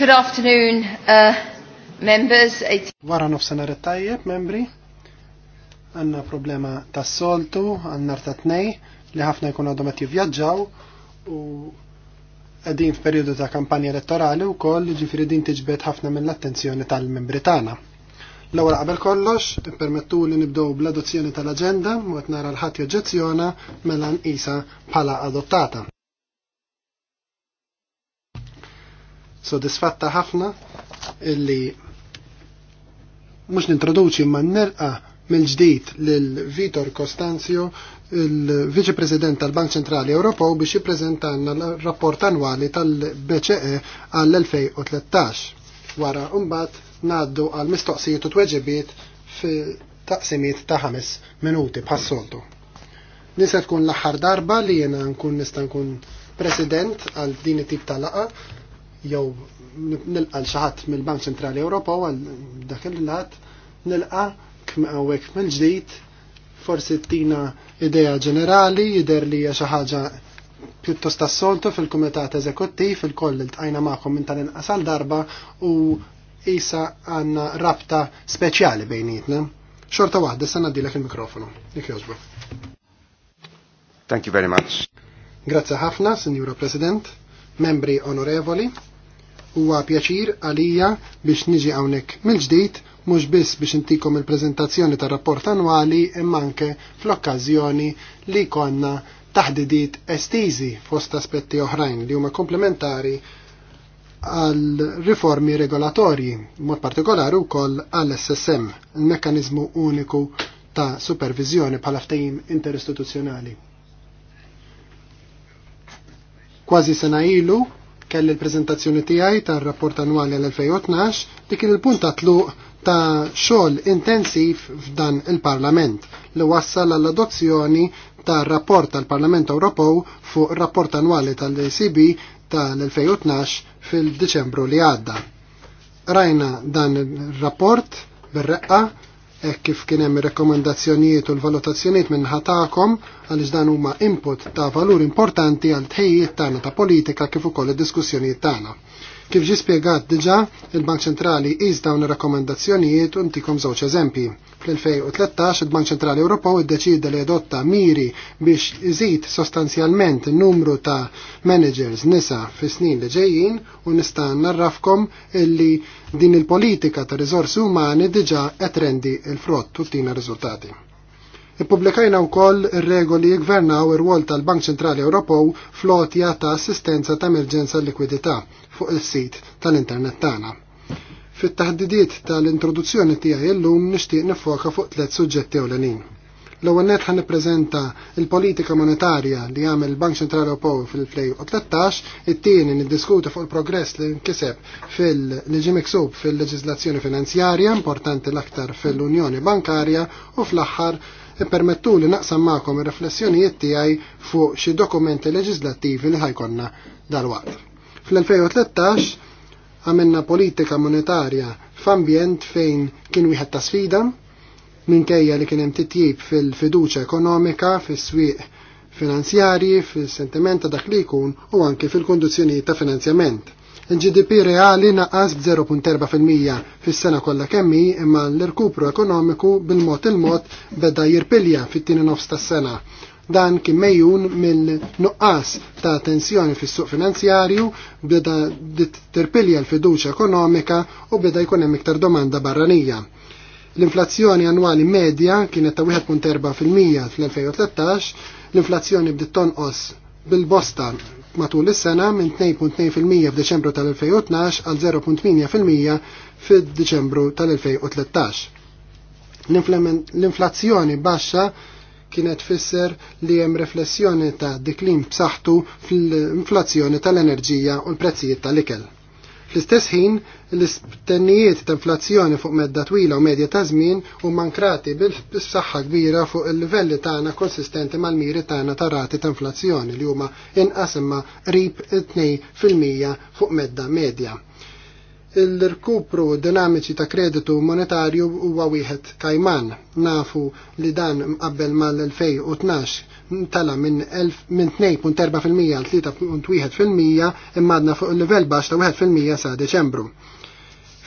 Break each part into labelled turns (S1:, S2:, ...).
S1: Good afternoon, uh, members. Wara nofsenar tajjeb, membri. Għanna problema tas soltu, għanna ta' nej li ħafna jkun għadhom qed jivvjaġġaw u qegħdin f'perjodu ta' kampanja elettorali wkoll ġifieri din tiġbed ħafna mill-attenzjoni tal-membri tagħna. L-ewwel qabel kollox, ippermettu li nibdew bl-adozzjoni tal-aġenda u qed nara l-ħadd joġġezzjona mela nqisa bħala adottata. sodisfatta ħafna illi mux nintroduċi ma nerqa mill-ġdid lil Vitor Costanzio, il-Viċi President tal-Bank Centrali Ewropew biex jippreżentanna l-rapport annwali tal-BCE għall-2013 wara mbagħad ngħaddu għal mistoqsijiet u tweġibiet fi taqsimiet ta' ħames minuti bħas-soltu. Nisa tkun l-aħħar darba li jiena nkun nista' nkun President għal din it-tip tal-laqa jew nilqa l-xaħat mill-Bank Centrali Ewropa għal dak il-lat nilqa hawnhekk mill-ġdid forsi tina idea ġenerali jidher li hija xi ħaġa pjuttost assoltu fil-Kumitat Eżekuttiv il-koll tqajna magħhom minn tal-inqas għal darba u isa għandna rabta speċjali bejnietna. Xorta waħda, sa nadilek il-mikrofonu. Dik jożbu. Thank you very much. Grazie ħafna, Signora President, membri onorevoli huwa pjaċir għalija biex niġi hawnhekk mill-ġdid mhux biss biex intikom il-preżentazzjoni tar-rapport annwali imma anke fl-okkażjoni li konna taħdidiet estiżi fost aspetti oħrajn li huma komplementari għal riformi regolatorji, mod partikolari wkoll għall SSM, il-mekkanizmu uniku ta' supervizjoni bħala ftehim interistituzzjonali. Kważi sena ilu kelli l-prezentazzjoni tiegħi tar-rapport annwali l 2012 li kien il-punt tluq ta' xogħol intensiv f'dan il-Parlament li wassal għall-adozzjoni tar-rapport tal-Parlament Ewropew fuq rapport annwali tal-ECB tal-2012 fil-Diċembru li għadda. Rajna dan ir rapport bir-reqqa hekk kif kien hemm ir-rekomendazzjonijiet u l-valutazzjonijiet minn ħatakom għaliex dan huma input ta' valur importanti għal tħejjiet tagħna ta' politika kif ukoll id-diskussjonijiet tagħna. Kif ġi spiegat diġa, il-Bank Ċentrali iż dawn ir-rakkomandazzjonijiet untikom żewġ eżempji. Fl-2013 il-Bank Ċentrali Ewropew iddeċida li adotta miri biex iżid sostanzjalment numru ta' managers nisa fis snin li ġejjin u nista' narrafkom illi din il-politika ta' risorsi umani diġa qed rendi il-frott u tina riżultati. Ippubblikajna wkoll ir-regoli jgvernaw ir-wol tal-Bank Ċentrali Ewropew flotja ta' assistenza ta' emerġenza likwidità fuq is-sit tal-internet tagħna. Fit-taħdidiet tal-introduzzjoni tiegħi llum nixtieq nifoka fuq tliet suġġetti ewlenin l-ewwel net ħan nippreżenta l-politika monetarja li għamel il-Bank Ċentrali Ewropew fil-2013, it-tieni niddiskuti fuq il-progress li nkiseb fil-liġi miksub fil-leġiżlazzjoni finanzjarja importanti l-aktar fil-Unjoni Bankarja u fl-aħħar permettu li naqsam maqom il riflessjonijiet tiegħi fuq xi dokumenti leġislattivi li ħajkonna dal-waqt. Fl-2013 għamilna politika monetarja f'ambjent fejn kien wieħed ta' sfida minkejja li kien hemm titjib fil fiduċa ekonomika, fis-swieq finanzjarji, fis-sentiment ta' dak li jkun u anke fil-kondizzjonijiet ta' finanzjament Il-GDP reali naqas b-0.4% fis-sena kollha kemmi imma l-irkupru ekonomiku bil-mod il-mod beda jirpilja fit-tieni nofs tas-sena dan kien mejjun mill-nuqqas ta' tensjoni fis-suq finanzjarju beda terpilja l fiduċa ekonomika u beda jkun hemm iktar domanda barranija. L-inflazzjoni annwali medja kienet ta' 1.4% fil-2013, l-inflazzjoni bdiet tonqos bil-bosta matul is-sena minn 2.2% f'Deċembru tal-2012 għal 0.8% f'Deċembru tal-2013. L-inflazzjoni baxxa kienet fisser li hemm riflessjoni ta' diklim b'saħħtu fl-inflazzjoni tal-enerġija u l-prezzijiet tal-ikel. Fl-istess ħin, l-istennijiet ta' inflazzjoni fuq medda twila u medja ta' żmien u mankrati bil-saħħa kbira fuq il-livelli tagħna konsistenti mal-miri tagħna ta' rati ta' inflazzjoni li huma inqas imma qrib 2% fuq medda medja. Il-rkupru dinamiċi ta' kreditu monetarju huwa wieħed kajman. Nafu li dan qabel mal-2012 tala minn min 2.4% għal 3.1% imma għadna fuq il-level baċ ta' 1% sa' Deċembru.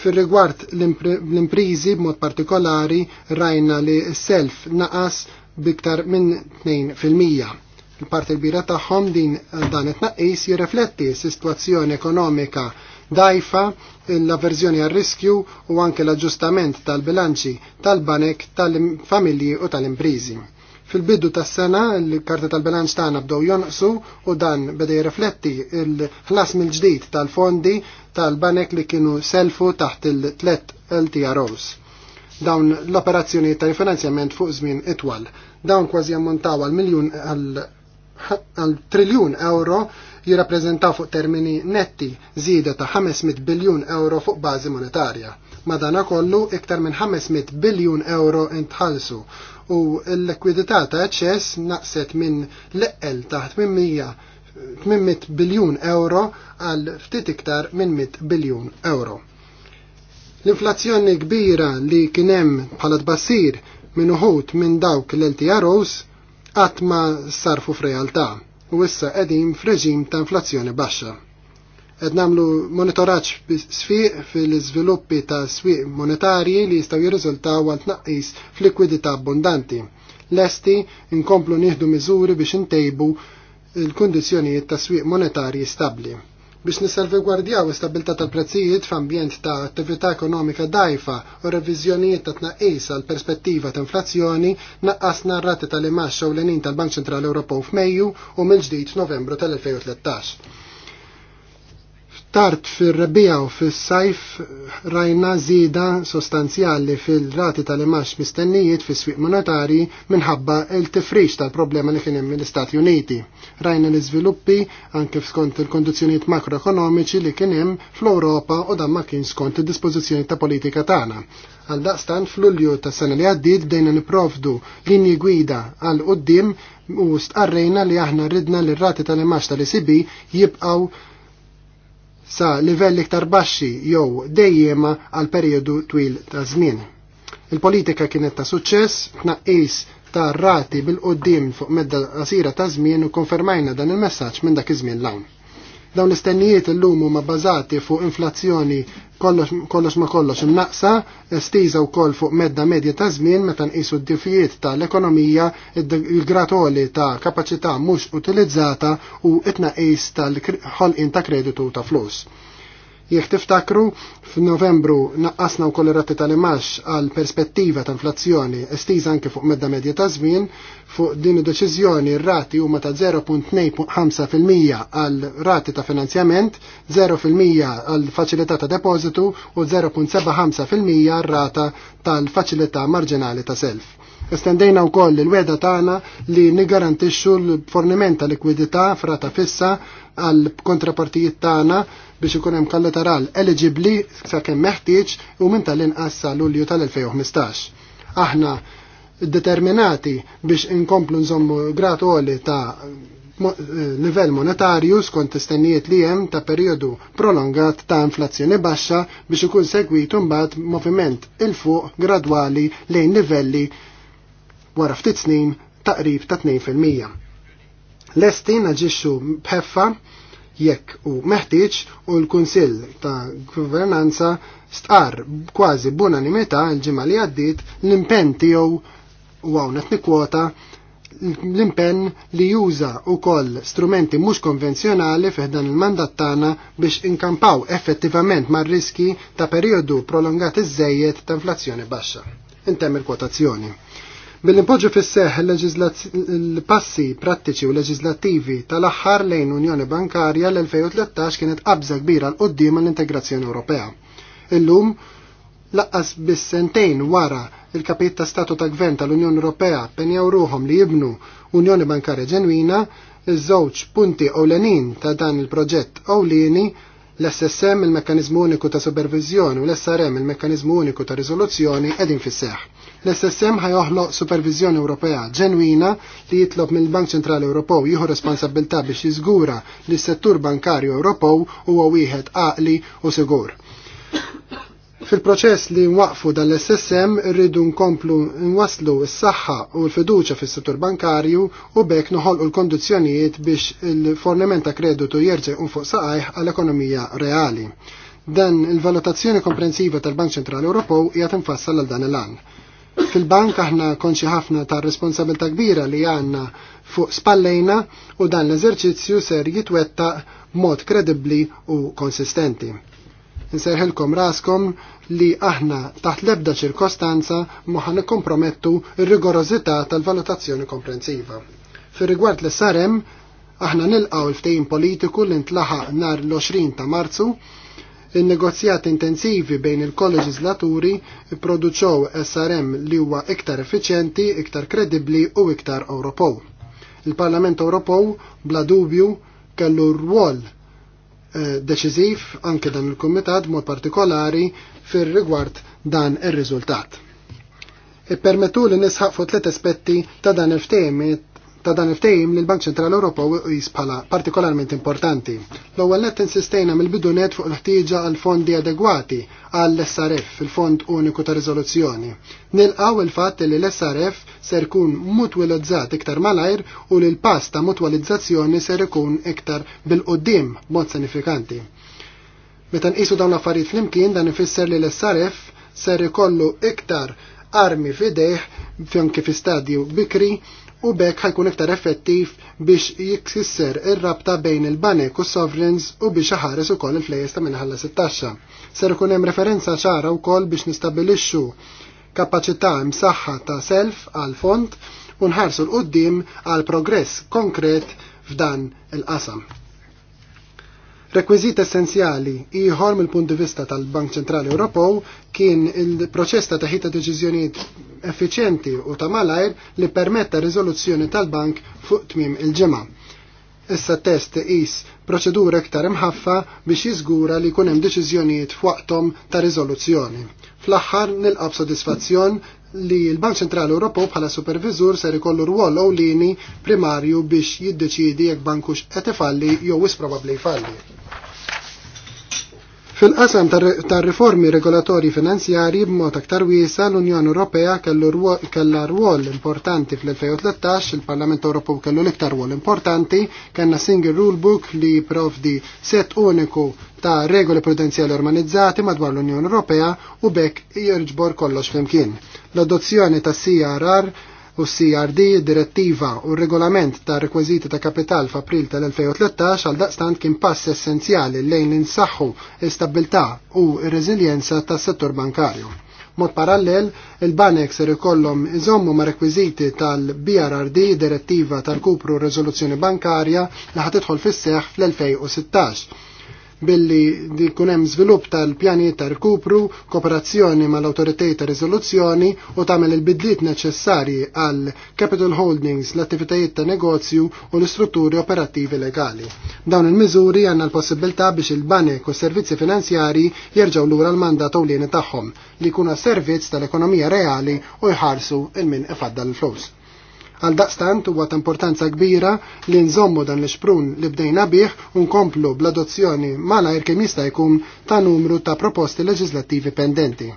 S1: Fil-rigward l-imprizi b'mod partikolari rajna li self naqas biktar minn 2%. Il-parti l-bira tagħhom din dan it naqis jirrefletti s-sitwazzjoni ekonomika dajfa, l-avverżjoni għal riskju u anke l-aġġustament tal-bilanċi tal-banek, tal-familji u tal-imprizi. Fil-bidu tas sena l-karta tal-bilanċ tagħna bdew jonqsu u dan beda jirrifletti l-ħlas mill-ġdid tal-fondi tal-banek li kienu selfu taħt il-tlet LTROs dawn l-operazzjoni ta' finanzjament fuq żmien itwal. Dawn kważi ammontaw għal miljun għal triljun euro jirrappreżentaw fuq termini netti żieda ta' 500 biljun euro fuq bażi monetarja. Madana kollu iktar minn 500 biljun euro intħalsu u l-likwidità ta' eċess naqset minn l-eqqel ta' 800 biljun euro għal ftit iktar minn 100 biljun euro. L-inflazzjoni kbira li kienem bħala tbassir minn uħut minn dawk l-LTROs għatma sarfu f'realtà u issa qegħdin f'reġim ta' inflazzjoni baxxa. Qed nagħmlu monitoraġġ sfiq fil-iżviluppi ta' sfiq monetarji li jistgħu jirriżultaw għal tnaqqis f'likwidità abbondanti. Lesti inkomplu nieħdu miżuri biex intejbu l-kundizzjonijiet ta' swieq monetarji stabbli. Biex nissalvegwardjaw istabilta tal-prezzijiet f'ambjent ta' attività ekonomika dajfa u revizjonijiet ta' tnaqqis għal perspettiva ta' inflazzjoni, naqqasna r-rati tal-imax u l-enin tal-Bank Ċentrali Ewropew f'Mejju u mill-ġdid f'Novembru tal-2013 Tart fil-rebija u fil-sajf rajna zida sostanzjali fil-rati tal-imax mistennijiet fis swiq monetari minħabba il tifriċ tal-problema li kien hemm mill-Istati Uniti. Rajna l-iżviluppi anke skont il kondizjoniet makroekonomiċi li kien hemm fl-Ewropa u dan ma kien skont id-dispożizzjoni ta' politika tagħna. Għal daqstan fl-Ulju ta' sena li għaddit bdejna niprofdu linji gwida għal qudiem u stqarrejna li aħna ridna l-rati tal-imax tal-ECB jibqaw sa livelli iktar baxxi jew dejjema għal perjodu twil ta' żmien. Il-politika kienet ta' suċċess, tnaqqis ta' rati bil-qoddim fuq medda qasira ta' żmien u konfermajna dan il-messaġġ minn dak iż-żmien l awn Dawn l-istennijiet illum huma bazati fuq inflazzjoni kollox ma kollox imnaqsa, stiża wkoll fuq medda medja ta' żmien meta nqisu d-difijiet tal-ekonomija, il-gratoli ta' kapaċità mhux utilizzata u it tnaqqis tal-ħolqien ta' kreditu ta' flus. Jekk tiftakru, f'Novembru naqqasna wkoll ir-rati tal-imax għal perspettiva ta' inflazzjoni estiża anke fuq medda medja ta' żmien, fuq din id-deċiżjoni r-rati huma ta' 0.5% għal rati ta' finanzjament, 0% għal faċilità ta' depożitu u 0.75% għal rata tal-faċilità marġinali ta' self. Estendejna u koll il-weda tagħna li nigarantixxu l-forniment ta' likwidità frata fissa għal kontrapartijiet tagħna biex ikun hemm kollateral eligibbli sakemm meħtieġ u minn tal-inqas sa Lulju tal-2015. Aħna determinati biex inkomplu nżommu gratoli ta' eh, livell monetarju skont istennijiet li hemm ta' perjodu prolongat ta' inflazzjoni baxxa biex ikun segwitu mbagħad moviment il fuq gradwali lejn livelli wara ftit snin taqrib ta' 2%. Lesti naġixxu bħeffa jekk u meħtieġ u l-Kunsill ta' Governanza stqar kważi b'unanimità l-ġimgħa li għaddiet l-impenn tiegħu u hawn qed nikkwota l-impenn li juża wkoll strumenti mhux konvenzjonali dan il-mandat tagħna biex inkampaw effettivament mar riski ta' perjodu prolungat iż ta' inflazzjoni baxxa. Intemm il-kwotazzjoni. Bil-impoġġu fis-seħ il-passi prattiċi u leġislattivi tal-aħħar lejn Unjoni Bankarja l-2013 kienet qabża kbira l qoddim għall integrazzjoni Ewropea. Illum laqqas bis sentejn wara il-kapit ta' statu ta' gvern tal-Unjoni Ewropea penjaw ruhom li jibnu Unjoni Bankarja Ġenwina, iż-żewġ punti ewlenin ta' dan il-proġett ewlieni l-SSM il-mekkanizmu uniku ta' supervizjoni u l-SRM il-mekkanizmu uniku ta' rizoluzzjoni edin fis L-SSM ħajoħloq supervizjoni Ewropea ġenwina li jitlob mill-Bank Ċentrali Ewropew jieħu responsabilità biex jiżgura li s-settur bankarju Ewropew huwa wieħed għaqli u sigur. Fil-proċess li nwaqfu dall ssm rridu nkomplu nwaslu s-saħħa u l-fiduċa fis-settur bankarju u bekk noħolqu l-kondizzjonijiet biex il fornimenta ta' kreditu jerġa' fuq saqajh għall-ekonomija reali. Dan il-valutazzjoni komprensiva tal-Bank Ċentrali Ewropew hija tinfassal għal dan il-għan. Fil-bank aħna konċi ħafna ta' responsabilta kbira li għanna fuq spallejna u dan l-eżerċizzju ser jitwetta mod kredibli u konsistenti. Nserħilkom raskom li aħna taħt lebda ċirkostanza moħan kompromettu il rigorozità tal-valutazzjoni komprensiva. Fir-rigward l sarem aħna nilqaw il-ftejn politiku li ntlaħa nar l-20 ta' Marzu Il-negozjat intensivi bejn il-kolleġislaturi produċow SRM li huwa iktar efficienti, iktar kredibli u iktar Ewropew. Il-Parlament Ewropew bla dubju kellu rwol Eh, deċiżiv anke dan il-Kumitat mod partikolari fir-rigward dan ir-riżultat. Ippermettu li nisħaq fuq tliet aspetti ta' dan il-ftehimiet ta' dan il-ftejim li l-Bank Ċentrali Ewropew bħala partikolarment importanti. L-ewwel nett insistejna mill net fuq l-ħtieġa għal fondi adegwati għall srf il-Fond Uniku ta' Riżoluzzjoni. Nilqgħu il-fatt li l-SRF ser ikun mutwilizzat iktar malajr u li l-pass ta' mutwalizzazzjoni ser ikun iktar bil-qoddim mod sinifikanti. Meta nqisu dawn l-affarijiet flimkien dan ifisser li l-SRF ser ikollu iktar armi fidejh fjonki kif stadju bikri u bekk ħajkun iktar effettiv biex jiksisser ir-rabta bejn il-banek u sovereigns u biex ħares ukoll il-flejes ta' minħalla 16. Ser ikun hemm referenza ċara wkoll biex nistabilixxu kapaċità imsaħħa ta' self għal fond u nħarsu l-qudiem għal progress konkret f'dan il-qasam. Rekwiżit essenzjali ieħor mill-punt di vista tal-Bank Ċentrali Ewropew kien il-proċess ta' taħita deċiżjonijiet effiċjenti u ta' malajr li permetta riżoluzzjoni tal-bank fuq tmiem il-ġimgħa. Issa test is proċedura iktar imħaffa biex jiżgura li jkun hemm deċiżjonijiet f'waqthom ta' riżoluzzjoni. Fl-aħħar nilqab sodisfazzjon li l-Bank Ċentrali Ewropew bħala supervizur ser ikollu rwol ewlieni primarju biex jiddeċiedi jekk bankux qed ifalli jew wis probabbli jfalli. Fil-qasam tar riformi regolatori finanzjari b'mod aktar wiesa l-Unjoni Ewropea kellha rwol importanti fl-2013, il-Parlament Ewropew kellu l-iktar rwol importanti, kellna Single rulebook li provdi set uniku ta' regoli prudenzjali organizzati madwar l-Unjoni Ewropea u bekk jirġbor kollox flimkien. L-adozzjoni ta' CRR u CRD direttiva u regolament ta' rekwiziti ta' kapital f'April tal-2013 għal daqstant kien pass essenzjali lejn l-insaxħu istabilta u r-reżiljenza tas settur bankarju. Mod parallel, il-banek ser ikollhom iżommu ma' rekwiziti tal-BRRD direttiva tal-kupru rezoluzzjoni bankarja li tidħol fis-seħħ fl-2016 billi di kunem zvilup tal-pjanijiet ta' rkupru, kooperazzjoni mal autoritajiet ta' riżoluzzjoni u tagħmel il-bidliet neċessarji għal capital holdings, l-attivitajiet ta' negozju u l-istrutturi operattivi legali. Dawn il-miżuri għandna l-possibilità biex il-banek u servizzi finanzjari jerġgħu lura l-mandat ewlieni tagħhom li jkunu servizz tal-ekonomija reali u jħarsu il-min ifaddal l-flus. Għal daqstant huwa ta' importanza kbira li nżommu dan l-xprun li bdejna bih u nkomplu bl-adozzjoni malajr kemm jista' jkun ta' numru ta' proposti leġislattivi pendenti.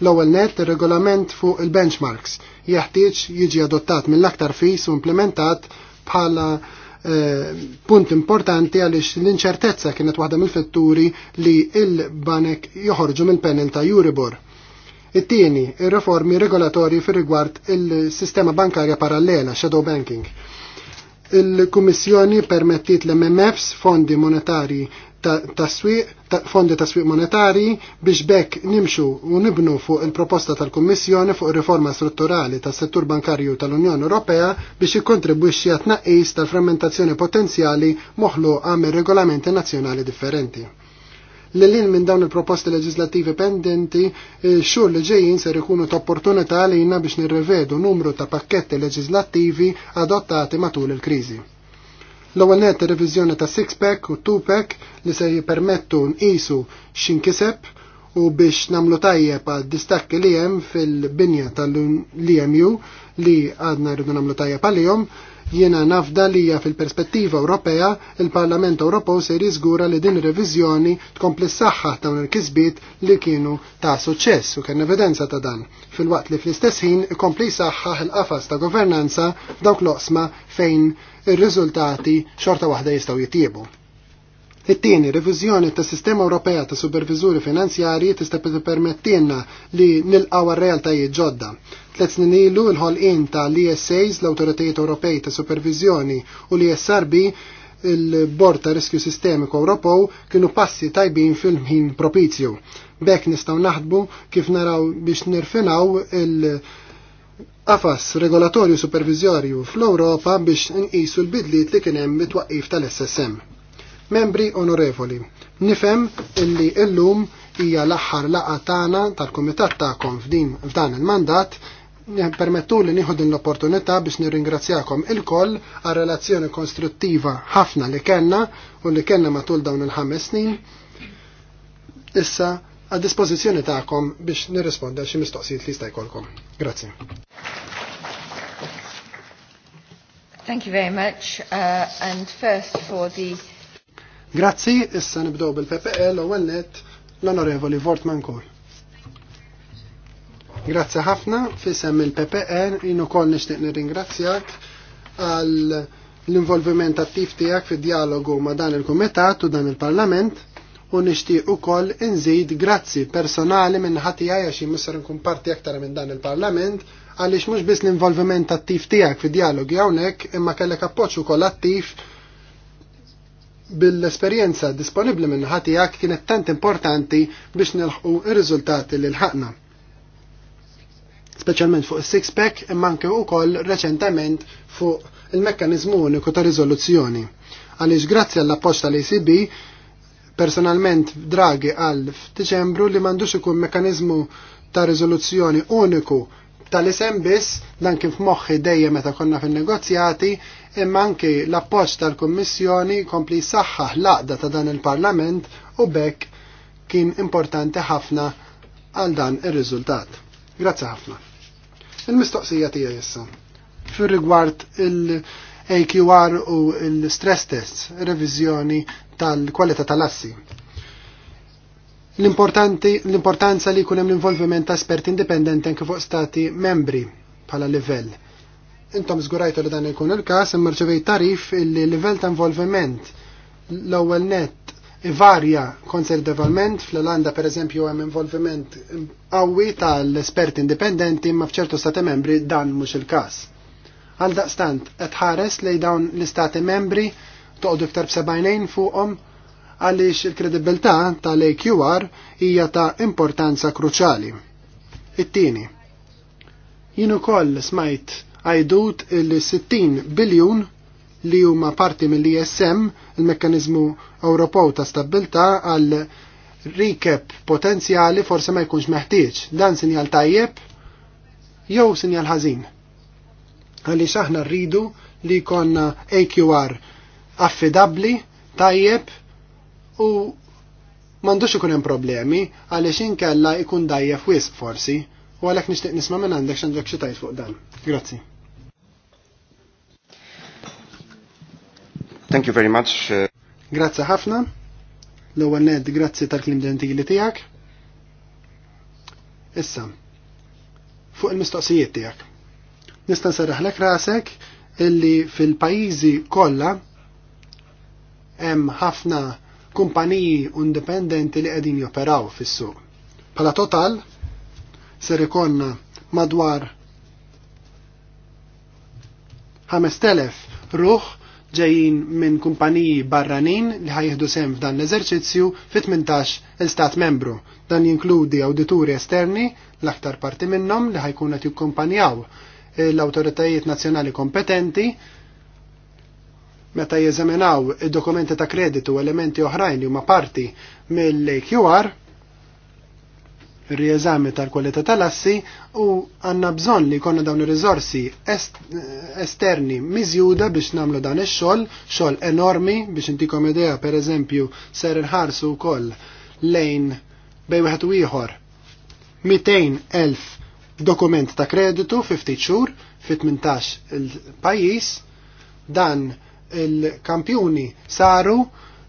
S1: L-ewwel net ir-regolament fuq il-benchmarks jeħtieġ jiġi adottat mill-aktar fis u implementat bħala eh, punt importanti għaliex l-inċertezza kienet waħda mill-fetturi li il-banek joħorġu mill-panel ta' Juribor. It-tieni, ir-reformi regolatorji fir rigward il-sistema bankarja parallela, shadow banking. Il-Kummissjoni permettit l-MMFs, fondi monetari taswiq, ta ta fondi taswiq monetari biex bekk nimxu u nibnu fuq il-proposta tal kummissjoni fuq riforma strutturali tas settur bankarju tal-Unjoni Ewropea biex ikkontribwixxi għat tnaqqis tal-frammentazzjoni potenzjali moħlu minn regolamenti nazzjonali differenti l lin minn dawn il-proposti leġislativi pendenti, eh, xur li ġejjin ser ikunu ta' opportunità jina biex nirrevedu numru ta' pakketti leġislattivi adottati matul il-kriżi. L-ewwel net ir-reviżjoni ta' six-pack u two-pack li se jipermettu nqisu x'inkiseb u biex namlu tajjeb għad distakki li hemm fil-binja tal-LMU li għadna rridu namlu tajjeb għalihom. Jiena nafda li fil-perspettiva Ewropea il-Parlament Ewropew se jiżgura li din reviżjoni tkompli s-saħħa dawn il-kisbiet li kienu ta' suċċess u kien evidenza ta' dan. Fil-waqt li fl-istess ħin ikompli saħħaħ il-qafas ta' governanza dawk l-oqsma fejn ir-riżultati xorta waħda jistgħu jitjiebu. It-tieni reviżjoni tas sistema Ewropea ta' Superviżuri Finanzjarji tista' permettilna li nilqgħu għar-realtajiet ġodda Tlet snin ilu l-ħolqien ta' l-ESAs, l-Autoritajiet Ewropej ta' Supervizjoni u l-ESRB, il-Bord ta' Riskju Sistemiku Ewropew kienu passi tajbin fil-ħin propizju. Bek nistaw naħdbu kif naraw biex nirfinaw il- afas regolatorju supervizjorju fl-Europa biex nqisu l-bidliet li kien hemm bit-twaqqif tal-SSM. Membri onorevoli, nifhem illi illum hija l-aħħar laqgħa tagħna tal-kumitat tagħkom f'din f'dan il-mandat permettu li nieħu din l-opportunità biex nirringrazzjakom il-koll għal relazzjoni konstruttiva ħafna li kellna u li kellna matul dawn il-ħames snin. Issa għad dispożizzjoni tagħkom biex nirrisponda għal xi mistoqsijiet li jista' jkollkom. Grazzi.
S2: Thank you very much uh, and
S3: first for the
S1: Grazzi, issa nibdow bil-PPL u għennet l-Onorevoli Vortman Kohl. Grazzi ħafna fisem il-PPR jien ukoll nixtieq nirringrazzjak għal l-involviment attiv tiegħek fid-dialogu ma' dan il-Kumitat u dan il-Parlament u nixtieq ukoll inżid grazzi personali minn ħatija għax misser nkun parti aktar minn dan il-Parlament għaliex mhux biss l-involviment attiv tiegħek fid-dialogi hawnhekk imma kellek appoġġ ukoll attiv bil-esperienza disponibli minn ħatijak kienet tant importanti biex nilħu ir-riżultati li l-ħakna speċjalment fuq six pack imma anke wkoll reċentament fuq il-mekkaniżmu uniku ta' rizoluzzjoni. Għaliex grazzi għall appoġġ tal acb e personalment Draghi għal f'Diċembru li m'għandux ikun mekkaniżmu ta' rizoluzzjoni uniku tal-isem biss dan kif moħħi dejjem meta konna fin-negozjati imma anke l-appoġġ tal-Kummissjoni kompli saħħa laqda ta' dan il-Parlament u bekk kien importanti ħafna għal dan ir-riżultat. Grazzi ħafna. Il-mistoqsija tiegħi issa. Fir rigward il-AQR u l-stress test, revizjoni tal-kwalità tal-assi. L-importanza li jkun hemm l-involviment ta' esperti indipendenti anke fuq stati membri bħala livell. Intom żgurajtu li dan ikun il-każ imma rċevej tarif il-livell ta' involviment l-ewwel net varja konservativament, fl-Olanda per eżempju hemm involviment qawwi tal-esperti indipendenti ma f'ċertu stati membri dan mhux il-każ. Għal daqstant qed ħares lejn dawn l-istati membri toqgħdu iktar b'sebajnejn fuqhom għaliex il-kredibilità tal-AQR hija ta' importanza kruċali. It-tieni. Jien ukoll smajt għajdut il-60 biljun li huma parti mill-ISM, il-Mekkanizmu Ewropew ta' Stabilta, għal recap potenzjali forse ma jkunx meħtieġ. Dan sinjal tajjeb jew sinjal ħażin. Għaliex aħna rridu li konna AQR affidabli, tajjeb u mandux ikun hemm problemi għaliex inkella ikun dajjef wisq forsi u għalhekk nixtieq nisma' minn għandek x'għandek xi tajt fuq dan. Grazzi. Thank you very much. Uh, grazzi ħafna. L-ewwel ned grazzi tal-klim ġentili tiegħek. Issa, fuq il-mistoqsijiet tiegħek. Nista' lek rasek illi fil-pajjiżi kollha hemm ħafna kumpaniji indipendenti li qegħdin joperaw fis-suq. Pala total ser ikonna madwar 5000 ruħ ġejjin minn kumpaniji barranin li ħajħdu sem f'dan l-eżerċizzju fi 18 il-stat membru. Dan jinkludi awdituri esterni l-aktar parti minnhom li ħajkun qed jikkumpanjaw eh, l-awtoritajiet nazzjonali kompetenti meta jeżaminaw id-dokumenti ta' kreditu u elementi oħrajn li huma parti mill aqr rieżami tal-kwalità tal-assi u għanna bżonn li konna dawn ir-riżorsi est esterni miżjuda biex namlu dan ix-xogħol, xogħol enormi biex intikom idea pereżempju ser inħarsu wkoll lejn bej wieħed u ieħor 200,000 dokument ta' kreditu fi ftit xhur fi 18 il-pajjiż dan il-kampjuni saru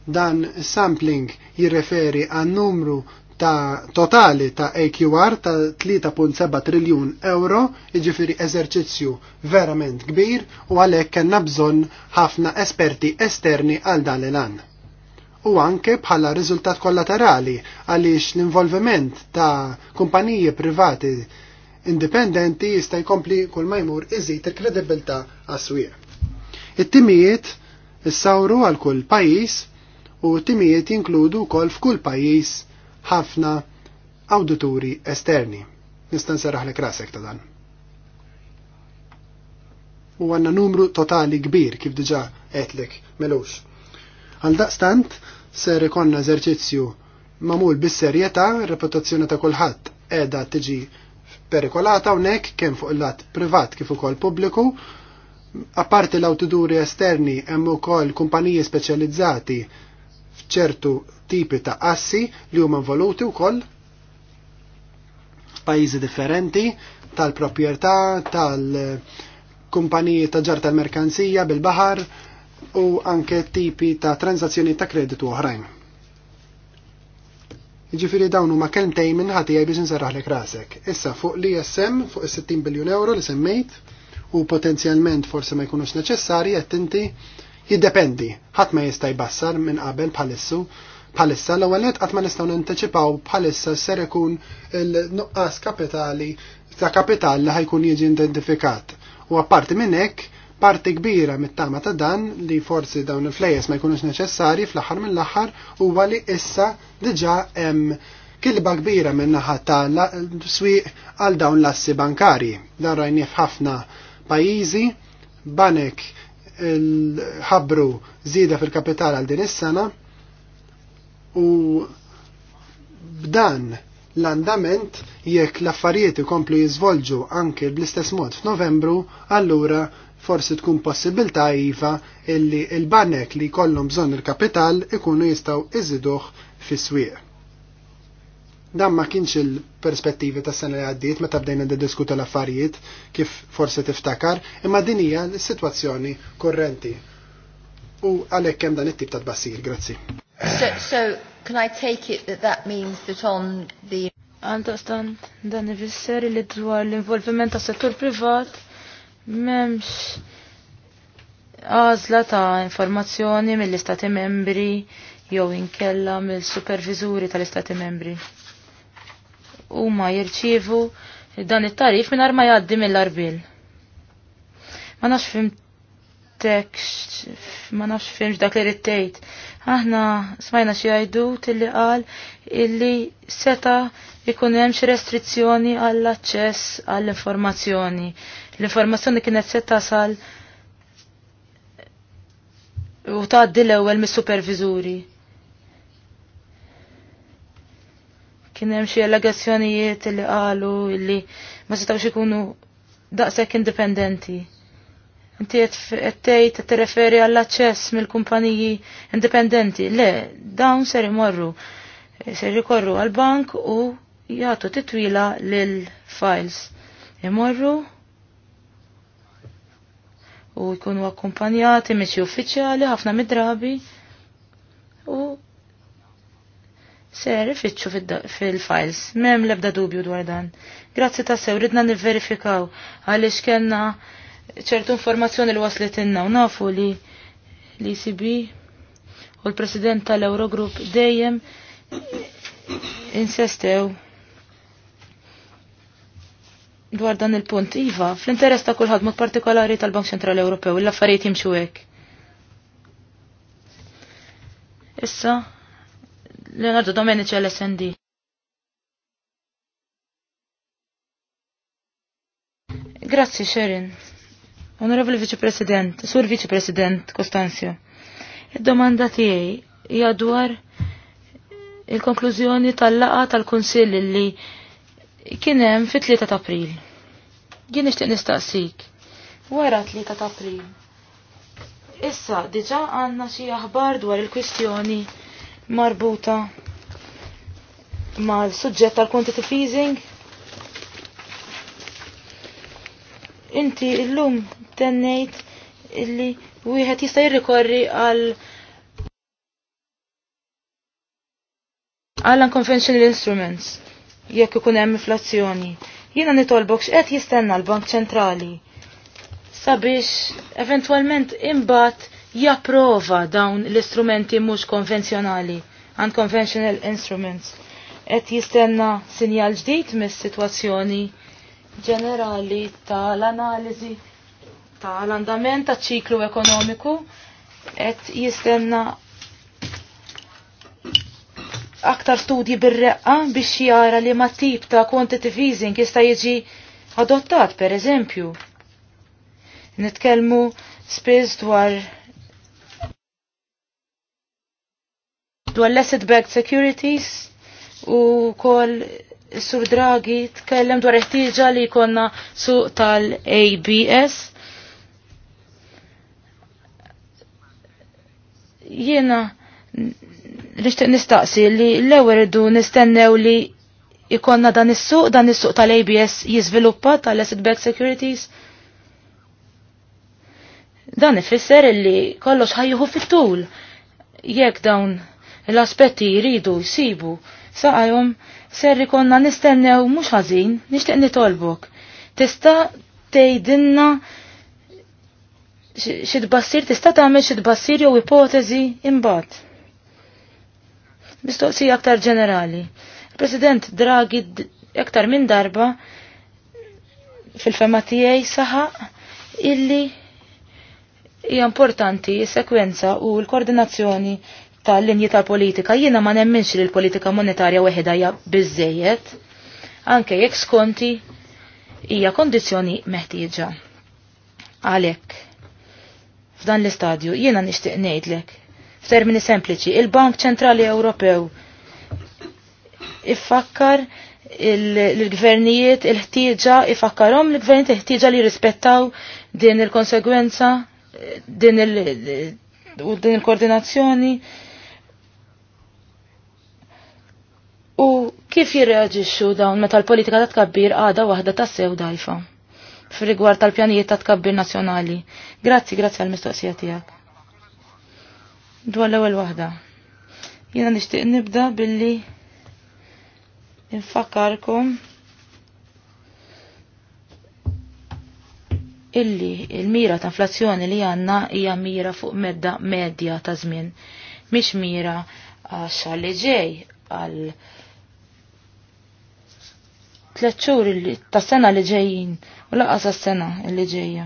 S1: dan sampling jirreferi għan numru ta' totali ta' AQR ta' 3.7 triljun euro, iġifiri eżerċizzju verament kbir u għalek kena bżon ħafna esperti esterni għal dan l-an. U anke bħala riżultat kollaterali għaliex l-involviment ta' kumpaniji privati indipendenti jista' jkompli kull ma jmur iżid il-kredibilta għas-swieq. It-timijiet issawru għal kull pajjiż u t-timijiet jinkludu kol f'kull pajjiż ħafna awdituri esterni. Nistan li rasek ta' dan. U għanna numru totali kbir kif diġa għetlik melux. Għal daqstant ser ikonna eżerċizzju mamul bis-serjetà reputazzjoni ta' kulħadd qiegħda tiġi perikolata hawnhekk kemm fuq il-lat privat kif ukoll pubbliku apparti l autoduri esterni hemm ukoll kumpaniji speċjalizzati ċertu tipi ta' assi li huma voluti wkoll pajjiżi differenti tal-proprjetà, tal-kumpaniji ta' ġar tal-merkanzija bil-baħar u anke tipi ta' transazzjoni ta' kreditu oħrajn. Ġifiri dawn huma kelmtejn minn ħatijaj biex nserraħlek rasek. Issa fuq l-ISM fuq is-60 biljun euro li semmejt u potenzjalment forse ma jkunux neċessarji qed inti Jiddependi, ħadd ma jista' jbassar minn qabel bħalissu bħalissa l-ewwel qatt ma nistgħu nantiċipaw bħalissa ser ikun il-nuqqas kapitali ta' kapital li ħajkun jiġi identifikat. U apparti minn hekk, parti kbira mit-tama ta' dan li forsi dawn il-flejes ma jkunux neċessari fl-aħħar mill-aħħar huwa li issa diġà hemm kilba kbira minn naħa ta' swieq għal dawn l-assi bankari. Dan rajnieh ħafna pajjiżi banek il-ħabru zida fil-kapital għal din is-sena u b'dan l-andament jekk l-affarijiet ikomplu jiżvolġu anke bl-istess mod f'Novembru, allura forsi tkun possibilità iva illi il-banek li jkollhom bżonn il-kapital ikunu jistgħu iżiduh fis-swieq. Dan ma kienx il-perspettivi tas sena li għaddiet meta bdejna diskuta l-affarijiet kif forse tiftakar, imma din hija l-sitwazzjoni korrenti. U għalhekk hemm dan it-tip ta' tbassir, grazzi.
S2: So, so can I take it that that means that on the Għandastan dan ifisser li dwar l-involviment ta' settur privat memx għazla ta' informazzjoni mill-istati membri jew inkella mill-supervizuri tal-istati membri huma jirċievu dan it-tarif minn ma jgħaddi mill-arbil. Ma nafx tekst, ma nafx fim dak li rittejt. Aħna smajna xi għajdu tilli qal illi seta ikun hemm xi restrizzjoni għall-aċċess għall-informazzjoni. L-informazzjoni kienet se tasal u tgħaddi l-ewwel mis-supervizuri Kien hemm xi allegazzjonijiet li qalu li ma setgħux ikunu daqshekk indipendenti. Inti qed tgħid qed tirreferi għall-aċċess mill-kumpaniji indipendenti. Le, dawn ser imorru ser jkorru għall bank u jagħtu titwila lill files. Imorru u jkunu akkumpanjati miċi uffiċjali ħafna midrabi u ser ifittxu fil-files. Mem lebda dubju dwar dan. Grazzi ta' sew ridna nivverifikaw għaliex kellna ċertu informazzjoni li waslet inna u nafu li l-ECB u l-President tal-Eurogroup dejjem insestew dwar dan il-punt. Iva, fl-interess ta' kulħadd mod partikolari tal-Bank Ċentrali Ewropew, l-affarijiet jimxu hekk. Issa, Leonardo Domenici l-SND. Grazzi, Sherin. Onorevoli Vice President, Sur Vice President Costanzio, Id-domanda tiegħi hija dwar il-konklużjoni tal-laqa tal-Kunsill li kien hemm fit-3 ta' April. Jien nixtieq nistaqsik. Wara 3 ta' April. Issa diġà għandna xi aħbar dwar il-kwistjoni marbuta mal suġġett tal quantitative easing. Inti illum tennejt illi wieħed jista' jirrikorri għal għal unconventional instruments jekk ikun hemm inflazzjoni. Jiena nitolbok x'qed jistenna l-Bank Ċentrali sabiex eventwalment imbagħad japprova dawn l-istrumenti mhux konvenzjonali, unconventional instruments. Qed jistenna sinjal ġdid mis-sitwazzjoni ġenerali tal-analiżi tal-andament ta' ċiklu ekonomiku qed jistenna aktar studji bir-reqqa biex jara li ma tip ta' quantitative easing jista' jiġi adottat per eżempju. Nitkellmu spiss dwar dwar l-asset backed securities u kol sur Draghi tkellem dwar ħtieġa li konna suq tal-ABS. Jiena nixtieq nistaqsi li l-ewwel irdu nistennew li ikonna dan is-suq, dan is-suq tal-ABS jiżviluppa tal-asset backed securities. Dan ifisser illi kollox ħajjuħu fit-tul jekk dawn l-aspetti jridu jsibu saqajhom serri konna nistennew mhux ħażin nixtieq nitolbok. Tista' tgħidilna xi tbassir tista' tagħmel xi tbassir jew ipotezi imbagħad. Mistoqsija aktar ġenerali. President Draghi aktar minn darba fil-fema tiegħi saħaq illi hija importanti s-sekwenza u l-koordinazzjoni tal-linji tal-politika. Jiena ma nemminx li l-politika monetarja weħeda hija biżejjed, anke jekk skonti hija kondizzjoni meħtieġa. Għalhekk f'dan l-istadju jiena nixtieq ngħidlek f'termini sempliċi il-Bank Ċentrali Ewropew iffakkar il-gvernijiet il-ħtieġa ifakkarhom l-gvernijiet il-ħtieġa li rispettaw din il-konsegwenza din il- u din il-koordinazzjoni u kif jirreagġixxu dawn meta l-politika ta' tkabbir għada waħda ta' sew dajfa fir-rigward tal-pjanijiet ta' tkabbir nazzjonali. Grazzi, grazzi għal-mistoqsija tiegħek. Dwar l-ewwel waħda. Jiena nixtieq nibda billi Infakkarkom. illi il-mira ta' inflazzjoni li għanna hija mira fuq medda medja ta' żmien, mhix mira għax li ġej għal tliet xhur tas sena li ġejjin u laqas sena li ġejja.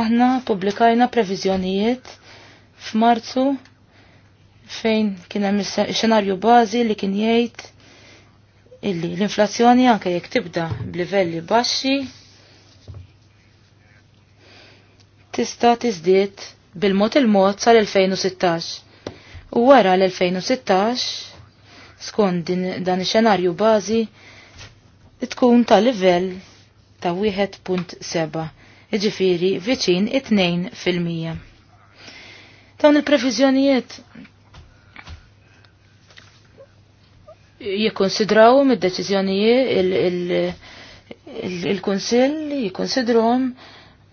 S2: Aħna publikajna previżjonijiet f'Marzu fejn kien hemm xenarju bażi li kien jgħid illi l-inflazzjoni anke jekk tibda b'livelli baxxi tista' tiżdied bil-mod il-mod sal-2016. U wara l-2016 skont dan ix-xenarju bażi tkun ta' livell ta' 1.7, iġifiri viċin 2%. Dawn il-previżjonijiet jikonsidraw mid-deċiżjonijiet il-Kunsill jikkonsidrawhom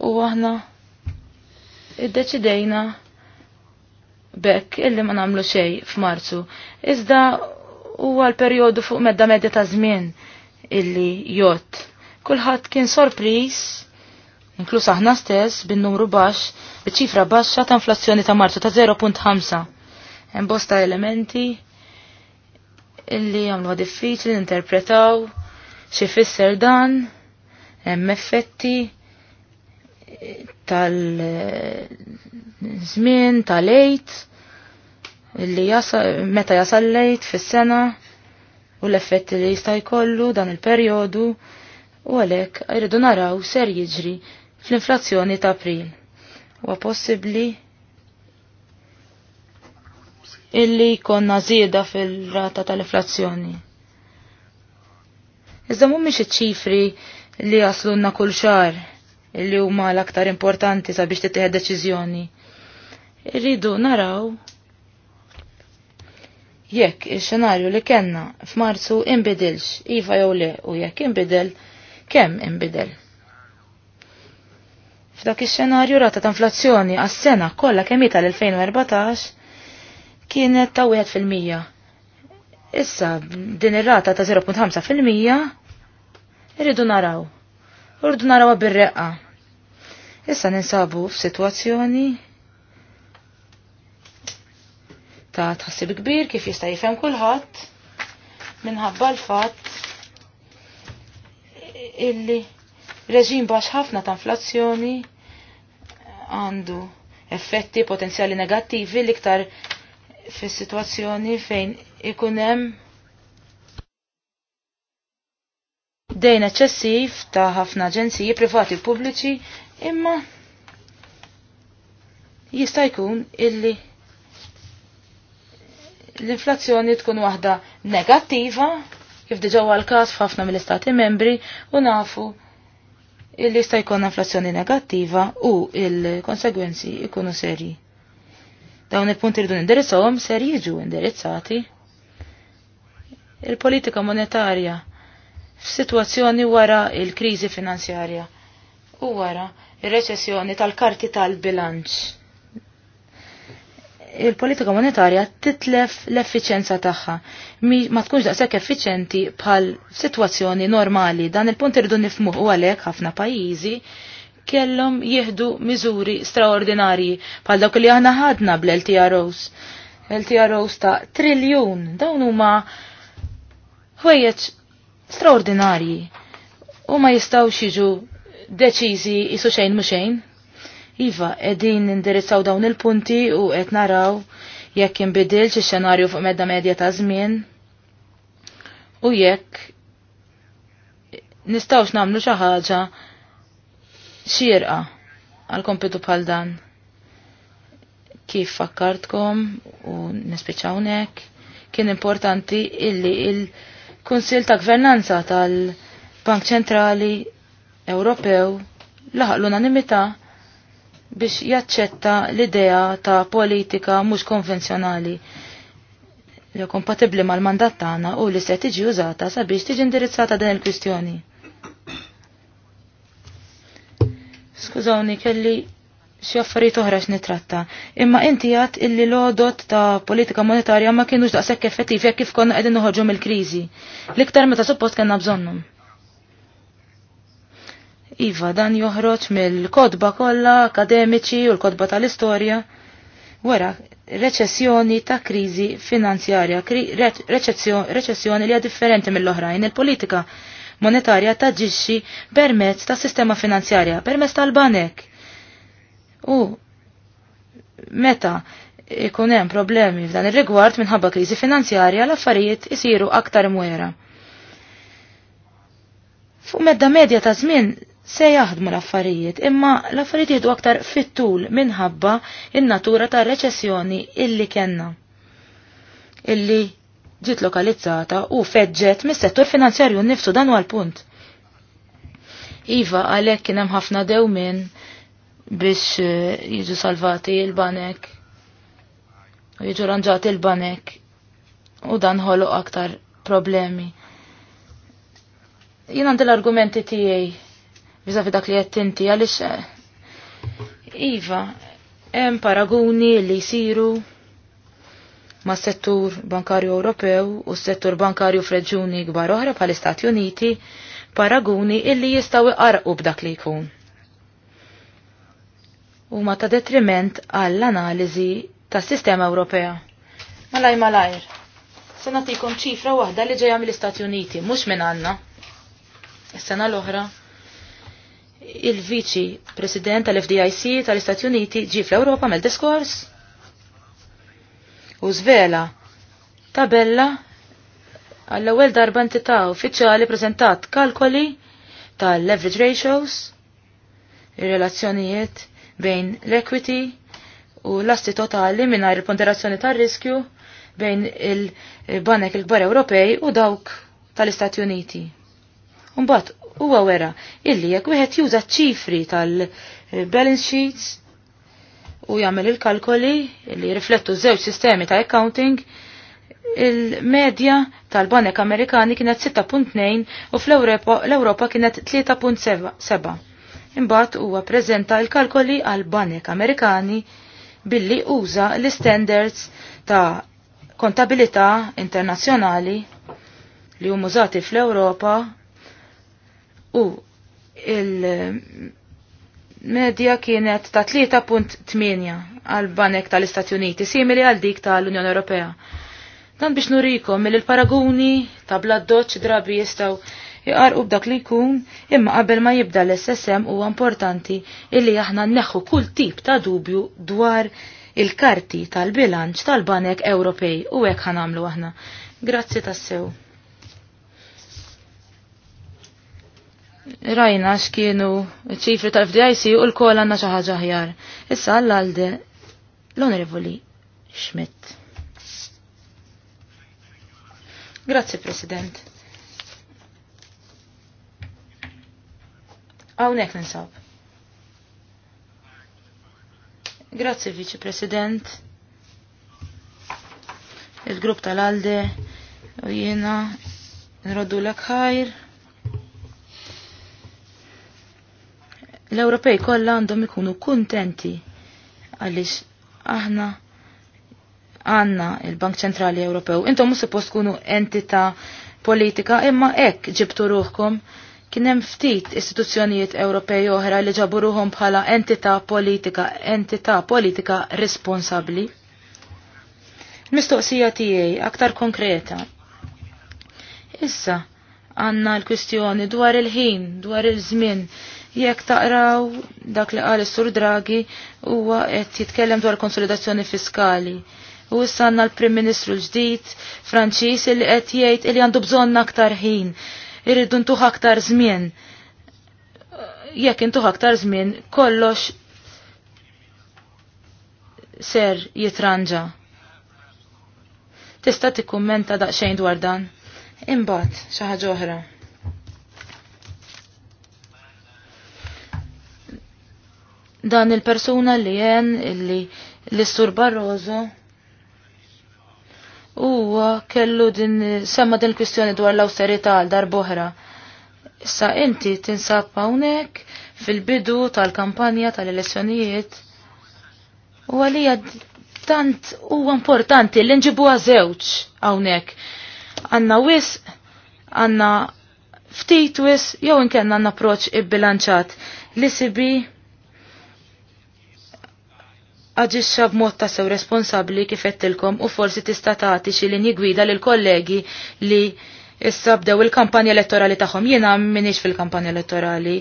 S2: u aħna iddeċidejna bekk illi ma nagħmlu xejn f'Marzu. Iżda huwa l-perjodu fuq medda medja ta' żmien illi jott. Kulħadd kien sorpriż, inkluż aħna stess, bin-numru baxx, biċ-ċifra baxxa ta' inflazzjoni ta' Marzu ta' 0.5. Hemm bosta elementi illi għamluha diffiċli ninterpretaw xi fisser dan, hemm effetti tal-żmien, tal-lejt, illi jasa, meta jasal lejt fis-sena, u l-effetti li jista' jkollu dan il-perjodu u għalhekk irridu naraw ser jiġri fl-inflazzjoni ta' April. Huwa possibbli illi jkollna żieda fil-rata tal-inflazzjoni. Iżda mhumiex iċ-ċifri li jaslunna kull xar illi huma l-aktar importanti sabiex titieħed deċiżjoni. Irridu naraw jekk il-xenarju li kenna f'Marzu imbidilx iva jew le u jekk imbidel kemm imbidel. F'dak ix-xenarju rata ta' inflazzjoni għas-sena kollha kemm tal-2014 kienet ta' 1%. Issa din ir-rata ta' 0.5% irridu naraw. Urdu narawha bir-reqqa. Issa ninsabu f'sitwazzjoni ta' tħassib kbir kif jista' jifhem kulħadd minħabba l-fatt illi reġim baxx ħafna ta' inflazzjoni għandu effetti potenzjali negattivi l-iktar fis situazzjoni fejn ikun hemm dejn eċċessiv ta' ħafna aġenziji privati pubbliċi imma jista' jkun illi l-inflazzjoni tkun waħda negattiva, kif diġa huwa l-każ f'ħafna mill-istati membri, u nafu illi jista' jkun inflazzjoni negattiva u il-konsegwenzi jkunu serji. Dawn il-punti rridu indirizzawhom ser jiġu indirizzati. Il-politika monetarja f'sitwazzjoni wara il-kriżi finanzjarja u wara il reċessjoni tal-karti tal-bilanċ il-politika monetarja titlef l-effiċenza tagħha. Ma tkunx daqshekk effiċenti bħal sitwazzjoni normali dan il-punt irdu nifmuh u għalhekk ħafna pajjiżi kellhom jieħdu miżuri straordinarji bħal dawk li aħna ħadna bl-LTROs. LTROs ta' triljun dawn huma ħwejjeġ straordinarji u ma jistgħux jiġu deċiżi isu xejn mhux xejn Iva, edin indirizzaw dawn il-punti u qed naraw jekk inbidil xi xenarju fuq medda medja ta' żmien. U jekk nistgħux nagħmlu xi ħaġa xierqa għal kompitu bħal dan. Kif fakkartkom u nispiċawnek kien importanti illi il-Kunsil ta' Gvernanza tal-Bank Ċentrali Ewropew laħaq l-unanimità biex jaċċetta l-idea ta' politika mhux konvenzjonali li kompatibbli mal-mandat tagħna u li se tiġi użata sabiex tiġi indirizzata din il-kwistjoni. Skużawni, kelli xi affarijiet oħra nitratta. Imma inti għad illi l-odot ta' politika monetarja ma kienux daqshekk effettiv jekk kif konna qegħdin noħorġu mill-kriżi. L-iktar meta suppost kellna bżonnhom. Iva, dan joħroġ mill-kodba kollha akademiċi u l-kodba tal-istorja wara reċessjoni ta' kriżi finanzjarja, reċessjoni li differenti mill-oħrajn. Il-politika monetarja taġġixxi permezz ta' sistema finanzjarja, permezz tal-banek. U meta ikun hemm problemi f'dan ir-rigward minħabba kriżi finanzjarja l-affarijiet isiru aktar mwera. Fuq medda medja ta' żmien se jaħdmu l-affarijiet, imma l-affarijiet jihdu aktar fit-tul minħabba in-natura ta' reċessjoni illi kenna. Illi ġiet lokalizzata u feġġet mis-settur finanzjarju nnifsu dan huwa punt Iva għalhekk kien hemm ħafna dewmin biex eh, jiġu salvati l-banek u jiġu ranġati l-banek u dan ħoloq aktar problemi. Jien għandi l-argumenti tiegħi fi dak li jattinti għalix għaliex eh, iva hemm paraguni li jsiru ma' settur bankarju Ewropew u settur bankarju f'reġjuni kbar oħra bħal-Istati Uniti paraguni illi jistgħu iqarqu b'dak li jkun ma ta' detriment għall-analiżi tas-sistema Ewropea. Malaj malajr, Sena nagħtikom ċifra waħda li ġejja mill-Istati Uniti, mhux minn għanna. Is-sena l-oħra il-viċi president tal-FDIC tal-Istati Uniti ġi fl-Europa mel diskors u zvela tabella għall-ewwel darba entità uffiċjali preżentat kalkoli tal-leverage ratios, ir-relazzjonijiet bejn l-equity u l-asti totali mingħajr il-ponderazzjoni tar-riskju bejn il-banek il-kbar Ewropej u dawk tal-Istati Uniti. Umbat, huwa wera illi jekk wieħed juża ċifri tal-balance sheets u jagħmel il-kalkoli li riflettu żewġ sistemi ta' accounting, il-medja tal-Banek Amerikani kienet 6.2 u fl-Ewropa kienet 3.7. Imbagħad huwa preżenta l-kalkoli għal Banek Amerikani billi uża l-standards ta' kontabilità internazzjonali li huma użati fl-Ewropa u il-medja kienet ta' 3.8 għal banek tal-Istati Uniti, simili għal dik tal-Unjoni Ewropea. Dan biex nurikom mill paraguni ta' bladdoċ drabi jistaw jqarqu b'dak li jkun imma qabel ma jibda l-SSM huwa importanti illi aħna neħu kull tip ta' dubju dwar il-karti tal-bilanċ tal-banek Ewropej u hekk ħanamlu aħna. Grazzi tassew. rajna x'kienu ċifri tal-FDIC u l-kol għandna xi ħaġa aħjar. Issa għall-għalde l-Onorevoli Schmidt. Grazzi, President. Hawnhekk ninsab. Grazzi, Vice President. Il-grupp tal-Alde u jiena nroddu l-ek L-Ewropej kollha għandhom ikunu kuntenti għaliex aħna għanna il-Bank Ċentrali Ewropew. Intom mhux suppost tkunu entità politika imma hekk ġibtu ruħkom kien hemm ftit istituzzjonijiet Ewropej oħra li ġabu ruħhom bħala entità politika, entità politika responsabbli. Mistoqsija tiegħi aktar konkreta. Issa għanna l-kwistjoni dwar il-ħin, dwar il-żmien Jekk taqraw dak li qal is-Sur Draghi huwa qed jitkellem dwar konsolidazzjoni fiskali. U issa għandna l-Prim Ministru l-ġdid Franċis li qed jgħid li għandu bżonn aktar ħin, irridu ntuħ aktar żmien. Jekk intuħ aktar żmien, kollox ser jitranġa. Tista' tikkummenta daqsxejn dwar dan. Imbagħad xi ħaġa oħra. dan il-persuna li jen illi l-istur Barroso huwa kellu din semma din kwistjoni dwar l-awsterità għal darbohra. Issa inti tinsab hawnhekk fil-bidu tal-kampanja tal-elezzjonijiet u għalija tant huwa importanti li nġibuha żewġ hawnhekk. Għandna wis, għandna ftit wis jew inkella għandna approċċ ibbilanċat li sibi aġixxa b'mod ta' sew responsabbli kif qedtilkom u forsi tista' tagħti xi linji gwida lil kollegi li issa bdew il-kampanja elettorali tagħhom. Jiena m'iniex fil-kampanja elettorali.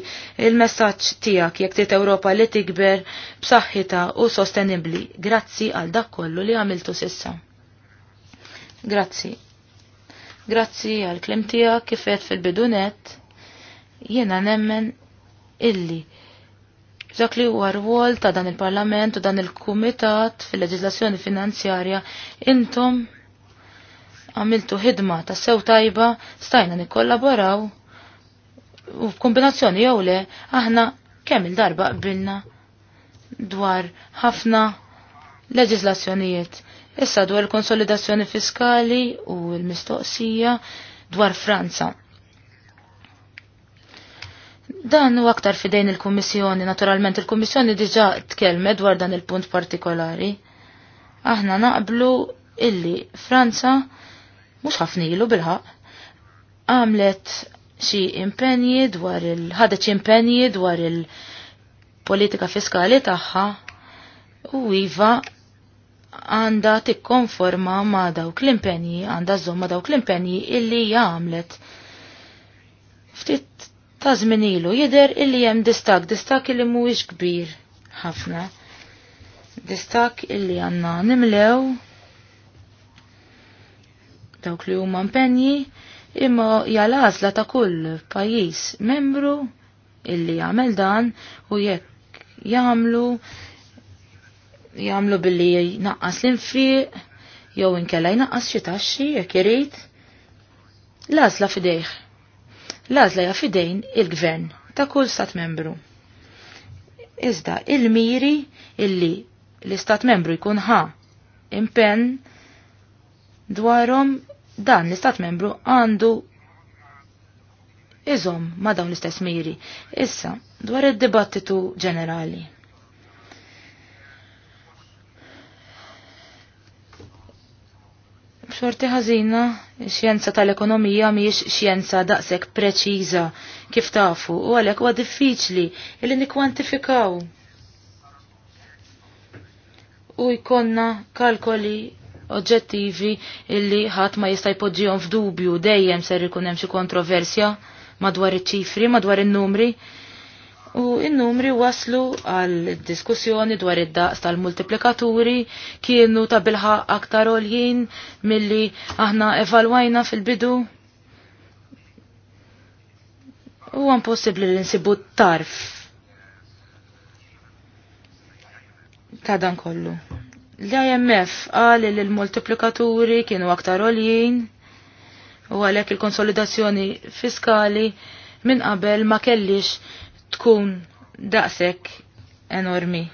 S2: Il-messaġġ tiegħek jekk trid Ewropa li tikber b'saħħitha u sostenibbli. Grazzi għal dak kollu li għamiltu sissa. Grazzi. Grazzi għal klim tiegħek kif fil-bidunet. Jiena nemmen illi Dak li huwa rwol ta' dan il-Parlament u dan il-Kumitat fil-leġislazzjoni finanzjarja intom għamiltu ħidma ta' sew tajba stajna nikkollaboraw u f'kombinazzjoni jew le aħna kemm il-darba qbilna dwar ħafna leġislazzjonijiet. Issa dwar il-konsolidazzjoni fiskali u l-mistoqsija dwar Franza. Dan u aktar fidejn il-Kummissjoni, naturalment il-Kummissjoni diġa tkellmet dwar dan il-punt partikolari. Aħna naqblu illi Franza mhux ħafnilu bil-ħaq għamlet xi impenji dwar il ħadet xi impenji dwar il-politika fiskali tagħha u iva għanda tikkonforma ma dawk l-impenji, għanda żomma dawk l-impenji illi hija għamlet. Ftit ta' zminilu ilu jidher illi jem distak, distak illi mhuwiex kbir ħafna. Distak illi għandna nimlew dawk li huma impenji imma jal-għażla ta' kull pajjiż membru illi jagħmel dan u jekk jagħmlu jagħmlu billi naqqas l-infiq jew inkella jnaqqas xi taxxi jekk irid. L-għażla fidejh l ja fidejn il-gvern ta' kull stat membru. Iżda il-miri illi l-istat membru jkun ħa impenn dwarhom dan l-istat membru għandu iżom ma dawn l-istess miri. Issa, dwar id-dibattitu ġenerali. Xorti ħazina, xjenza tal-ekonomija mhijiex xjenza daqshekk preċiża kif tafu u għalhekk huwa diffiċli li nikkwantifikaw. U jkollna kalkoli oġġettivi illi ħadd ma jista' jpoġġihom f'dubju dejjem ser ikun hemm xi kontroversja madwar iċ-ċifri, madwar in-numri. U in-numri waslu għal diskussjoni dwar id-daqs tal-multiplikaturi kienu ta' bilħa aktar olħin milli aħna evalwajna fil-bidu. U għan possibli li nsibu tarf ta' dan kollu. L-IMF għal li l-multiplikaturi kienu aktar olħin u għalek il-konsolidazzjoni fiskali minn qabel ma kellix tkun daqsek enormi.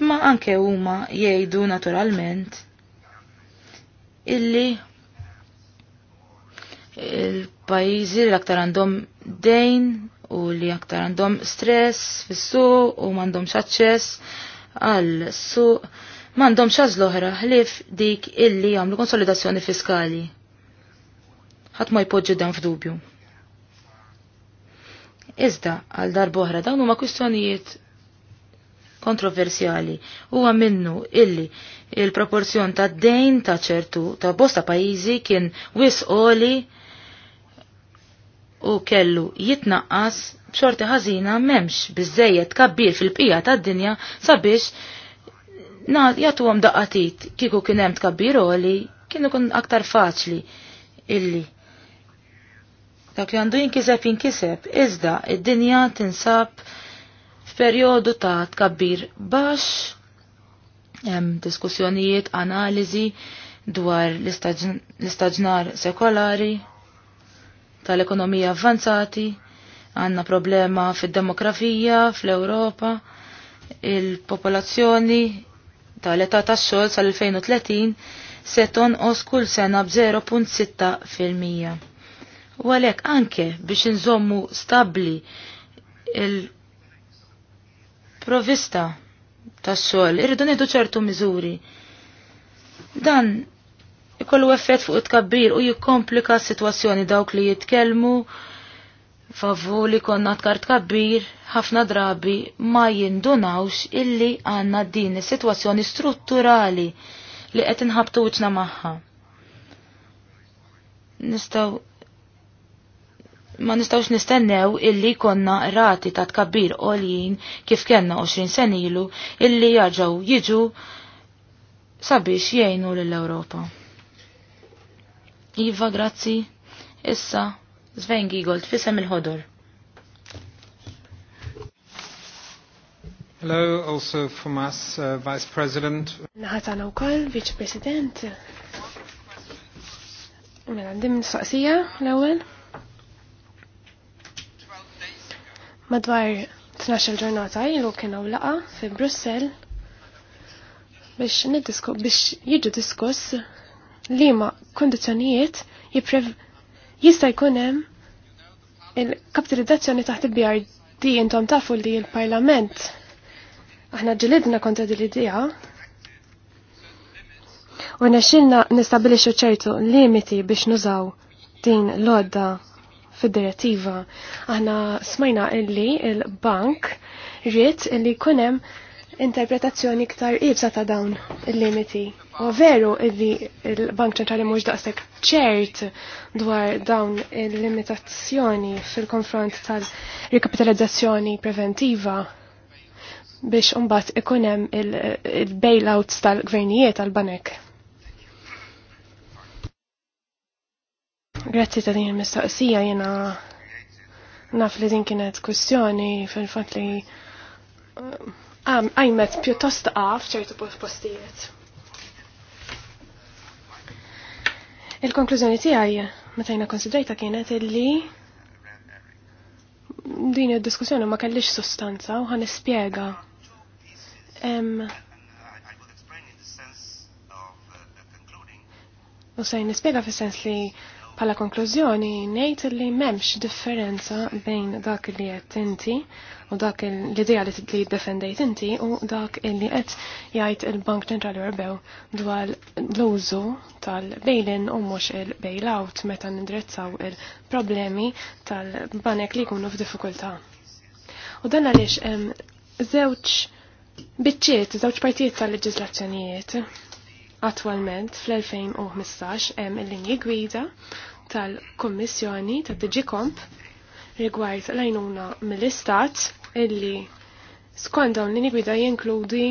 S2: Imma anke huma jgħidu naturalment illi il-pajizi li aktar għandhom dejn u li aktar għandhom stress fis-suq u mandhom xaċċess għal suq mandhom xaż l-oħra ħlif dik illi għamlu konsolidazzjoni fiskali. Ħadd ma jpoġġi dan f'dubju. Iżda għal darboħra dawn huma kwistjonijiet kontroversjali huwa minnu illi il-proporzjon ta' dejn ta' ċertu ta' bosta pajjiżi kien wis oli u kellu jitnaqqas b'xorti ħażina m'hemmx biżejjed kabbir fil-bqija tad-dinja sabiex na jagħtuhom daqqatit kieku kien hemm tkabbir oli kienu kun aktar faċli illi Dak li għandu jinkiseb jinkiseb, iżda id-dinja tinsab f'perjodu ta' tkabbir baxx, hemm diskussjonijiet, analiżi dwar l-istaġnar sekolari tal-ekonomija avvanzati, għanna problema fid-demografija fl-Ewropa, il-popolazzjoni tal-età tax-xogħol sal-2030 se tonqos kull sena b'0.6 fil-mija. U għalek anke biex nżommu stabli il-provista tas xogħol irridu nidu ċertu miżuri. Dan ikollu effett fuq it-kabbir u jikkomplika s-sitwazzjoni dawk li jitkellmu favu li konna tkart kabbir ħafna drabi ma jindunawx illi għanna din is-sitwazzjoni strutturali li qed inħabtu wiċna magħha. Nistgħu ma nistawx nistennew illi konna rati ta' tkabbir għoljien kif kienna 20 senilu ilu illi jarġaw jiġu sabiex jgħinu l-Europa. Iva, grazzi, issa, Sven Gigold, fisem il-ħodor.
S1: Hello, also from us, uh, Vice President.
S3: Naħatana u koll, Vice President. Mela, ndim saqsija l-ewel. Madwar 12 ġurnata jilu kienu laqa fi Brussel biex nidisku biex jiġu diskuss li ma kondizjonijiet jiprev jista' jkun hemm il-kapitalizzazzjoni taħt il-BRD intom tafu li il-Parlament aħna ġilidna kontra din l-idea u nexxilna nistabilixu ċertu limiti biex nużaw din l-odda fid-direttiva. Aħna smajna illi il-bank ġiet illi kunem interpretazzjoni iktar ibsa ta' dawn il-limiti. U veru illi il-Bank ċentrali mhux daqshekk ċert dwar dawn il-limitazzjoni fil-konfront tal-rikapitalizzazzjoni preventiva biex umbat ikunem il-bailouts tal-gvernijiet tal-banek. Grazzi ta' din il-mistoqsija jena naf li din kienet kwestjoni fil-fat li uh, għajmet pjuttost għaf ċertu postijiet. Il-konklużjoni tiegħi meta jiena konsidrajta kienet illi din id-diskussjoni ma kellix sostanza u ħan nispjega. U se nispjega fis-sens li Pala konklużjoni, ngħid li m'hemmx differenza bejn dak li qed inti u dak l-idea li jiddefendejt inti u dak li qed jgħid il-Bank Ċentrali Ewropew dwar l-użu tal-bail-in u mhux il bejlaut meta nindrizzaw il-problemi tal-banek li jkunu f'diffikultà. U dan għaliex żewġ biċċiet, żewġ partijiet tal-leġiżlazzjonijiet Attualment fl-2015 hemm il-linji gwida tal-Kommissjoni ta' Digikomp rigward l-għajnuna mill-Istat illi skont dawn l-linji gwida jinkludi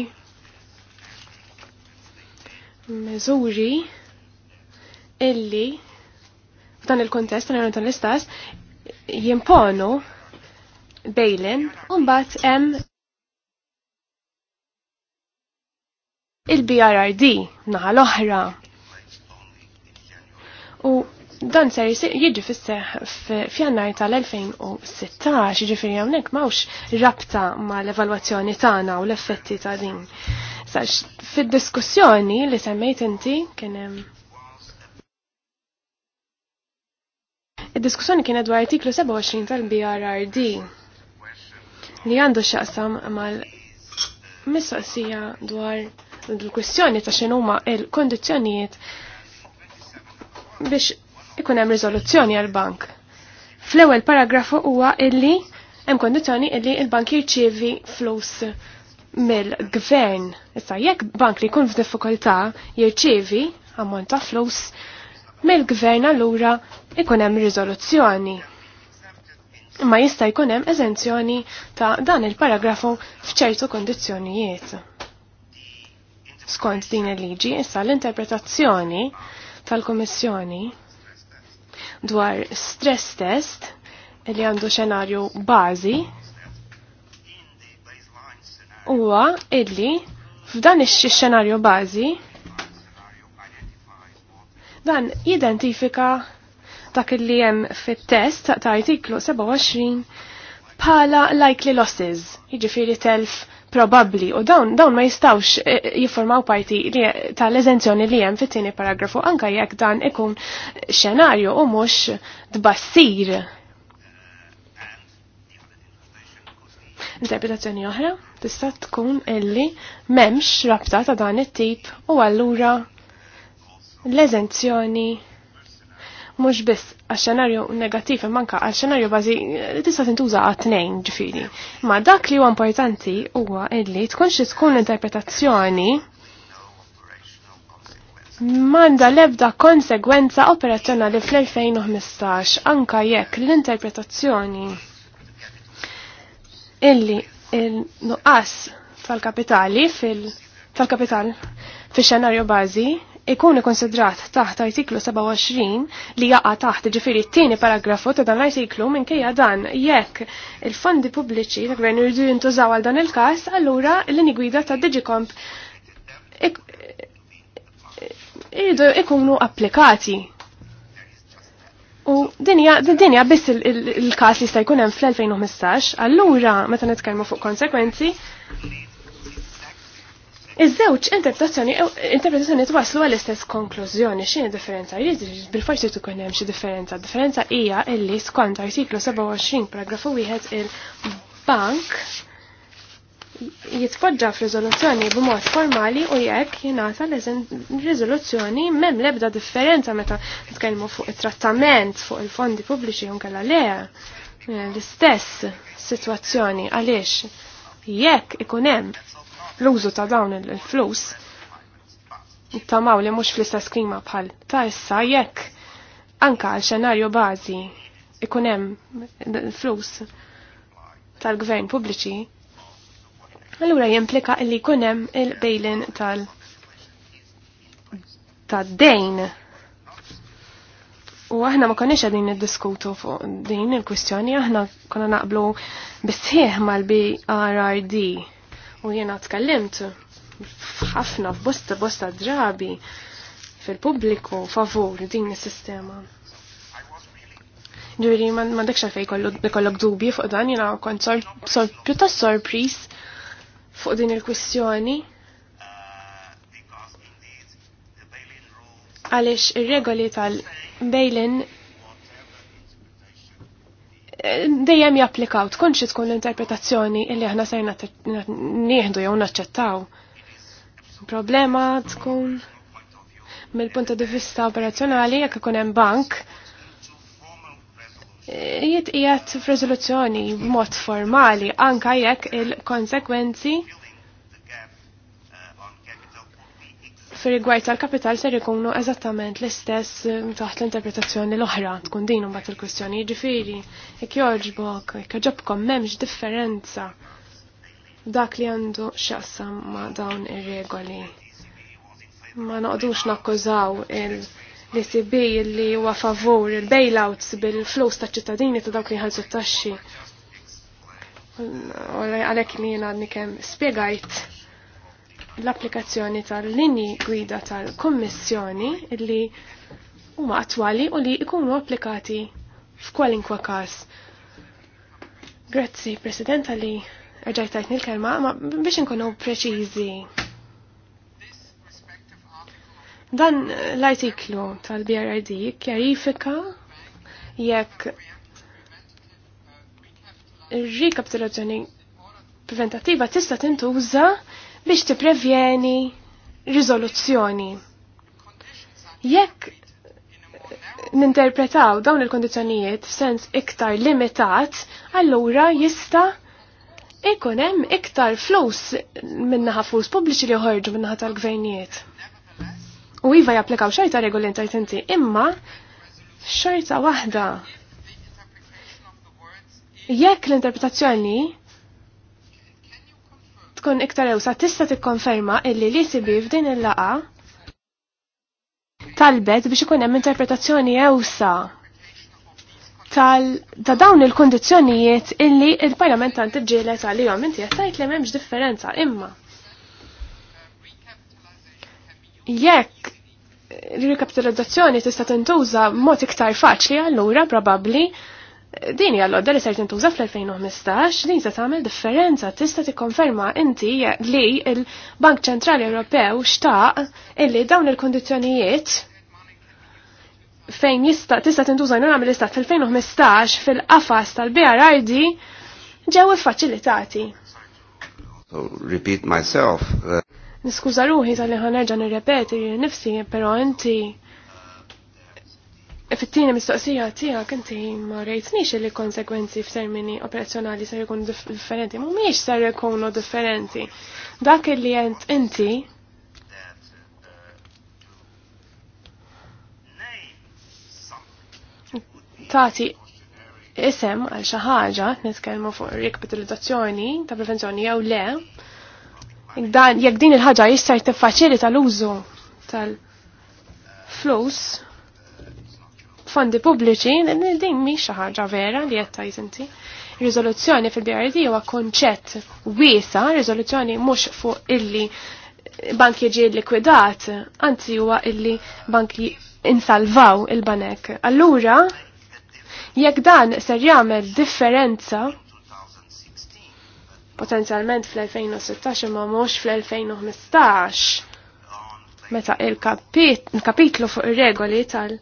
S3: meżuri illi f'dan il-kontest tal-għajnuna tal-Istat jimponu bejlin un bat hemm il-BRRD naħa l-oħra. U dan ser jiġi fisseħ f'jannar tal-2016, jiġifieri hawnhekk m'hawnx rabta mal-evalwazzjoni tagħna u l-effetti ta' din. Sax fid-diskussjoni li semmejt inti kien hemm Id-diskussjoni kienet dwar artiklu 27 tal-BRRD li għandu xaqsam mal-mistoqsija dwar il kwistjoni ta' x'inhuma il kondizjonijiet biex ikun hemm rizoluzzjoni għall bank Fl-ewwel paragrafu huwa illi hemm kondizzjoni illi il-bank jirċievi flus mill-gvern. Issa jekk bank li jkun f'diffikultà jirċievi ammont ta' flus mill-gvern allura ikun hemm riżoluzzjoni. Imma jista' jkun hemm eżenzjoni ta' dan il-paragrafu f'ċertu kondizzjonijiet skont din il-liġi, issa l-interpretazzjoni tal-Komissjoni dwar stress test li għandu xenarju bazi huwa illi f'dan ix-xenarju bażi dan jidentifika dak li hemm fit-test ta' artiklu 27 bħala likely losses, jiġifieri telf probabbli u dawn dawn ma jistawx eh, jiffurmaw parti tal-eżenzjoni li hemm fit-tieni paragrafu anka jekk dan ikun xenarju u mhux tbassir. Interpretazzjoni oħra tista' tkun illi m'hemmx rabta ta' dan it-tip u allura l-eżenzjoni mhux biss għax-xenarju negattiv imma anke xenarju bażi li tista' tintuża għat-tnejn ġifiri. Ma dak li huwa importanti huwa illi tkunx tkun interpretazzjoni manda lebda konsegwenza operazzjonali fl-2015 anka jekk l-interpretazzjoni illi il-nuqqas tal-kapitali fil- tal-kapital fi xenarju bażi ikun konsidrat taħt artiklu 27 li jaqa taħt ġifiri t-tieni paragrafu ta' dan l-artiklu minkejja dan jekk il-fondi pubbliċi ta' gvern irridu jintużaw għal dan il-każ, allura l-lini gwida ta' Digicomp irridu ikunu applikati. U dinja, dinja biss il-kas li sta' jkun hemm fl-2015, allura meta nitkellmu fuq konsekwenzi, Iż-żewġ interpretazzjoni twaslu għall-istess konklużjoni x'inhi differenza jrid bil-forsi tkun hemm xi differenza. Differenza hija illi skont artiklu 27 paragrafu wieħed il-bank jitpoġġa f'riżoluzzjoni b'mod formali u jekk jingħata l-riżoluzzjoni m'hemm l-ebda differenza meta nitkellmu fuq it-trattament fuq il-fondi pubbliċi unkella le eh, l-istess sitwazzjoni għaliex jekk ikun hemm l-użu ta' dawn il-flus tamaw li mhux fl-istess klima bħal ta' issa jekk anka għal xenarju bażi ikun hemm flus tal-gvern pubbliċi, allura jimplika li jkun hemm il-bejlin tal- ta dejn U aħna ma konniex għadin niddiskutu fuq din il-kwistjoni, aħna konna naqblu bisħieħ mal-BRRD U jena tkellimt ħafna f'bosta bosta drabi fil-pubbliku favur din is-sistema. Ġuri, ma dekx fej kollok dubji fuq dan jena kont pjuttost sorpris fuq din il-kwistjoni. Għalix ir-regoli tal-bejlin dejjem japplikaw, tkun xi tkun l-interpretazzjoni illi aħna sejna nieħdu jew naċċettaw. Problema tkun mill punta di vista operazzjonali jekk ikun hemm bank jitqiegħed f'riżoluzzjoni b'mod formali anka jekk il-konsekwenzi fir-rigward tal-kapital ser ikunu eżattament l-istess eh, taħt l-interpretazzjoni l-oħra tkun din mbagħad il-kwistjoni jiġifieri jekk joġbok jekk joġobkom m'hemmx differenza dak li għandu x'jaqsam ma' dawn ir-regoli. Ma noqdux nakkużaw il- l-ECB li huwa favur il-bailouts bil-flus ta' ċittadini ta' dawk li ħalsu t-taxxi. Għalek li jena għadni kem spiegajt l-applikazzjoni tal-linji gwida tal-Kommissjoni li huma attwali u li jkunu applikati f'kwalinkwa każ. Grazzi, Presidenta li rġajtajtni l-kelma, ma biex nkunu preċiżi. Dan l-artiklu tal-BRD kjarifika jekk il-rikapitulazzjoni preventativa tista' tintuża biex prevjeni rizoluzzjoni. Jekk ninterpretaw dawn il-kondizjonijiet sens iktar limitat, allura jista ikun hemm iktar flus minnaħa flus pubbliċi li joħorġu minnaħa tal-gvernijiet. U iva japplikaw xorta regoli inti, imma xorta waħda. Jekk l-interpretazzjoni tkun iktar ewsa tista tikkonferma illi li sibi f'din il-laqa talbet biex ikun hemm interpretazzjoni ewsa tal ta' dawn il kondizzjonijiet illi il tant iġġielet għalihom inti qed tgħid li m'hemmx differenza imma. Jekk rikapitalizzazzjoni tista' tintuża mod iktar faċli allura probabbli Din hija l-għodda li ser tintuża fl-2015, din se tagħmel differenza tista' tikkonferma inti li l-Bank Ċentrali Ewropew xtaq illi dawn il-kondizzjonijiet fejn jista' tista' tintuża nhar għamil istat fil-2015 fil-qafas tal-BRRD ġew iffaċilitati.
S2: So repeat myself. Uh,
S3: Niskuża ruħi tal-li ħanerġa' nirrepeti nifsi, però inti Fittini mistoqsija tija kanti ma rejtnix li konsekwenzi f'termini operazzjonali ser jkunu differenti, mumiex ser jkunu differenti. Dak li jent inti tati isem għal xi ħaġa nitkellmu fuq rekapitalizzazzjoni ta' prevenzjoni jew le, jekk din il-ħaġa jista' tiffaċilita l-użu tal-flus fondi pubbliċi, din mi xaħġa vera li jettajt inti. Rizoluzzjoni fil-BRD huwa konċett wiesa, rizoluzzjoni mhux fuq illi bank jiġi likwidat, anzi huwa illi banki insalvaw il-banek. Allura, jekk dan ser jagħmel differenza potenzjalment fl-2016 ma mhux fl-2015 meta il-kapitlu fuq ir-regoli tal-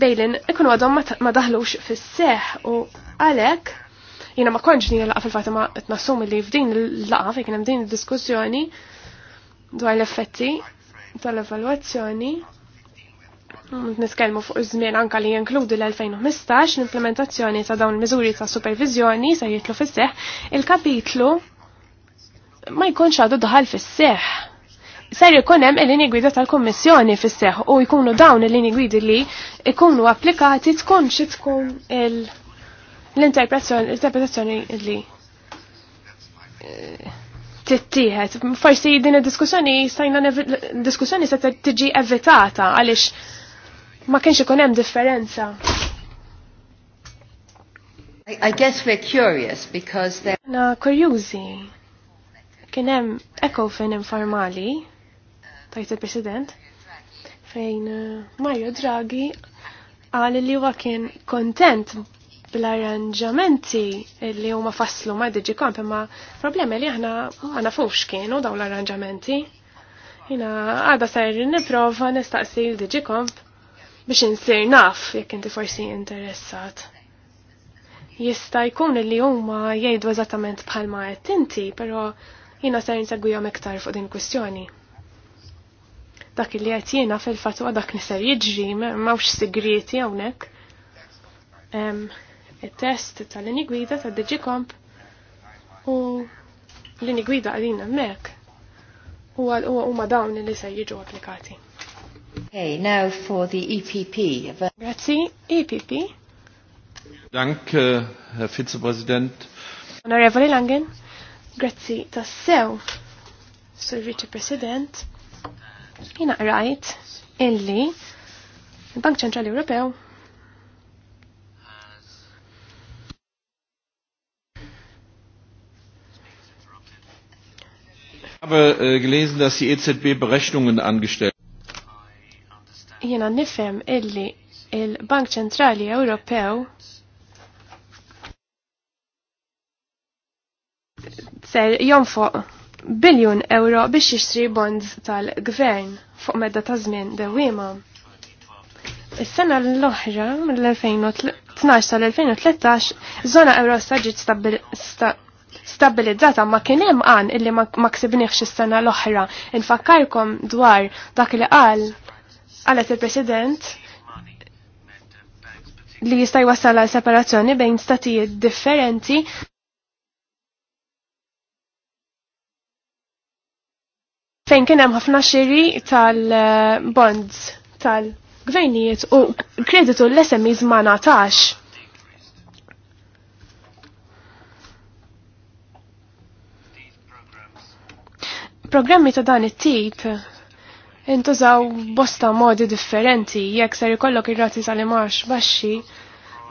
S3: Bejlin, ikun għadhom ma daħlux fis-seħ u għalek, jiena ma il laqa fil t tnassum li f'din il-laqa fejn hemm din id-diskussjoni dwar l-effetti tal-evalwazzjoni mhmm, Nitkellmu fuq iż-żmien anke li jinkludi l-2015 l-implementazzjoni ta' dawn il-miżuri ta' supervizjoni se jitlu fis-seħ il-kapitlu ma jkunx għadu daħal fis-seħ ser ikun hemm il-linji gwida tal-Kummissjoni fis seħħ u jkunu dawn il-linji gwidi li jkunu applikati tkun xi tkun l-interpretazzjoni li eh, tittieħed. Forsi din id-diskussjoni stajna diskussjoni se tiġi evitata għaliex ma kienx ikun hemm differenza.
S1: I guess we're curious because they're...
S3: Na, kurjużi. Kien hemm ekofin informali tajt il-President, fejn eh, Mario Draghi għal li huwa kien kontent bl-arranġamenti li huma faslu ma' Digi Comp, ma problemi li aħna ma nafux kienu dawn l-arranġamenti. Jina għada ser niprofa nistaqsi l-Digi Comp biex insir naf jekk inti forsi interessat. Jista' jkun li huma jgħidu eżattament bħalma qed inti, però jina ser insegwihom iktar fuq din kwistjoni dak li qed jiena fil-fatt huwa dak li ser jiġri m'hawnx sigriti hawnhekk. Il-test tal-lini gwida ta' DG Comp u l-lini gwida għalin hemmhekk u huma dawn li se jiġu applikati. Okay, now for the EPP. Grazzi, EPP. Dank, eh, Herr Vizepräsident. Onorevoli Langen, grazzi tassew, Sur Vice President Jina rajt illi il-Bank Ċentrali Ewropew habe äh, gelesen, dass die EZB Berechnungen angestellt Jena nifem illi il-Bank Ċentrali Ewropew ser jonfoq biljun euro biex jixtri bonds tal-gvern fuq medda ta' żmien dewwiema. Is-sena l-oħra mill-2012 tal-2013 żona euro ġiet stabilizzata ma kien hemm għan illi ma ksibniex is-sena l-oħra. Infakkarkom dwar dak li qal qalet il-President li jista' jwassal għal separazzjoni bejn statijiet differenti fejn kien hemm ħafna xiri tal-bonds tal-gvernijiet u kreditu l-SMEs ma natax. Programmi ta' dan it-tip intużaw bosta modi differenti jekk ser ikollok ir-rati tal-imax baxxi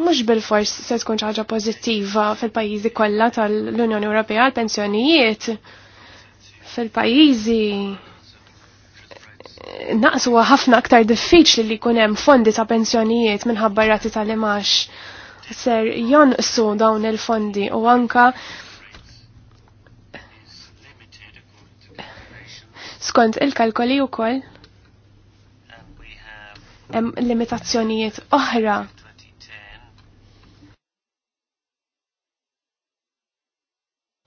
S3: mhux bil-fors se tkun ħaġa pożittiva fil-pajjiżi kollha tal-Unjoni Ewropea għall pensjonijiet fil-pajjiżi naqsu ħafna aktar diffiċli li jkun hemm fondi ta' pensjonijiet minħabba rati tal-imax ser jonqsu dawn il-fondi u anka skont il-kalkoli wkoll hemm limitazzjonijiet oħra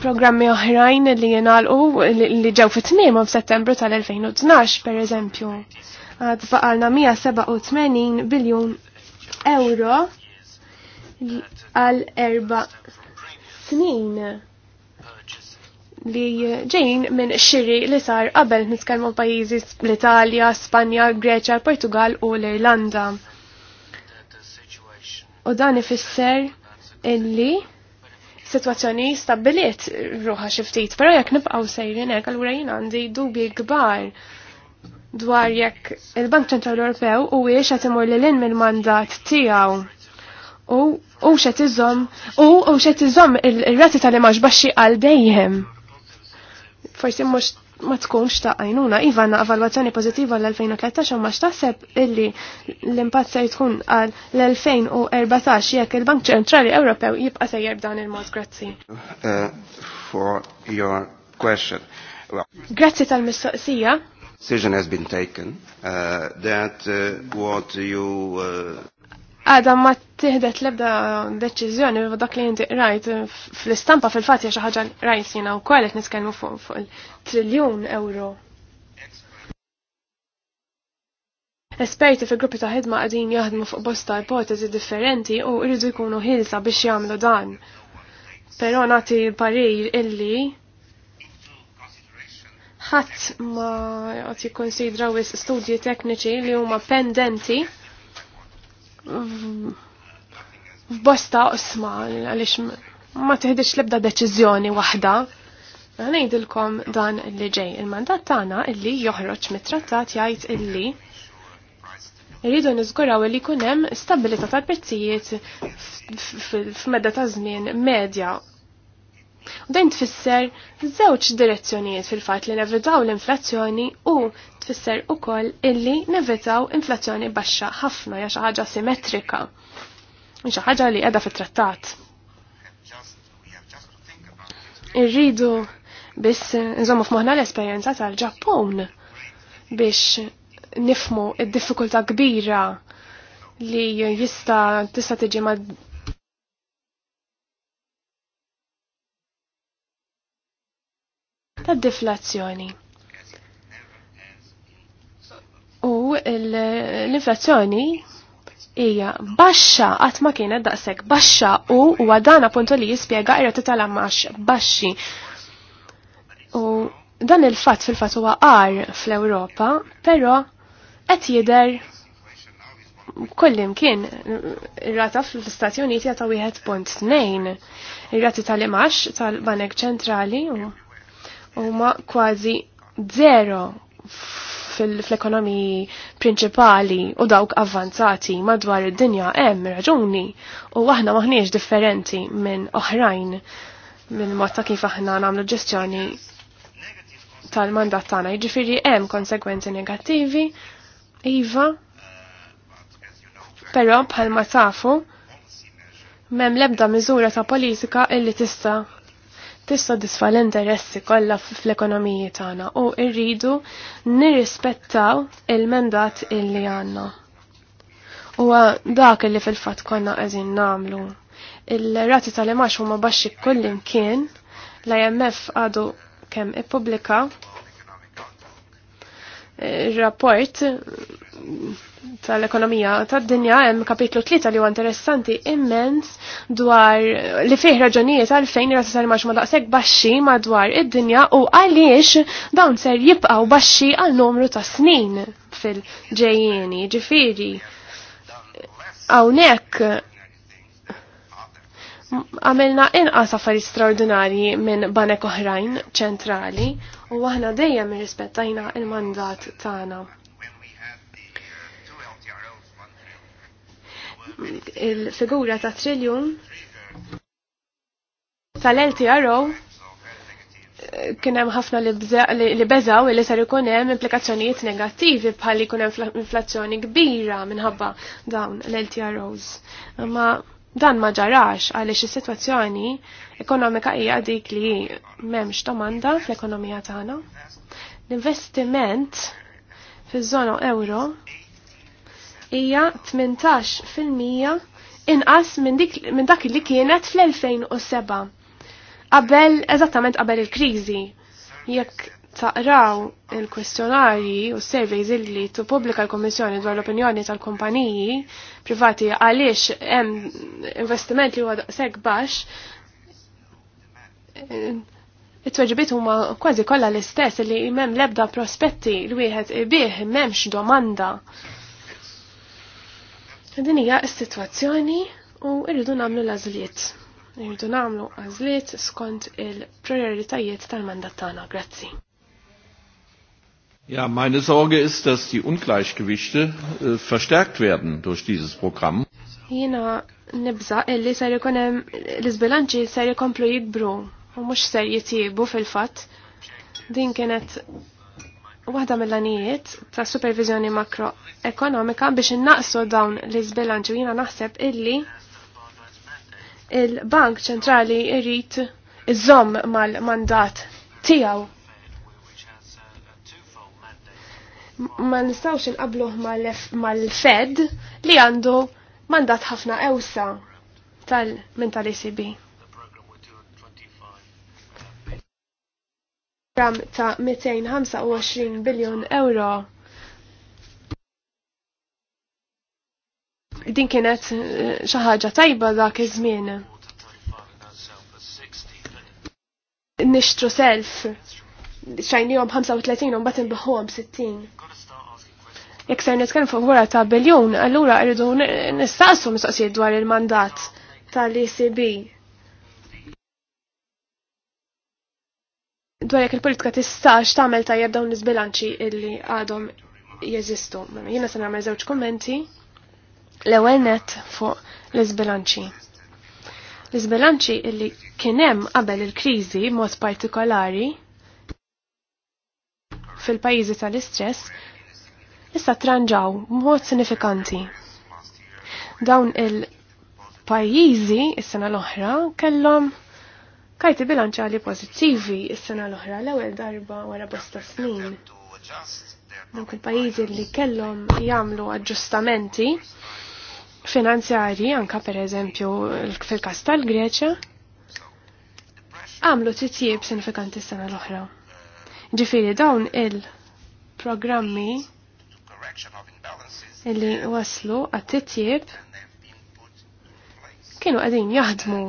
S3: programmi oħrajn li jenalqu li ġew fit-tmiem f'Settembru tal-2012 per eżempju. Għad faqalna 187 biljun euro għal erba snin li ġejn minn xiri li sar qabel nitkellmu pajjiżi l-Italja, Spanja, Greċja, Portugal u l-Irlanda. U dan ifisser illi situazzjoni stabbiliet ruħa xiftit, pero jekk nibqaw sejrin hekk allura jien għandi dubi kbar dwar jekk il-Bank Ċentrali Ewropew u wiex qed imur lil mill-mandat tiegħu. U u xed iżomm u u xed iżomm ir-rati tal-imax baxxi għal dejjem. Forsi mhux ma tkunx ta' għajnuna. Iva għanna evalwazzjoni pozittiva l-2013 ma xtaħseb illi l-impatt se jkun għal l-2014 jekk il-Bank Ċentrali Ewropew jibqa' sejjer b'dan il-mod. Grazzi.
S1: Uh, for your
S3: question. Grazzi tal-mistoqsija. Decision has been taken uh, that uh, what you uh, Għada ma tiħdet lebda deċizjoni dak li jinti rajt fl-istampa fil-fatja xaħġa rajt jina u kwalet niskajmu fuq il-triljon euro. Esperti fil gruppi ta' ħidma għadin jaħdmu fuq bosta ipotezi differenti u rridu jkunu ħilsa biex jagħmlu dan. Però nati parir illi ħadd ma jgħati konsidra studji tekniċi li huma pendenti f'bosta osma għaliex ma teħdix l-ebda deċiżjoni waħda. Ngħidilkom dan li ġej. Il-mandat tagħna illi joħroġ mit-trattat jgħid illi rridu niżguraw li jkun hemm stabilità tal-prezzijiet f'medda ta' żmien medja U dan tfisser żewġ direzzjonijiet fil-fatt li nevitaw l-inflazzjoni u tfisser ukoll illi nevitaw inflazzjoni baxxa ħafna ja xi ħaġa simmetrika. Xi ħaġa li qiegħda fit-trattat. Irridu biss nżomm f'moħħna l-esperjenza tal-Ġappun biex nifmu id-diffikultà kbira li jista tista' tiġi ma' tad-deflazzjoni. U l-inflazzjoni hija baxxa qatt ma kienet daqshekk baxxa u huwa dan appuntu li jispjega r-rati tal-ammax baxxi. U dan il-fatt fil-fatt huwa qar fl-Ewropa, però qed jidher kullimkien ir-rata fl-Istati Uniti għata wieħed punt tnejn. Ir-rati tal-imax tal-Banek Ċentrali u huma kważi zero fil-ekonomiji prinċipali u dawk avvanzati madwar id-dinja hemm raġuni u aħna maħniex differenti minn oħrajn minn mod ta' kif aħna nagħmlu ġestjoni tal-mandat tagħna. Jiġifieri hemm konsekwenzi negattivi, iva, però bħalma tafu m'hemm l-ebda miżura ta' politika illi tista' tissodisfa l-interessi kollha fl-ekonomiji tagħna u rridu nirrispettaw il-mendat illi għandna. Huwa dak li fil-fatt konna qegħdin nagħmlu. Il-rati tal-imax huma baxxi kullimkien l-IMF għadu kemm ippubblika rapport tal-ekonomija tad-dinja hemm kapitlu 3 li huwa interessanti immens dwar li fih raġunijiet għalfejn rasa sar ma daqshekk baxxi madwar id-dinja u għaliex dawn ser jibqgħu baxxi għal numru ta' snin fil-ġejjieni, ġifieri. Hawnhekk għamilna inqas affarijiet straordinarji minn banek oħrajn ċentrali u aħna dejjem irrispettajna il-mandat tagħna. Il-figura ta' triljun tal-LTRO kien hemm ħafna li beżaw li sar ikun hemm implikazzjonijiet negattivi bħal ikun hemm inflazzjoni kbira minħabba dawn l-LTROs. Ma' Dan ma ġarax għaliex is-sitwazzjoni ekonomika hija dik li m'hemmx domanda fl-ekonomija tagħna. L-investiment fiż-żona euro hija 18% inqas minn dak li kienet fl-2007 qabel eżattament qabel il-kriżi. Jekk taqraw il-kwestjonarji u s-surveys illi publika l-Kommissjoni dwar l-opinjoni tal-kumpaniji privati għaliex hemm investiment li huwa daqshekk baxx, eh, it-tweġibiet huma kważi kollha l-istess li m'hemm l-ebda prospetti li wieħed ibih m'hemmx domanda. Din hija s-sitwazzjoni u rridu nagħmlu l-għażliet. Irridu nagħmlu għażliet skont il-prioritajiet tal-mandat tagħna. Grazzi. Ja, meine Sorge ist, dass die Ungleichgewichte äh, verstärkt werden durch dieses Programm. Jena nibza illi ser ikun l-iżbilanċi ser ikomplu jikbru u mhux ser jitjiebu fil-fatt. Din kienet waħda mill-anijiet ta' supervizjoni makroekonomika biex innaqsu dawn l-iżbilanċi u jiena naħseb illi il-Bank Ċentrali irrit iżom mal-mandat tiegħu ma nistawx nqabluh mal-Fed li għandu mandat ħafna ewsa tal minn tal-ECB. Program ta' 225 biljon euro. Din kienet eh, xi ħaġa tajba dak iż-żmien. Nixtru self xajnijom 35 un bat nbaħuħom 60. Jek ser nitkellem fuq wara ta' biljun, allura rridu nistaqsu mistoqsijiet dwar il-mandat tal-ECB. Dwar jekk il-politika tistax tagħmel tajjeb dawn l-iżbilanċi illi għadhom jeżistu. Jiena se nagħmel żewġ kummenti l-ewwel net fuq l-iżbilanċi. L-iżbilanċi illi kien hemm qabel il-kriżi mod partikolari fil-pajjiżi tal-istress issa tranġaw mod sinifikanti. Dawn il-pajjiżi is-sena l-oħra kellhom kajti bilanċali pożittivi is-sena l-oħra l-ewwel darba wara bosta snin. Dawk il-pajjiżi li kellhom jagħmlu aġġustamenti finanzjari anka per eżempju fil kastal tal-Greċja għamlu titjib sinifikanti s-sena l-oħra. Ġifiri dawn il-programmi illi waslu għat-titjib kienu għadin jaħdmu.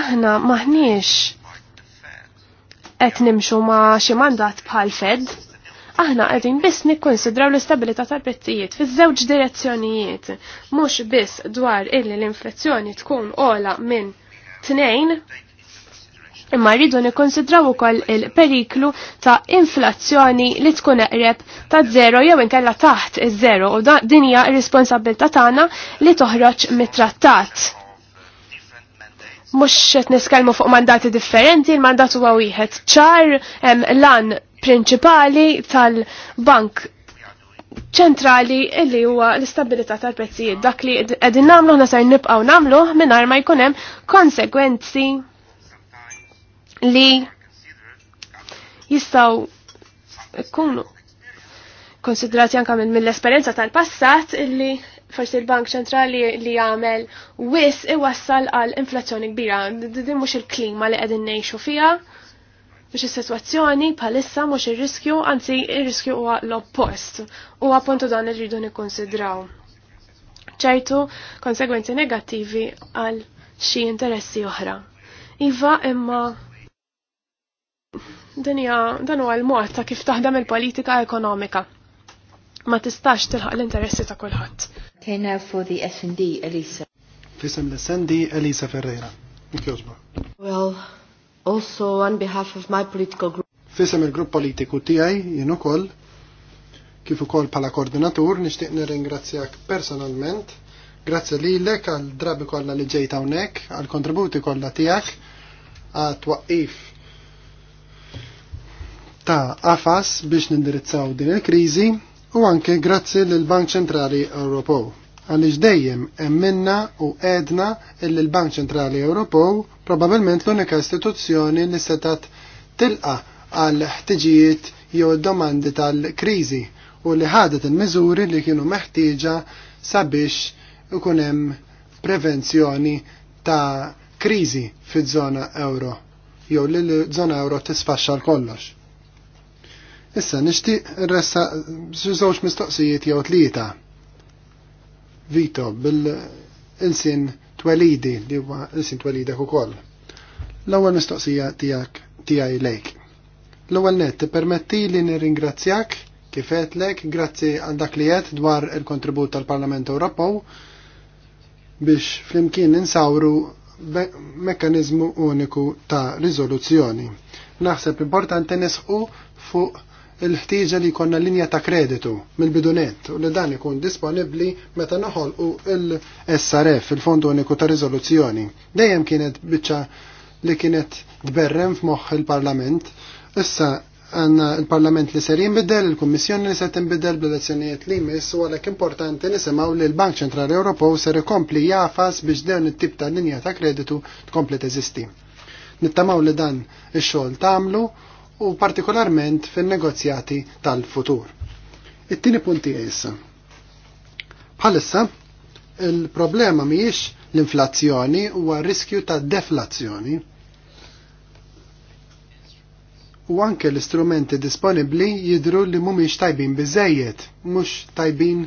S3: Aħna maħniex qed nimxu ma' xi mandat bħal Fed, aħna qegħdin biss nikkonsidraw l-istabilità tal-prezzijiet fiż-żewġ direzzjonijiet, mhux biss dwar illi l-inflazzjoni tkun ola minn tnejn imma rridu nikkonsidraw ukoll il-periklu ta' inflazzjoni li tkun eqreb ta' zero jew inkella taħt iż-żero u din hija r-responsabilità tagħna li toħroġ mit-trattat. Mhux qed niskelmu fuq mandati differenti, il-mandat huwa wieħed ċar hemm lan prinċipali tal-Bank ċentrali illi huwa l-istabilità tal-prezzijiet dak li qegħdin nagħmlu ħna ser nibqgħu nagħmlu mingħajr ma jkun hemm konsegwenzi li jistaw kunu konsidrati anka minn mill-esperienza tal-passat li forsi l-Bank ċentrali li jagħmel wis iwassal għal inflazzjoni kbira. Din mhux il-klima li qegħdin ngħixu fiha, biex is-sitwazzjoni bħalissa mhux ir-riskju, anzi ir-riskju huwa l-oppost. U appuntu dan irridu nikkonsidraw. ċertu konsegwenzi negattivi għal xi interessi oħra. Iva imma Dinja, dan huwa l-mod ta' kif taħdem il-politika ekonomika. Ma tistax tilħaq l-interessi ta' kulħadd. now for the S&D Elisa.
S1: Fisem l-S&D Elisa Ferreira. Well, also on behalf of my political group. Fisem il-grupp politiku tiegħi jien ukoll kif ukoll bħala koordinatur nixtieq nirringrazzjak personalment. Grazzi li lek għal drabi kollha li ġejt hawnhekk, għal kontributi kollha tiegħek, għat twaqqif ta' AFAS biex nindirizzaw din il-kriżi u anke grazzi lill bank Ċentrali Ewropew. Għaliex dejjem emminna u edna illi l-Bank Ċentrali Ewropew probabbilment l-unika istituzzjoni li setat tilqa għal ħtiġijiet jew domandi tal-kriżi u li ħadet il-miżuri li kienu meħtieġa sabiex ikun hemm prevenzjoni ta' kriżi fiż-żona euro jew li zona żona euro tisfaxxa kollox. Issa nixtieq ressa żewġ mistoqsijiet jew tlieta. Vito bil-insin twelidi li huwa insin twelidek ukoll. L-ewwel mistoqsija tiegħek tiegħi lejk. L-ewwel nett tippermetti li nirringrazzjak lejk, grazzi għal dak li qed dwar il-kontribut tal-Parlament Ewropew biex flimkien insawru mekkanizmu uniku ta' riżoluzzjoni. Naħseb importanti nisqu fuq il-ħtieġa li jkollna linja ta' kreditu mill-bidunet u li dan ikun disponibbli meta u il-SRF, il-Fond Uniku ta' Riżoluzzjoni. Dejjem kienet biċċa li kienet tberrem f'moħħ il-Parlament. Issa għanna il-Parlament li ser jinbidel, il-Kommissjoni li ser tinbidel bl-elezzjonijiet li jmiss u għalhekk importanti nisimgħu li l-Bank Ċentrali Ewropew ser ikompli jafas biex dawn it-tip ta' linja ta' kreditu tkompli teżisti. Nittamaw li dan ix-xogħol tagħmlu u partikolarment fin-negozjati tal-futur. It-tieni punti issa. Bħalissa, il-problema mhijiex l-inflazzjoni huwa riskju ta' deflazzjoni. U anke l-istrumenti disponibbli jidru li mhumiex tajbin biżejjed, mhux tajbin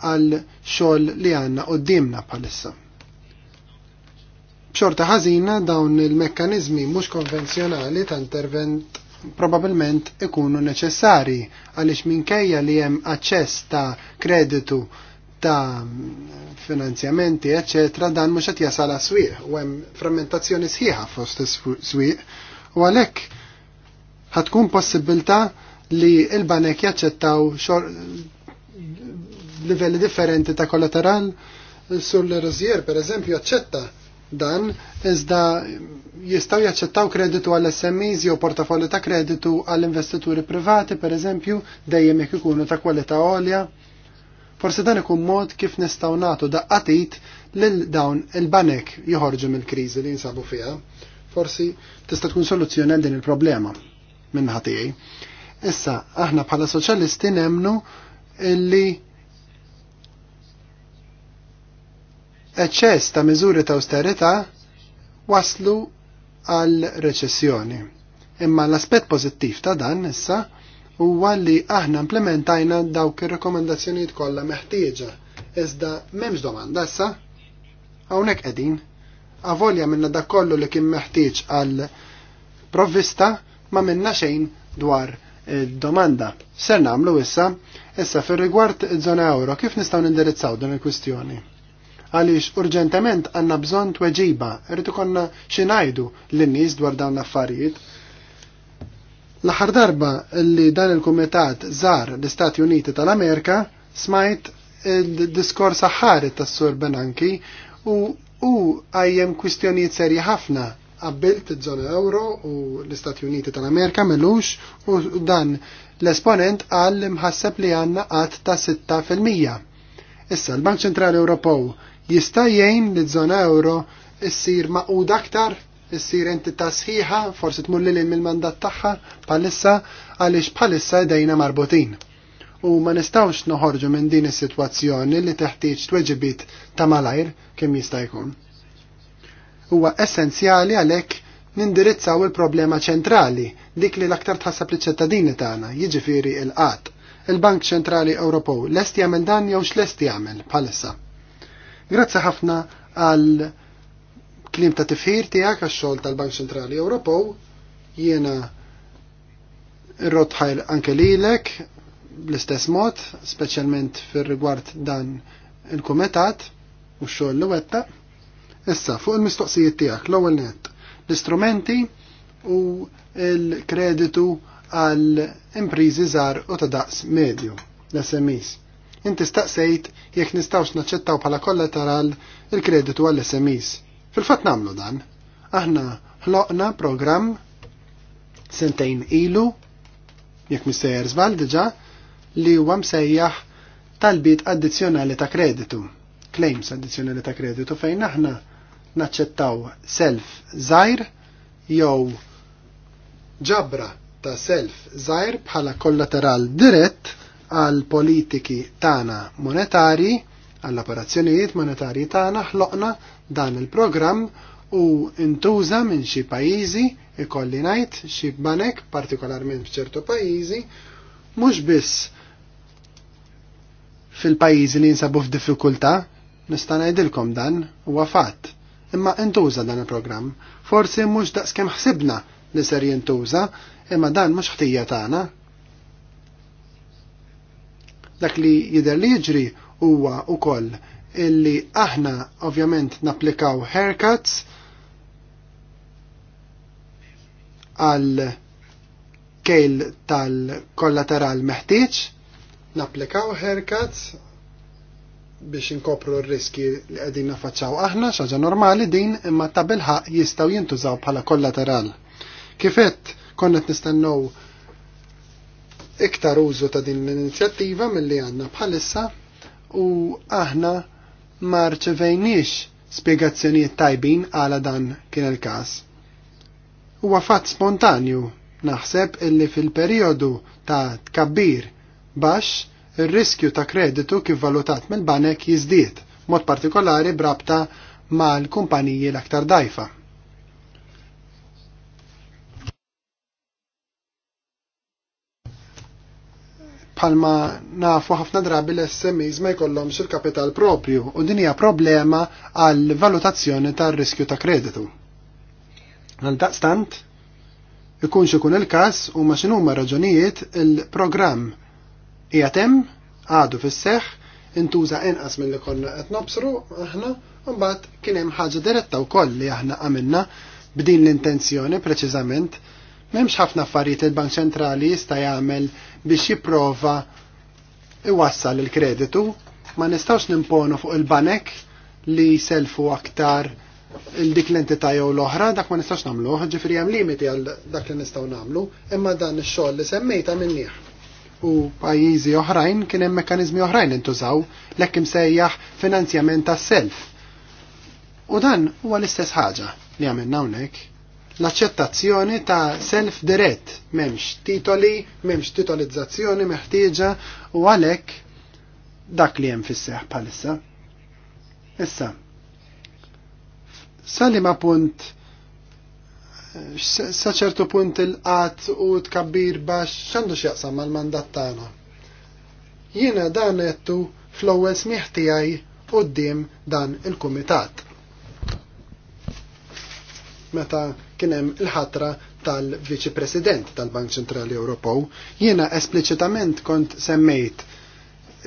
S1: għal xogħol li għandna dimna bħalissa Bċorta ħażina dawn il-mekkaniżmi mhux konvenzjonali ta' intervent probabilment ikunu neċessari għaliex minkejja li hemm aċċess ta' kreditu ta' finanzjamenti, eccetera, dan mhux qed jasala swiq u hemm frammentazzjoni sħiħa fost swiq u għalhekk ħatkun possibilità li l-banek jaċċettaw livelli differenti ta' kollateral sul rozier per eżempju jaċċetta dan, iżda jistaw jaċċettaw kreditu għall SMEs jew portafolli ta' kreditu għall investituri privati, per eżempju, dejjem jekk ikunu ta' kwalità għolja. Forsi dan ikun mod kif nistgħu nagħtu daqqatit lil dawn il-banek joħorġu mill-kriżi li jinsabu fiha. Forsi tista' tkun soluzzjoni għal din il-problema minn tiegħi. Issa, aħna bħala soċjalisti nemnu illi eċċess ta' miżuri ta' austerità waslu għal reċessjoni. Imma l-aspett pożittiv ta' dan issa huwa li aħna implementajna dawk ir-rekomendazzjonijiet kollha meħtieġa. Iżda m'hemmx domanda issa hawnhekk qegħdin. Avolja minna dak kollu li kien meħtieġ għal provvista ma minna xejn dwar domanda. Ser namlu issa, issa fir rigward iż-żona euro, kif nistgħu nindirizzaw dan il-kwistjoni? għaliex urġentament għandna bżonn tweġiba, rritu konna xi ngħidu lin-nies dwar dawn l-affarijiet. L-aħħar darba li dan il-kumitat żar l-Istati Uniti tal-Amerika smajt il-diskors aħħari tas-Sur Benanki u u għajjem kwistjonijiet serji ħafna qabbilt iż-żona euro u l-Istati Uniti tal-Amerika melux u dan l-esponent għal imħasseb li għanna għat ta' 6%. Issa l-Bank Ċentrali Ewropew jista' jgħin li żona euro issir maqud aktar, issir entità sħiħa, forsi tmur lil mill-mandat tagħha bħalissa għaliex bħalissa dejna marbutin. U ma nistawx noħorġu minn din is-sitwazzjoni li teħtieġ tweġibit ta' malajr kemm jista' jkun. Huwa essenzjali għalhekk nindirizzaw il-problema ċentrali, dik li l-aktar tħassab liċ ċittadini tagħna, jiġifieri l qatt Il-Bank Ċentrali Ewropew lest jagħmel dan jew x'lest jagħmel bħalissa. Grazzi ħafna għal klim ta' tifħir tiegħek għax-xogħol tal-Bank Centrali Ewropew. Jiena rotħajl anke lilek bl-istess mod, speċjalment fir-rigward dan il-kumitat u x-xogħol wetta. Issa, fuq il-mistoqsijiet tiegħek l-ewwel nett, l-istrumenti u l-kreditu għal imprizi żgħar u ta' daqs medju, l sms inti staqsejt jekk nistawx naċċettaw bħala kollateral il-kreditu għall sms Fil-fatt namlu dan. Aħna ħloqna program sentejn ilu, jekk mistejer żbal diġà, li huwa msejjaħ talbit addizzjonali ta' kreditu, claims addizzjonali ta' kreditu fejn aħna naċċettaw self żgħir jew ġabra ta' self żgħir bħala kollateral dirett għal politiki tagħna monetari, għall operazzjonijiet monetari tagħna ħloqna dan il-programm u intuża minn xi pajjiżi ikolli ngħid xi banek partikolarment f'ċertu pajjiżi mhux biss fil-pajjiżi li jinsabu f'diffikultà nista' ngħidilkom dan huwa fatt. Imma intuża dan il-programm. Forsi mhux daqskemm ħsibna li ser jintuża, imma dan mhux ħtija tagħna, Dak li jidher li jiġri huwa wkoll illi aħna ovvjament napplikaw haircuts għal kejl tal-kollateral meħtieġ, napplikaw haircuts biex inkopru r-riski li għedin nafacċaw aħna, xaġa normali din imma ta' bilħaq jistaw jintużaw bħala kollateral. Kifet konnet nistennow iktar użu ta' din l-inizjattiva mill-li għanna bħalissa u aħna ma rċevejniex spiegazzjonijiet tajbin għala dan kien il-każ. Huwa fatt spontanju naħseb illi fil-perjodu ta' tkabbir baxx ir-riskju ta' kreditu kif valutat mill-banek jiżdied, mod partikolari brabta mal-kumpaniji l-aktar dajfa. palma nafu ħafna drabi l-SMEs ma jkollhomx il-kapital propju u din hija problema għal valutazzjoni tar-riskju ta' kreditu. Għal daqstant, ikun ikun il-każ u ma x'inhuma raġunijiet il-programm hija hemm għadu fis-seħħ intuża inqas milli li konna qed nobsru aħna u mbagħad kien hemm ħaġa diretta wkoll li aħna għamilna b'din l-intenzjoni preċiżament M'hemmx ħafna affarijiet il-Bank Ċentrali jista' jagħmel biex jipprova iwassal il-kreditu, ma nistgħux nimponu fuq il-banek li jselfu aktar il-dik l-entità jew l-oħra, dak ma nistax nagħmlu, ġifieri hemm limiti għal dak li nistgħu nagħmlu, imma dan ix-xogħol li semmejta minnih. U pajjiżi oħrajn kien hemm mekkaniżmi oħrajn intużaw lekk imsejjaħ finanzjament tas-self. U dan huwa l-istess ħaġa li għamilna hawnhekk l-aċċettazzjoni ta' self dirett m'hemmx titoli, m'hemmx titolizzazzjoni meħtieġa u għalhekk dak li hemm fis-seħħ bħalissa. Issa. Salima punt saċertu punt il-qat u tkabbir bax xandu x'jaqsam mal-mandat tagħna. Jiena dan jettu fl-ewwel smieħ tiegħi dan il-kumitat meta kien hemm il-ħatra tal-Viċi President tal-Bank Ċentrali Ewropew. Jiena espliċitament kont semmejt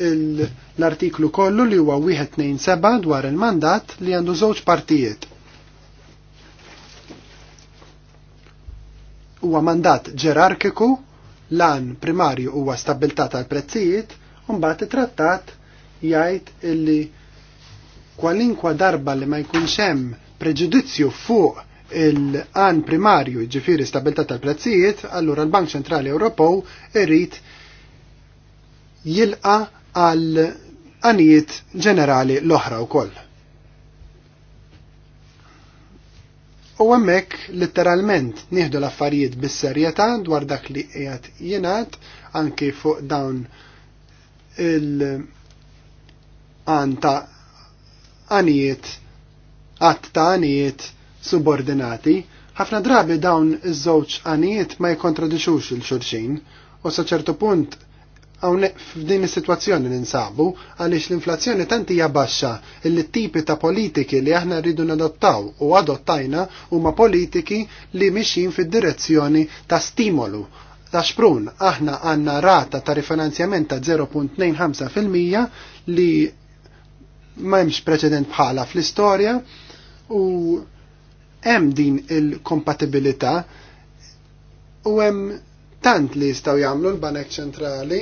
S1: l-artiklu kollu li huwa wieħed 1.2.7 dwar il-mandat li għandu żewġ partijiet. Huwa mandat ġerarkiku, lan primarju huwa stabilità tal-prezzijiet, u mbagħad it-trattat jgħid illi kwalinkwa darba li ma jkunx hemm preġudizzju fuq il-għan primarju ġifiri stabilta tal-prezzijiet, allura l-Bank Centrali Ewropew irrit jilqa għal għanijiet ġenerali l-oħra u koll. U għemmek letteralment nieħdu l-affarijiet bis-serjetà dwar dak li qiegħed jingħad anki fuq dawn il-għan ta' għanijiet għatt ta' għanijiet subordinati, ħafna drabi dawn iż-żewġ għanijiet ma jkontradixux il-xurxin u sa ċertu punt hawnhekk f'din is-sitwazzjoni ninsabu għaliex l-inflazzjoni tant hija baxxa li tipi ta' politiki li aħna rridu nadottaw u adottajna huma politiki li mixin fid-direzzjoni ta' stimolu ta' xprun aħna għanna rata ta' rifinanzjament ta' 0.25% li ma' jemx preċedent bħala fl-istoria u hemm din il-kompatibilità u hemm tant li jistgħu jagħmlu l-Banek Ċentrali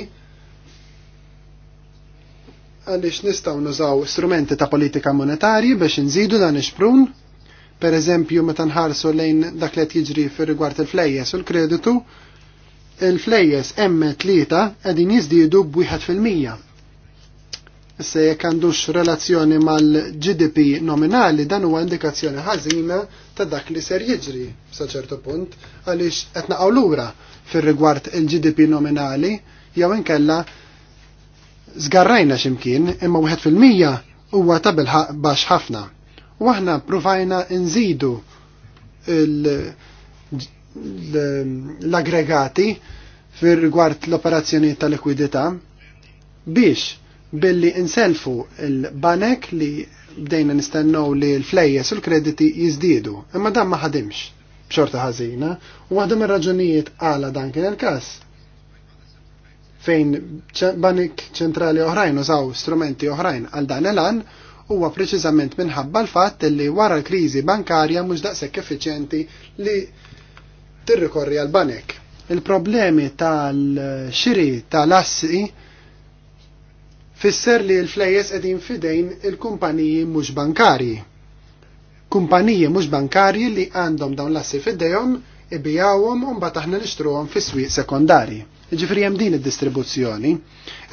S1: għaliex nistgħu nużaw strumenti ta' politika monetarji biex inżidu dan ix per eżempju meta nħarsu lejn dak li qed jiġri fir-rigward il-flejjes u l-kreditu, il-flejjes hemm tlieta qegħdin jiżdiedu b'1 fil-mija Issa jekk għandux relazzjoni mal-GDP nominali dan huwa indikazzjoni ħażina ta' dak li ser jiġri sa ċertu punt għaliex qed naqgħu lura fir-rigward il-GDP nominali jew inkella żgarrajna x'imkien imma wieħed fil-mija huwa ta' baxx ħafna. U aħna provajna nżidu l-aggregati fir-rigward l-operazzjoni ta' likwidità biex billi inselfu il-banek li bdejna nistennew li l-flejjes u l-krediti jiżdiedu, imma dan ma ħadimx b'xorta ħażina u waħda mir-raġunijiet għala dan kien il-każ fejn banik ċentrali oħrajn użaw strumenti oħrajn għal dan elan huwa preċiżament minħabba l-fatt li wara l-kriżi bankarja mhux daqshekk effiċjenti li tirrikorri għal banek. Il-problemi tal-xiri tal-assi fisser li l-flejes edin fidejn il-kumpaniji mhux bankarji. Kumpaniji mhux bankarji li għandhom dawn lassi fidejhom ibijawhom u mbagħad aħna nixtruhom fis-swieq sekondarji. Ġifri hemm din id-distribuzzjoni.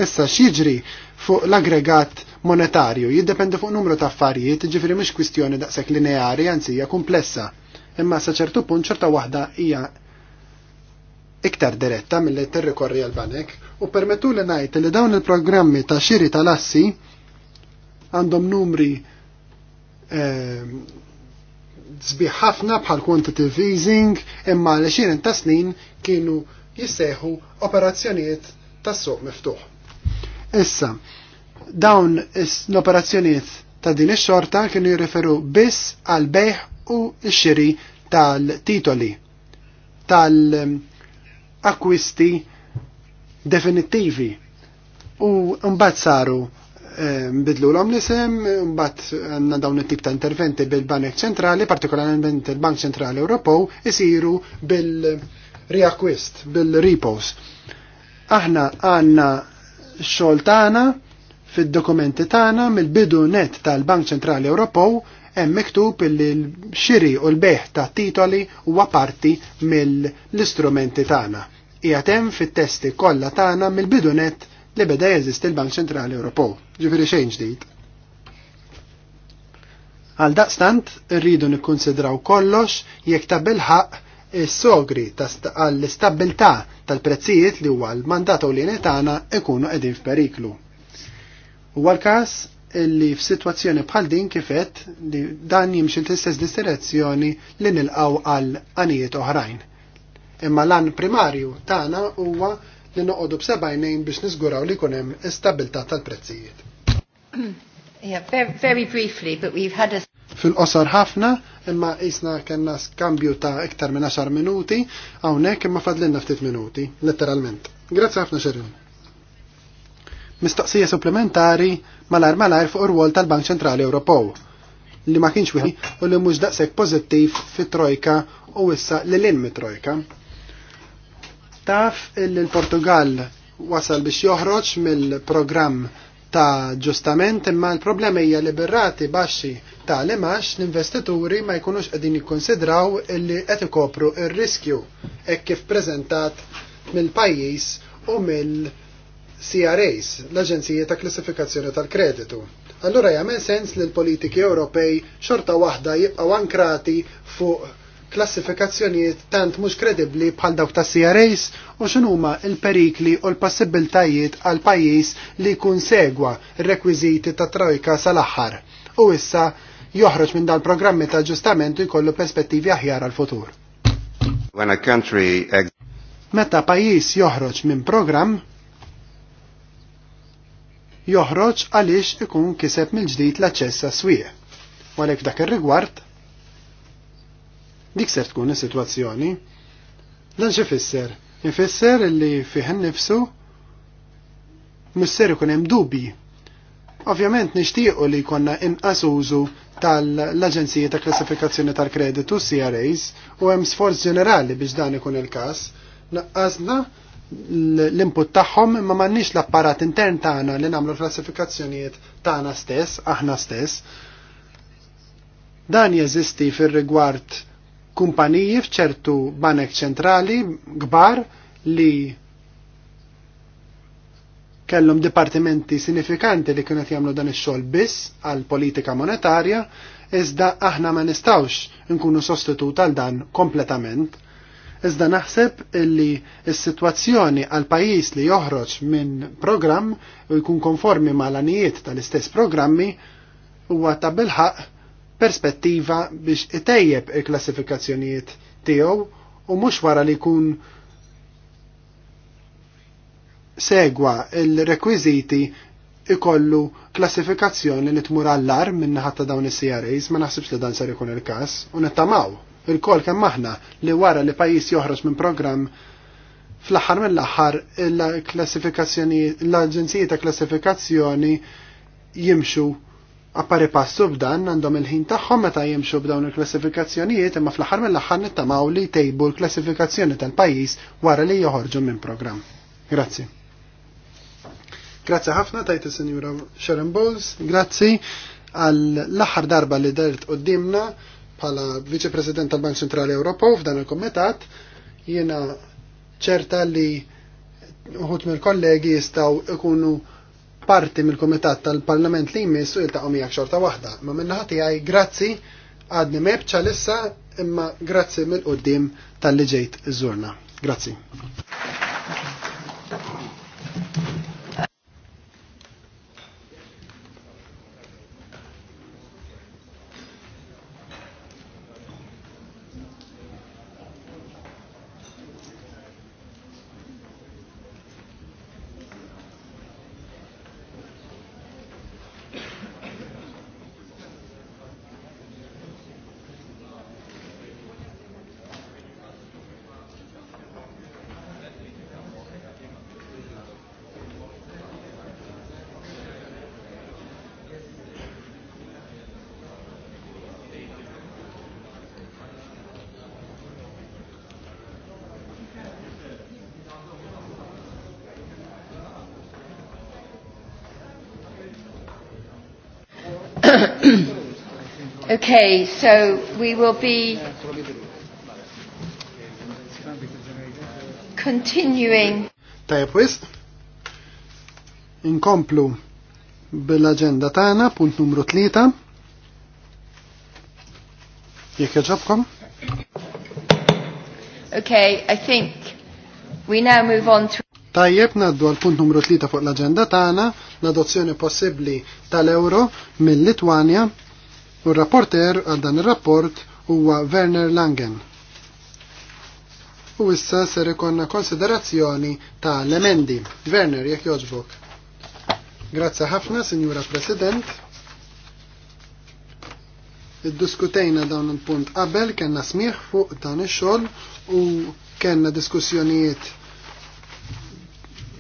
S1: Issa x'jiġri fuq l-aggregat monetarju jiddependi fuq numru ta' affarijiet, ġifri mhux kwistjoni daqshekk lineari, għanzija komplessa. Imma sa ċertu punt ċerta waħda hija iktar diretta mill-li tirrikorri għal-banek u permettu li najt li dawn il-programmi ta' xiri tal-assi għandhom numri zbiħafna ehm, ħafna bħal quantitative easing imma li xirin ta' snin kienu jisseħu operazzjonijiet tas suq miftuħ. Issa, dawn l-operazzjonijiet ta' din ix-xorta kienu jirriferu biss għal bejħ u x-xiri tal-titoli tal-, -titoli, tal akwisti definittivi u mbagħad saru eh, bidlu l-om nisem, mbagħad għandna dawn it-tip ta' interventi bil-Banek Ċentrali, partikolarment il-Bank Ċentrali Ewropew, isiru bil reakwist bil-repos. Aħna għandna xogħol tagħna fid-dokumenti tagħna mill-bidu net tal-Bank Ċentrali Ewropew hemm miktub li l-xiri u l-beħ ta' titoli huwa parti mill-istrumenti tagħna. Qiegħed hemm fit-testi kollha tagħna mill-bidunet li beda jeżist il-Bank Ċentrali Ewropew. Ġifieri xejn ġdid. Għal daqstant rridu nikkunsidraw kollox jekk ta' bilħaq is-sogri għall istabbiltà tal-prezzijiet li huwa l-mandat u tagħna ikunu qegħdin f'periklu. Huwa l-każ li f'sitwazzjoni bħal din kifet li dan jimxi l-istess direzzjoni li nilqaw għal għanijiet oħrajn. Imma l-an primarju tagħna huwa li noqogħdu b'sebajnejn biex niżguraw li jkun hemm istabilità tal-prezzijiet.
S2: Yeah, very briefly, but we've had a
S1: fil-qosor ħafna, imma isna kena skambju ta' iktar minn 10 minuti, hawnhekk imma fadlinna ftit minuti, letteralment. Grazzi ħafna xerjun. Mistaqsija supplementari malar malar fuq ir-rwol tal-Bank Ċentrali Ewropew li ma kienx wieħed u li mhux daqshekk pożittiv fit-trojka u issa lil ilmi trojka. Taf li l-Portugal wasal biex joħroġ mill-programm ta' ġustament imma l-problema hija li birrati baxxi ta' li max l-investituri ma jkunux qegħdin jikkonsidraw illi qed ikopru ir-riskju hekk kif preżentat mill-pajjiż u mill-, -pajis, u mill CRAs, l-Aġenzija ta' Klassifikazzjoni tal-Kreditu. Allura jagħmel sens li l-politiki Ewropej xorta waħda jibqgħu ankrati fuq klassifikazzjonijiet tant mhux kredibbli bħal dawk ta' CRAs u x'inhuma l-perikli u l-possibbiltajiet għal pajjiż li jkun segwa r-rekwiżiti ta' trojka sal-aħħar u issa joħroġ minn dal-programmi ta' ġustamentu jkollu perspettivi aħjar għal futur When a country... Meta pajjiż joħroġ minn programm, joħroġ għaliex ikun kiseb mill-ġdid l-aċċess għas-swieq. Walek dak ir-rigward dik ser tkun is-sitwazzjoni. Dan xi fisser? Ifisser li fih nifsu misser ikun hemm dubji. Ovvjament nixtiequ li jkollna inqas użu tal-Aġenzija ta' Klassifikazzjoni tal-Kreditu CRAs u hemm sforz ġenerali biex dan ikun il-każ. Naqqasna l-input tagħhom imma m'għandniex l-apparat intern tagħna li nagħmlu klassifikazzjonijiet tagħna stess, aħna stess. Dan jeżisti fir-rigward kumpaniji f'ċertu banek ċentrali kbar li kellhom dipartimenti sinifikanti li kienu jagħmlu dan ix-xogħol biss għal politika monetarja, iżda aħna ma nistgħux nkunu sostituta għal dan kompletament Iżda naħseb li s-sitwazzjoni għal pajjiż li joħroġ minn programm u jkun konformi mal-anijiet tal-istess programmi huwa ta' bilħaq perspettiva biex itejjeb il-klassifikazzjonijiet tiegħu u mhux wara li jkun segwa il-rekwiżiti ikollu klassifikazzjoni li tmur allar minn ħatta dawn is-CRAs ma naħsibx li dan ser ikun il-każ u nittamaw il-kol kemm aħna li wara li pajjiż joħroġ minn programm fl-aħħar mill-aħħar il-klassifikazzjoni l-aġenziji ta' klassifikazzjoni jimxu appari passu b'dan għandhom il-ħin tagħhom meta jimxu b'dawn il-klassifikazzjonijiet imma fl-aħħar mill-aħħar nittamaw li jtejbu l-klassifikazzjoni tal-pajjiż wara li joħorġu minn programm. Grazzi. Grazzi ħafna tajt is sinjura Sharon Bowles, grazzi għall aħħar darba li dert qudiemna pala viċe-president tal-Bank Centrali Ewropew f'dan il-komitat, jiena ċerta li uħut mill-kollegi jistaw ikunu parti mill-komitat tal-Parlament li jmiss u jiltaqgħu jgħak xorta waħda. Ma minnaħat tiegħi grazzi għadni mebċa lissa imma grazzi mill-qudiem tal liġejt iż-żurna. Grazzi. Okay, so we will be
S2: continuing.
S1: Tajab wis, inkomplu bil-agenda tana, punt numru tlita. Jekk jaġobkom?
S3: Okay, I think
S1: we now move on to Tajjeb naddu għal punt numru tlita fuq l-agenda tana, l-adozzjoni possibli tal-euro mill litwania U rapporter għal dan ir-rapport huwa Werner Langen. U issa ser ikonna konsiderazzjoni ta' l-emendi. Werner, jekk joġbok. Grazzi ħafna, Sinjura President. Iddiskutejna dawn il-punt qabel, kena smieħ fuq dan ix-xogħol u kellna diskussjonijiet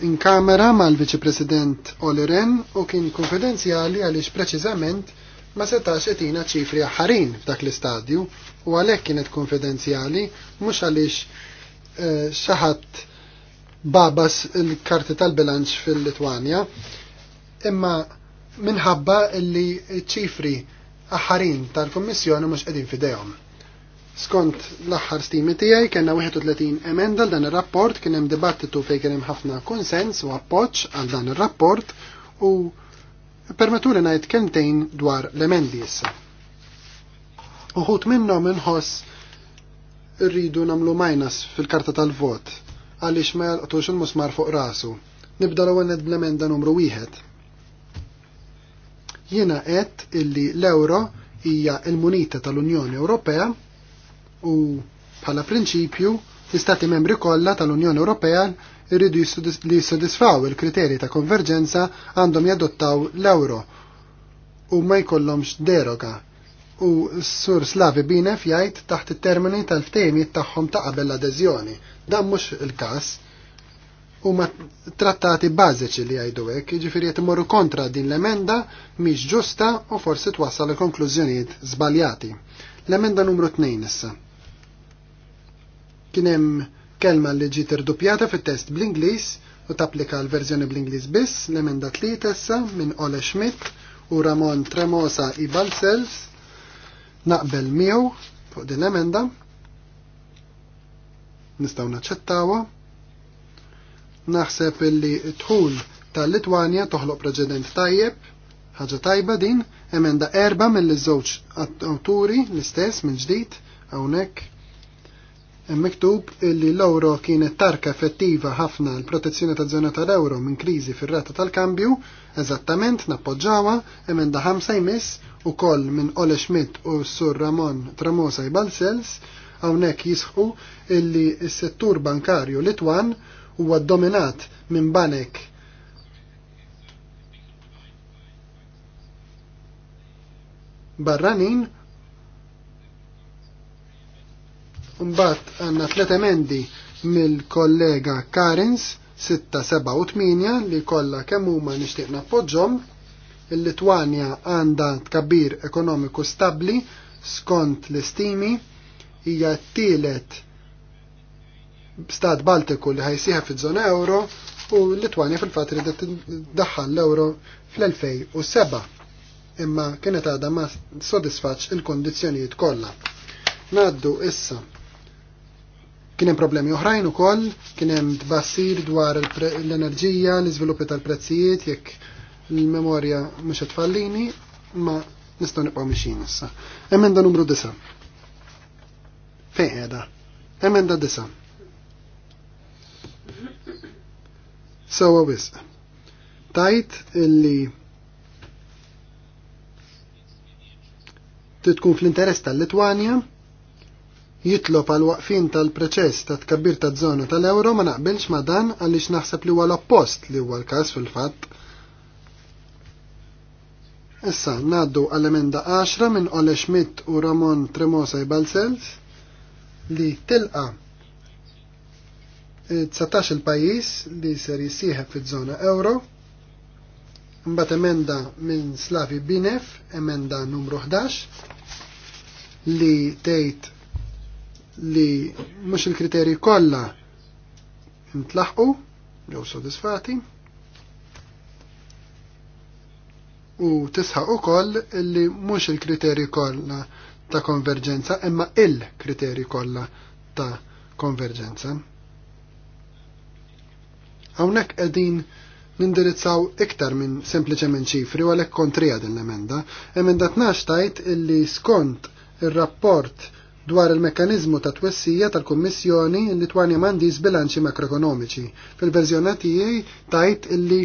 S1: in kamera mal viċi President Oli Ren u kien konfidenzjali għaliex preċiżament ma setax etina ċifri ħarin f'dak l-istadju u għalhekk kienet konfidenzjali mhux għaliex eh, xaħat babas il-karti tal-bilanċ fil-Litwanja imma minħabba li ċifri aħħarin tal-Kommissjoni mhux qegħdin fidejhom. Skont l-aħħar stimi tiegħi kellna 31 emenda dan ir-rapport kien hemm dibattitu fejn kien hemm ħafna konsens u appoġġ għal dan ir-rapport u Permetuli ngħid kentejn dwar l-emendi issa. Uħut minnhom inħoss rridu nagħmlu majnas fil-karta tal-vot għaliex ma jaqtux il-musmar fuq rasu. Nibda l-ewwel bl-emenda numru wieħed. Jiena qed illi l-euro hija il-munita tal-Unjoni Ewropea u bħala prinċipju L-Istati membri kollha tal-Unjoni Ewropea jridu li jissodisfaw il-kriterji ta' konverġenza għandhom jadottaw l-euro u ma jkollhomx deroga u s-sur Slavi Binef jgħid taħt it-termini tal-ftejmiet tagħhom ta' qabel l-adeżjoni. Dan mhux il-każ. Huma trattati bażiċi li jgħidu hekk, jiġifieri qed imorru kontra din l-emenda mhix ġusta u forsi twassal il konklużjonijiet żbaljati. L-emenda numru 2 issa. Kien hemm kelma li ġi irdupjata fit-test bl-Ingliż u tapplika l-verżjoni bl-Ingliż biss l-emenda tessa minn Ole Schmidt u Ramon Tremosa i Balsels naqbel miegħu fuq din l-emenda nistgħu naċċettawha. Naħseb li dħul tal-Litwanja toħloq preċedent tajjeb, ħaġa tajba din, emenda erba mill-żewġ awturi l-istess minn ġdid hawnhekk miktub illi l-euro kienet tarka effettiva ħafna l-protezzjoni ta' zona tal-euro minn kriżi fir-rata tal-kambju, eżattament nappoġġawa emenda ħamsa jmiss u koll minn Ole Schmidt u Sur Ramon Tramosa Balsels hawnhekk jisħu illi s-settur bankarju Litwan huwa dominat minn banek barranin Mbatt għandna tliet emendi mill-kollega Karins 678 li kollha kemm huma nixtieq nappoġġhom. Il-Litwanja għandha tkabbir ekonomiku stabbli skont l-istimi hija t-tielet stat Baltiku li ħajsiħa fi żona euro u l litwania fil-fatt li daħħal l-euro fl-2007 imma kienet għadha ma sodisfaċ il-kondizzjonijiet kollha. Naddu issa Kien hemm problemi oħrajn ukoll, kien hemm tbassir dwar l-enerġija, l-iżviluppi tal-prezzijiet jekk il-memorja mhux tfallini, ma nistgħu nibqgħu mixin issa. Emenda numru 9. Fejn qiegħda? Emenda 9. Sewwa wisq. Tajt illi titkun fl-interess tal-Litwanja jitlob għal waqfin tal-proċess ta' tkabbir ta' zona tal-euro ma naqbilx ma dan għaliex naħseb li huwa l-oppost li huwa l-każ fil-fatt. Issa naddu għall-emenda 10 minn Ole Schmidt u Ramon Tremosa Balsels li tilqa 19 il-pajis li ser jissieħeb fiż-żona euro. Mbagħad emenda minn Slavi Binef, emenda numru 11 li tgħid li mhux il-kriterji kollha ntlaħqu ġew sodisfati u tisħaq ukoll li mhux il-kriterji kollha ta' konverġenza imma il-kriterji kollha ta' konverġenza. Hawnhekk qegħdin nindirizzaw iktar minn sempliċement ċifri u għalhekk kontrija din l-emenda. Emenda 12 tajt illi skont ir-rapport il dwar il-mekkanizmu ta' twessija tal-Kummissjoni li Twani mandiż bilanċi makroekonomiċi. Fil-verżjoni tiegħi tajt illi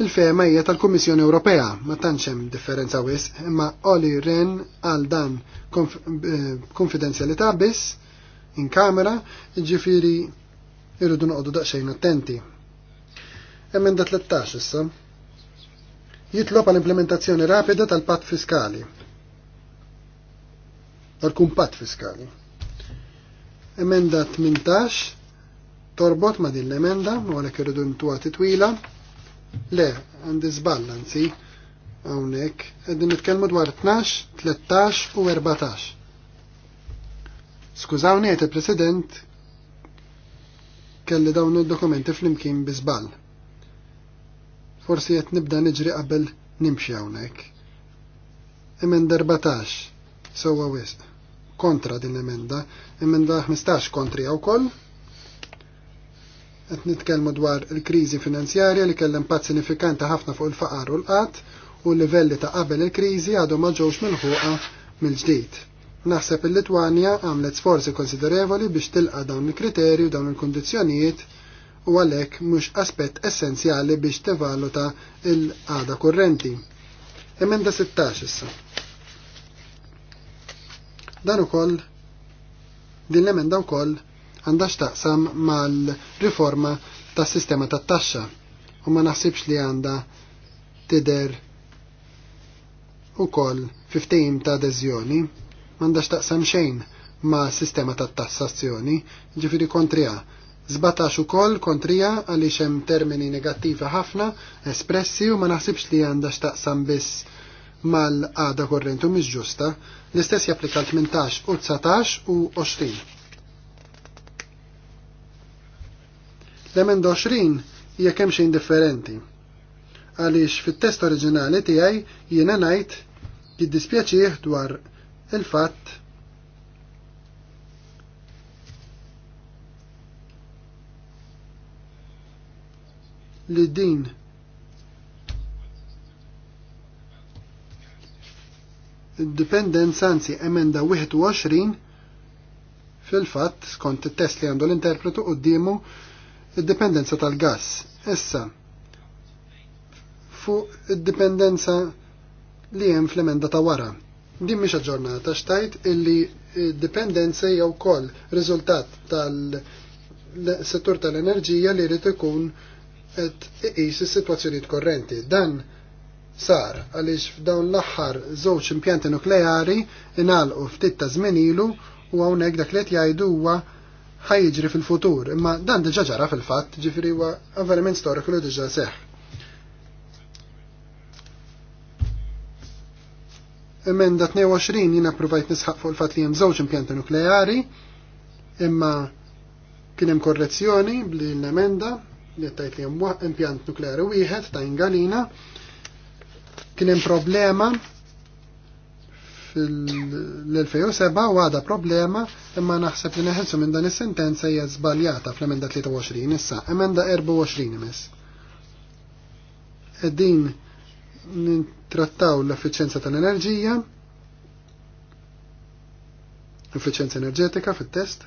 S1: il-fema hija tal-Kummissjoni Ewropea, ma tantx hemm differenza wis, imma Oli Ren għal dan eh, konfidenzjalità biss in kamera, ġifiri irridu noqogħdu daqsxejn attenti. Emenda 13 issa. Jitlob għall implementazzjoni rapida tal-patt fiskali tal-kumpat fiskali. Emenda 18 torbot ma din l-emenda, u għalek irridu ntuwa titwila. Le, għandi zballanzi, nsi, għawnek, għedin nitkelmu dwar 12, 13 u 14. Skużawni għet il-President kelli dawn dokumenti fl-imkien bizbal. Forsi għet nibda nġri qabel nimxi għawnek. Emenda 14, sowa wisq kontra din emenda Emenda 15 kontri għaw koll. Għet nitkelmu dwar il-krizi finanzjarja li kellem pat sinifikanti ħafna fuq il-faqar u l-qat u l-livelli ta' qabel il-krizi għadu maġġawx mil ħuqa mill-ġdijt. Naħseb il litwania għamlet sforzi konsiderevoli biex tilqa dawn il-kriterju dawn il-kondizjonijiet u għalek mux aspett essenzjali biex tevaluta il-għada kurrenti. Emenda 16 issa Dan ukoll din l-emenda wkoll għandha x'taqsam mal-riforma tas-sistema tat-taxxa u ma naħsibx li għandha tider ukoll 15 ta' adeżjoni m'għandax taqsam xejn ma' sistema ta' tassazzjoni, ġifiri kontrija. Zbatax u koll kontrija għaliex hemm termini negattivi ħafna espressi u ma naħsibx li għandax taqsam biss mal-għada korrentu mhix ġusta, l-istess japplika l-18 u 19 u 20. L-emenda 20 hija kemm xejn differenti. Għaliex fit-test oriġinali tiegħi jiena ngħid jiddispjaċih dwar il-fatt li din dipendenza anzi emenda 21 fil-fatt skont it-test li għandu l-interpretu quddiemu id-dipendenza tal-gas. Issa Fu id-dipendenza li hemm fl-emenda ta' wara. Din mhix aġġornata xtajt illi dipendenza jew kol riżultat tal-settur tal-enerġija li jrid ikun qed iqis is-sitwazzjonijiet korrenti. Dan sar għaliex f'dawn l-aħħar żewġ impjanti nukleari inalqu ftit ta' żmien ilu u hawnhekk dak li qed jgħidu huwa ħajġri fil-futur, imma dan diġà ġara fil-fatt, ġifieri huwa avveniment storiku li diġà seħħ. Emenda 22 jina provajt nisħaq fuq il fatt li hemm żewġ impjanti nukleari, imma kien hemm korrezzjoni bli l-emenda li tajt li hemm impjant nukleari wieħed ta' ingalina, Kien hemm problema fil-2007 għada problema imma naħseb li neħelsu minn dan is-sentenza hija żbaljata fl-emenda 23 issa, emenda 24 imess. Eddin nintrattaw l-effiċenza tal-enerġija, l effiċenza enerġetika fit-test,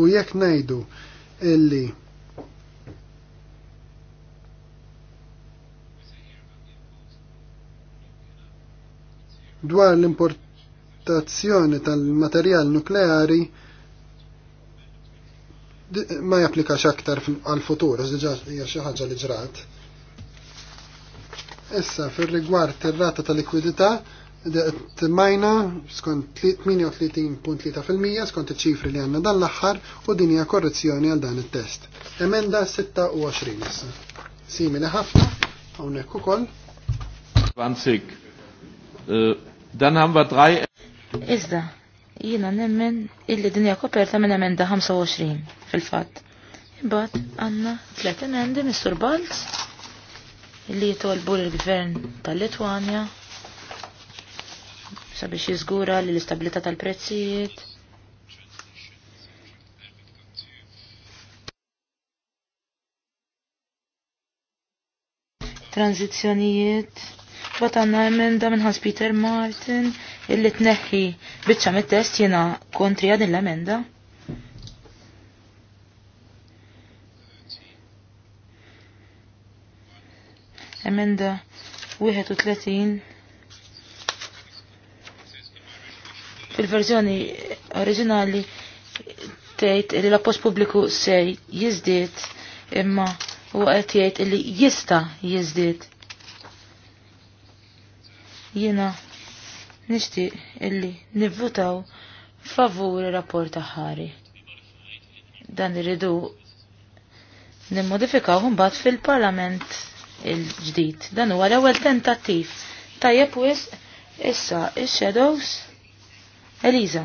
S1: u jekk ngħidu illi Dwar l-importazzjoni tal-materjal nukleari ma japplikax aktar għal-futur, diġa hija xi ħaġa li ġrat. Issa fir-rigward ir-rata tal likwidità Majna skont 38.3% skont iċ-ċifri li għanna dan l-aħħar u din hija korrezzjoni għal dan it-test. Emenda 26 issa. Simili ħafna hawnhekk ukoll.
S3: 20 Dan ba draj. Iżda,
S2: jina nemmen illi dinja koperta minn emenda 25 fil-fat. Imbagħad għandna tliet emendi Mr. Balz illi jitolbu l-gvern tal-Litwanja sabiex jiżgura li l istabilita tal-prezzijiet Transizjonijiet. Bat għanna emenda minn Hans Peter Martin illi tneħħi bitċa mit-test jena kontri għadin l-emenda. Emenda 31 fil-verżjoni oriġinali tgħid li l-appost pubbliku se jiżdied imma huwa qed jgħid li jista' jiżdied. Jiena nixtieq illi nivvutaw favur ir-rapport aħari. Dan irridu nimmodifikaw mbagħad fil-Parlament il-ġdid. Dan huwa l-ewwel tentattiv. Tajjeb wis issa ix-Shadows Eliza.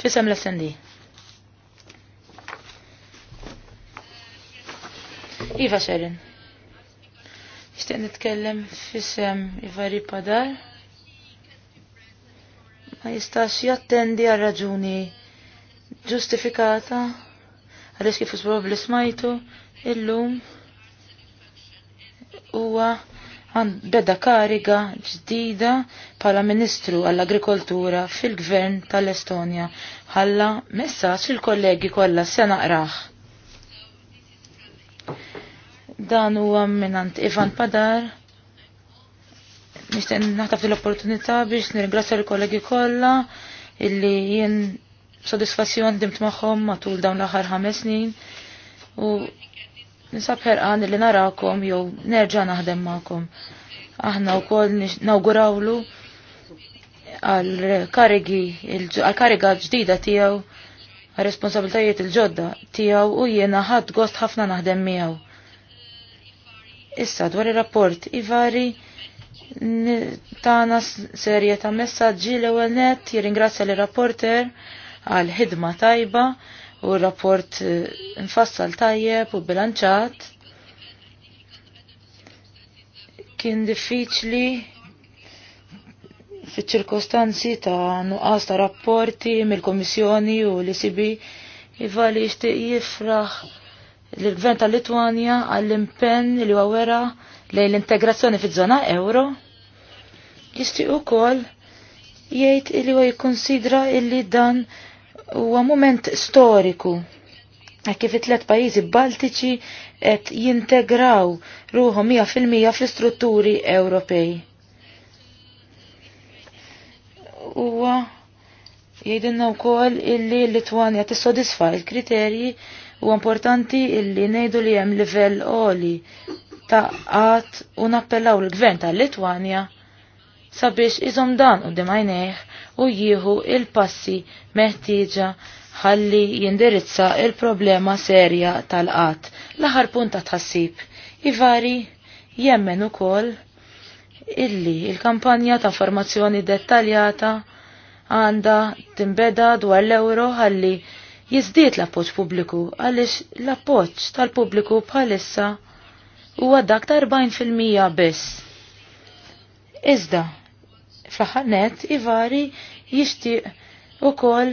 S2: Fisem l-SND. Iva Sherin. Xtieq nitkellem f'isem Ivari Padar. Ma jistax jattendi għal raġuni ġustifikata għaliex kif probabbli smajtu illum huwa beda kariga ġdida pala Ministru għall-Agrikoltura fil-Gvern tal-Estonja ħalla messaċ il kollegi kollha se naqrah. Dan huwa għamminant Ivan Padar. Nixten naħtaf l-opportunità biex nirringrazzja l-kollegi kollha illi jien sodisfazzjon dimt magħhom matul dawn l-aħħar ħames snin u nisab ħerqan illi narakom jew nerġa' naħdem maħkom. Aħna wkoll nawgurawlu għal-karigi, għal-kariga ġdida tijaw, għal-responsabiltajiet il-ġodda tijaw u jiena ħadd gost ħafna naħdem miegħu. Issa dwar ir-rapport ivari tana serje ta' messaġġi l-ewwel net jirringrazzja l rapporter għal ħidma tajba u r-rapport infassal eh, tajjeb u bilanċat. Kien diffiċli fiċ-ċirkostanzi ta' nuqqas ta' rapporti mill-Komissjoni u l-ICB jivali jixtieq jifraħ l-gvern tal-Litwanja għall-impenn li għawera wera lejn l-integrazzjoni fi zona euro. u kol jgħid li huwa jikkonsidra illi dan huwa moment storiku kif it-tlet pajjiżi Baltiċi qed jintegraw ruħhom 100% fl-istrutturi Ewropej. Huwa jgħidilna wkoll illi l-Litwanja tissodisfa l-kriterji U importanti illi nejdu li hemm livell oli ta' għat u nappellaw l-gvern ta' litwania sabiex iżom dan u dimajneħ u jieħu il-passi meħtieġa ħalli jindirizza il-problema serja tal-qat. L-aħar punta tħassib. Ivari jemmen ukoll illi il-kampanja ta' formazzjoni dettaljata għanda timbeda dwar l-euro ħalli jizdiet l-appoġġ pubbliku għaliex l-appoġġ tal-pubbliku bħalissa huwa dak ta' 40% biss. Iżda, fl-ħanet ivari jixtieq ukoll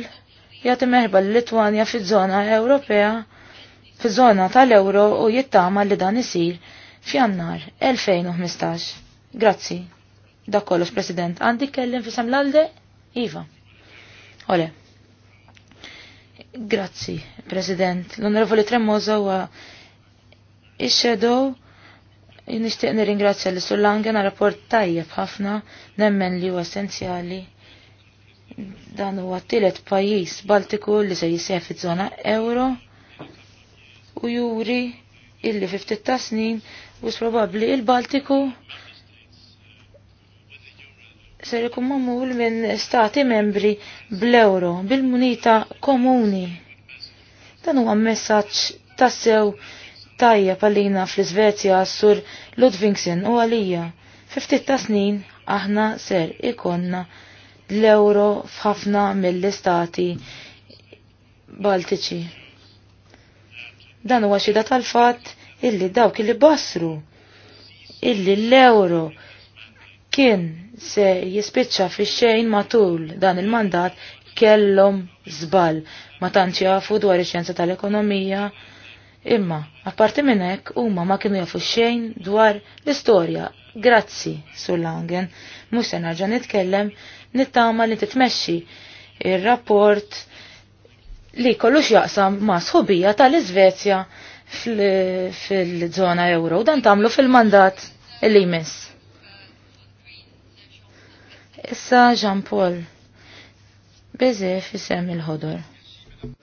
S2: jagħti meħba l-Litwanja fiż-żona Ewropea fiż-żona tal-Ewro u jittama li dan isir f'Jannar 2015. Grazzi. Dak kollox President, għandi kellim fisem l-alde? Iva. Ole. Grazzi, President. L-Onorevoli Tremosa huwa ix-shadow nixtieq nirringrazzja li Sul Langen għal rapport tajjeb ħafna nemmen li huwa essenzjali. Dan huwa tielet pajjiż Baltiku li se jisseħ iż-żona euro u juri illi fi ftit ta' snin u probabbli il-Baltiku ser ikun mamul minn stati membri bl-euro, bil-munita komuni. Dan huwa messaġġ tassew tajja palina fl-Svezja sur Ludvingsen u għalija. Fiftit ta' snin aħna ser ikonna l-euro f'ħafna mill-istati Baltiċi. Dan huwa xida tal-fatt illi dawk li basru illi l-euro kien se jispiċċa fi xejn matul dan il-mandat kellhom żball ma tantx jafu dwar ix-xjenza tal-ekonomija. Imma, apparti minn hekk huma ma kienu jafu xejn dwar l-istorja. Grazzi, Sur Langen, mhux se nerġa' nitkellem, nittama li titmexxi ir-rapport li kollux jaqsam ma' sħubija tal-Iżvezja fil-żona euro. Dan tagħmlu fil-mandat li jmiss. Issa Jean Paul. Bezef isem il-ħodor.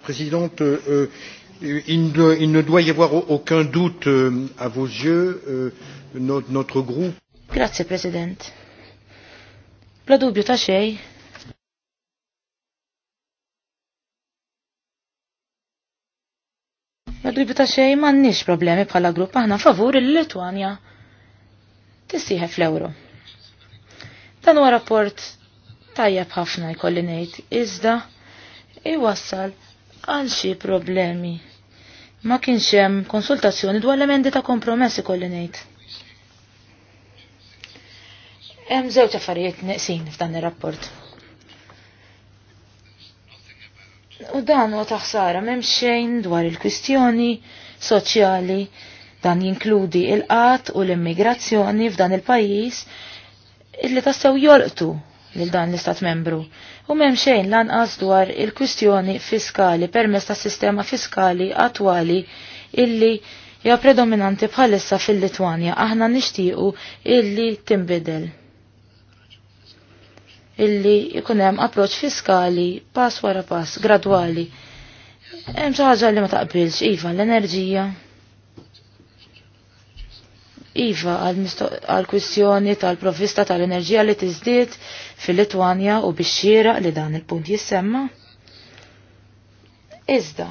S3: President, euh,
S1: euh, il, ne, il ne doit y avoir aucun doute euh, à vos yeux, euh, notre, notre groupe.
S2: Grazie, President. Bla dubju ta' xej, Madribi ta' xej mannix problemi bħala grupp aħna favur il-Litwanja. Tissieħe fl-Euro. Dan huwa rapport tajjeb ħafna jkolli ngħid, iżda iwassal għal xi problemi. Ma kienx hemm konsultazzjoni dwar l-emendi ta' kompromess ikolli ngħid. Hemm żewġ affarijiet neqsin f'dan ir-rapport. U dan huwa taħsara m'hemm xejn dwar il-kwistjoni soċjali dan jinkludi il-qat u l-immigrazzjoni f'dan il-pajjiż illi tassew jolqtu lil dan l-istat membru. U memxejn xejn lanqas dwar il-kwistjoni fiskali permess tas sistema fiskali attwali illi hija predominanti bħalissa fil-Litwanja aħna nixtiequ illi timbidel. Illi ikun hemm approċċ fiskali pass wara pass, gradwali. Hemm xi ħaġa li ma taqbilx iva l-enerġija, Iva għal-kwistjoni tal-provvista tal-enerġija li tizdiet fil-Litwanja u biex li dan il-punt jissemma. Iżda.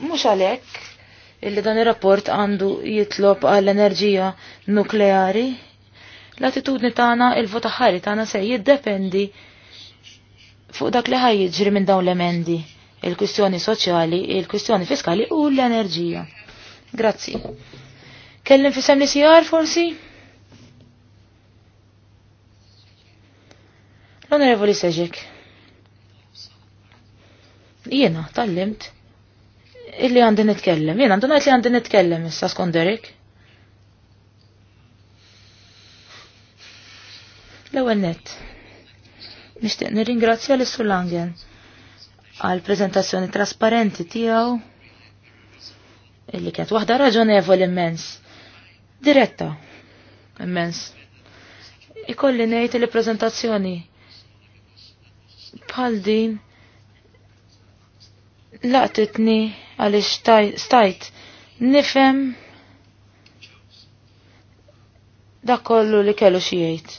S2: Mux għalek illi dan ir-rapport għandu jitlob għall-enerġija nukleari. L-attitudni tagħna il-vota ħari tagħna se jiddependi fuq dak li ħaj jiġri minn dawn l-emendi il-kwistjoni soċjali, il-kwistjoni fiskali u l-enerġija. Grazzi. Kellim fisem li sijar forsi? L-onorevoli Seġek. Jiena, tal-limt. Illi għandi nitkellem. Jena, għandu najt li għandi nitkellem issa skonderik. Derek. L-ewwel nett. Nixtieq nirringrazzja l Langen għal prezentazzjoni trasparenti tiegħu illi kienet waħda raġonevol immens. Diretta. Immens. Ikolli ngħid li prezentazzjoni bħal din laqtitni għaliex stajt nifhem dak kollu li kellu xi jgħid.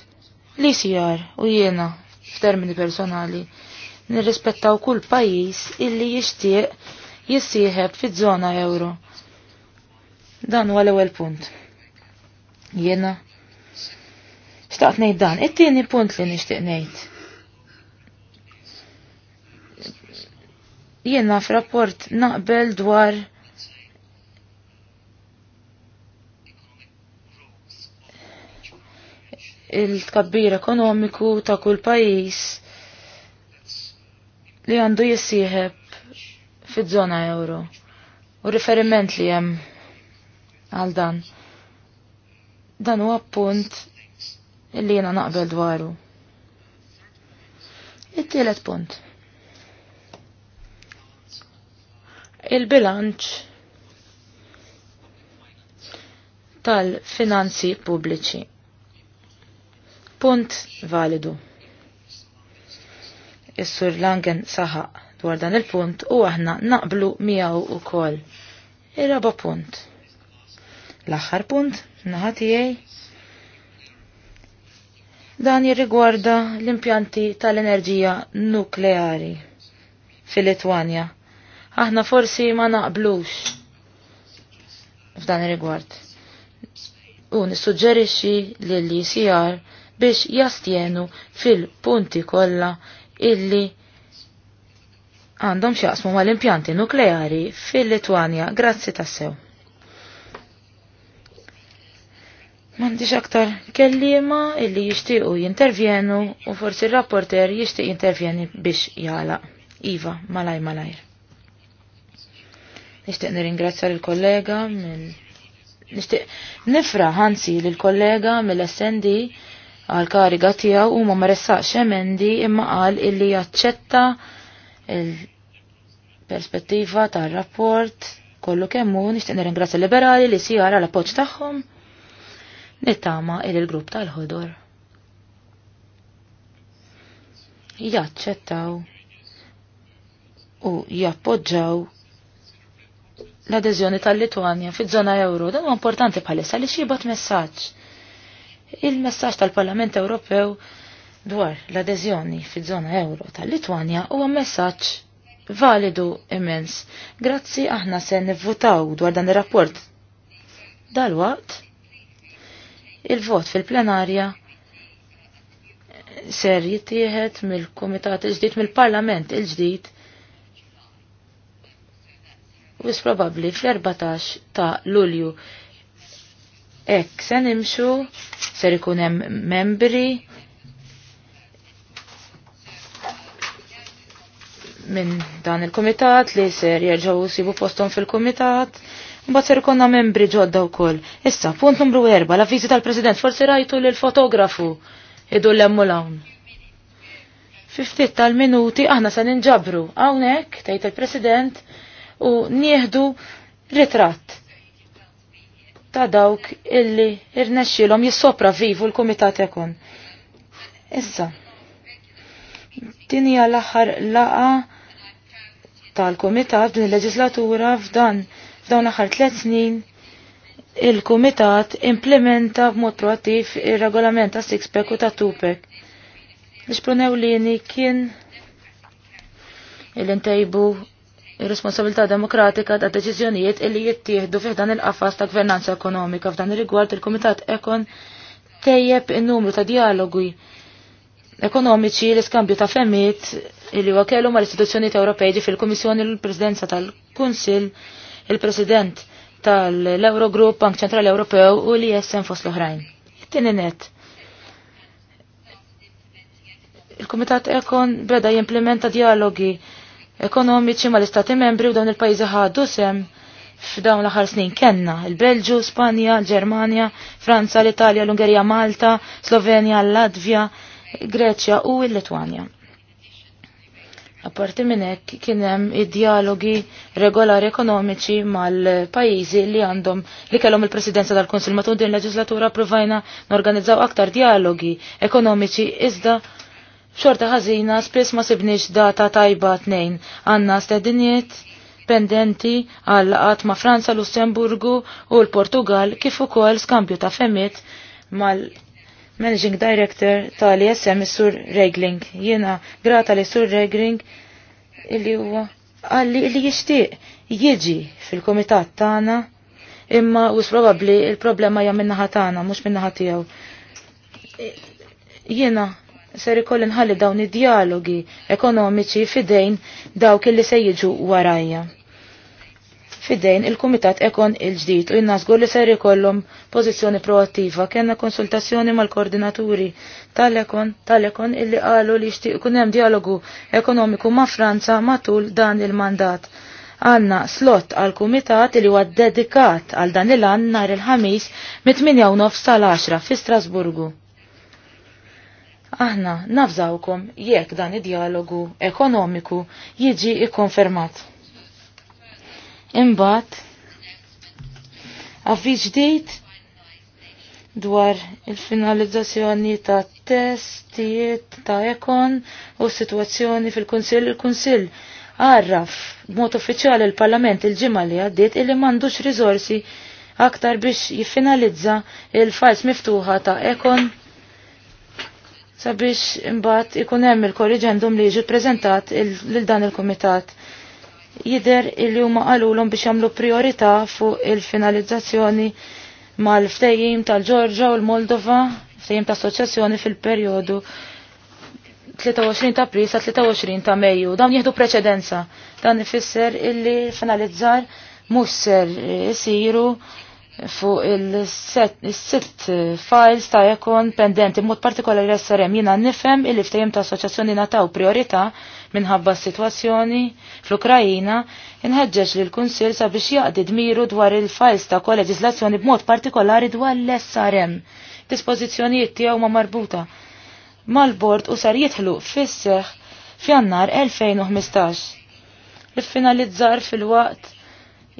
S2: Li sijar u jiena f'termini personali nirrispettaw kull pajjiż illi jixtieq jissieħeb fiż-żona euro. Dan huwa l-ewwel punt. Jiena xtaqt ngħid dan. It-tieni punt li nixtieq ngħid. Jiena f'rapport naqbel dwar il-tkabbir ekonomiku ta' kull pajis li għandu jissieħeb fi żona euro u riferiment li hemm għal dan. Dan huwa punt illi jena naqbel dwaru. It-tielet punt. Il-bilanċ tal-finanzi pubbliċi. Punt validu. Is-sur Langen saħaq dwar dan il-punt u aħna naqblu miegħu ukoll. Ir-raba punt. L-aħħar punt naħa tiegħi dan jirrigwarda l-impjanti tal-enerġija nukleari fil-Litwanja. Aħna forsi ma naqblux f'dan ir-rigward. U nissuġġerixxi lill-ICR biex jastjenu fil-punti kollha illi għandhom xjaqsmu mal-impjanti nukleari fil litwania Grazzi tassew. Mandiġ aktar kellima illi jishtiqu jintervjenu u forsi il-rapporter jishtiq jintervjeni biex jala. Iva, malaj malajr. Nishtiq nirringrazzja l-kollega mill Nishtiq nifra ħansi l-kollega mill-SND għal kariga tiegħu u ma ressaqx emendi imma qal illi jaċċetta il-perspettiva tar-rapport kollu kemmu nixtieq nirringrazzja liberali li sijara l-appoġġ tagħhom nittama il grupp tal-ħodor. Jaċċettaw u jappoġġaw l-adeżjoni tal-Litwanja fi zona euro. Dan huwa importanti bħalissa li xibat messaġġ il-messaġġ tal-Parlament Ewropew dwar l-adeżjoni fiż-żona euro tal-Litwanja huwa messaġġ validu immens. Grazzi aħna se nivvutaw dwar dan ir-rapport. Dalwaqt il-vot fil-plenarja ser jittieħed mill-Kumitat il-ġdid mill-Parlament il-ġdid u probabbli fl-14 ta' Lulju Ek, se nimxu, ser ikun hemm membri minn dan il-komitat li ser jerġgħu sibu postom fil-komitat. Mbagħad ser ikonna membri ġodda wkoll. Issa, punt numru erba' la viżita tal-President forsi rajtu lil fotografu idu l-emmu hawn Fiftit tal-minuti aħna se ninġabru hawnhekk tgħid il-President u nieħdu ritratt ta' dawk illi irnexxilhom jissopravivu l-kumitat ekon. Issa. Din hija l-aħħar laqa tal-kumitat din il-leġislatura f'dan f'dawn l-aħħar tliet snin il-kumitat implementa b'mod proattiv ir-regolament ta' six-pack u ta' two-pack. li kien il-intejbu ir-responsabilità demokratika ta' deċiżjonijiet illi jittieħdu fih dan il-qafas ta' gvernanza ekonomika. F'dan ir-rigward il-Kumitat Ekon tejjeb in-numru ta' dialogi ekonomiċi l-iskambju ta' femmit illi huwa kellu mal-istituzzjonijiet Ewropej fil-Kummissjoni l-Presidenza tal-Kunsill, il-President tal-Eurogroup, Bank Ċentrali Ewropew u l-ISM fost l-oħrajn. Tieni net il-Kumitat Ekon beda jimplementa dialogi ekonomiċi mal-istati membri u dawn il-pajjiżi ħadu sem f'dawn l-aħħar snin kenna il-Belġu, Spanja, Ġermanja, Franza, l-Italja, l-Ungerija, Malta, Slovenja, Latvja, Greċja u l-Litwanja. Apparti minn hekk kien hemm id-dialogi regolari ekonomiċi mal-pajjiżi li għandhom li kellhom il-Presidenza tal konsil matul din leġislatura provajna norganizzaw aktar dialogi ekonomiċi iżda Xorta ħażina spiss ma sibniex data tajba tnejn għandna stedinjiet pendenti għal qatt ma' Franza, Lussemburgu u l-Portugal kif ukoll skambju ta' femmit mal-Managing Director tal-ISM is-Sur Regling. Jiena grata li Sur Regling illi huwa għalli illi jixtieq jiġi fil-komitat tagħna imma u probabli il-problema hija min-naħa tagħna mhux min-naħa tiegħu. Jiena ser ikolli nħalli dawn id-dialogi ekonomiċi fidejn dawk li se jiġu warajja. Fidejn il-Kumitat Ekon il-ġdid u jinnasgur li ser ikollhom pożizzjoni proattiva kellna konsultazzjoni mal-koordinaturi tal-Ekon tal-Ekon illi qalu li jixtieq ikun hemm dialogu ekonomiku ma' Franza matul dan il-mandat. Għanna slot għal kumitat li huwa dedikat għal dan il-għan nar il-ħamis mit-8 sal-10 fi Strasburgu. Aħna nafżawkom jekk dan id-dialogu ekonomiku jiġi ikkonfermat. Imbagħad avviż ġdid dwar il-finalizzazzjoni ta' testijiet ta' ekon u situazzjoni fil-Kunsill. Il-Kunsill għarraf mod uffiċjali l-Parlament il il-ġimgħa li għaddiet illi m'għandux riżorsi aktar biex jiffinalizza il-fajs miftuħa ta' ekon sabiex imbagħad ikun hemm il-korriġendum li jiġi ppreżentat lil dan il-kumitat. Jider illi huma qalulhom biex jagħmlu priorità fuq il-finalizzazzjoni mal-ftejjim tal-Ġorġa u l-Moldova, ftejjim ta' assoċjazzjoni fil-perjodu 23 ta' April sa 23 ta' Mejju. Dawn jieħdu preċedenza. Dan ifisser illi finalizzar mhux ser isiru fuq il-sitt files ta' jekon pendenti mod partikolari s-sarem jina nifem il-iftajem ta' assoċjazzjoni nataw priorita minħabba s-situazzjoni fl-Ukrajina inħedġeġ li l-Kunsil sabiex jaqdi dmiru dwar il-files ta' leġislazzjoni b'mod partikolari dwar l-SRM. Dispożizzjonijiet tiegħu ma' marbuta mal-bord u sar jitħlu fis f'jannar 2015. L-finalizzar fil-waqt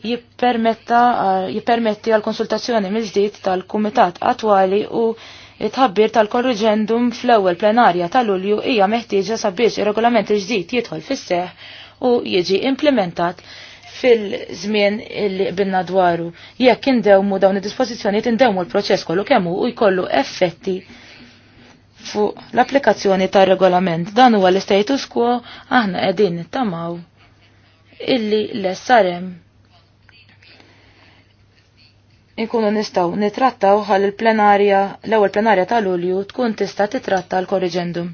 S2: Eh, jippermetti għal konsultazzjoni mill tal-Kumitat attwali u it-ħabbir tal korruġendum fl-ewwel plenarja tal-Lulju hija meħtieġa sabiex ir-regolament il-ġdid jidħol fis-seħ u jiġi implementat fil-żmien li binna dwaru. Jekk indewmu dawn id-dispożizzjonijiet indewmu l-proċess kollu kemm u jkollu effetti fuq l-applikazzjoni tar regolament dan huwa l-status quo aħna qegħdin nittamaw illi l-SRM inkunu nistaw nitrattaw għal il-plenarja, l-ewwel plenarja ta' Lulju tkun tista' titratta l-korriġendum.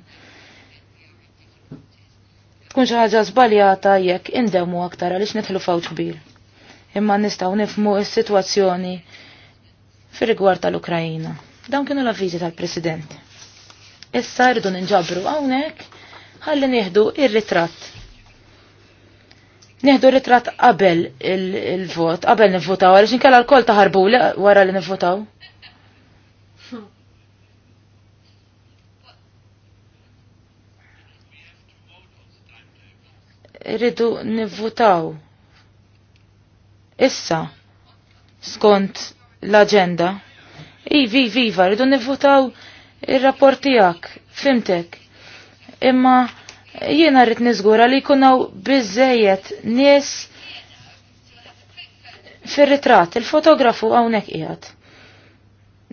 S2: Tkun xi ħaġa żbaljata jekk indemmu aktar għaliex nitħlu fawċ kbir. Imma nistgħu nifmu s-sitwazzjoni fir-rigward tal-Ukrajina. Dawn kienu l-avviżi tal-President. Issa rridu ninġabru hawnhekk ħalli nieħdu ir-ritratt Nieħdu ritrat qabel il-vot, qabel nivvotaw, għaliex inkella l-kol taħarbu wara li nivvotaw. Ridu nivvotaw. Issa, skont l-agenda. Ivi, viva, rridu nivvotaw ir-rapport tiegħek, fimtek. Imma Jiena rrit nizgura li kunaw bizzejiet nis fir-ritrat, il-fotografu hawnhekk qiegħed.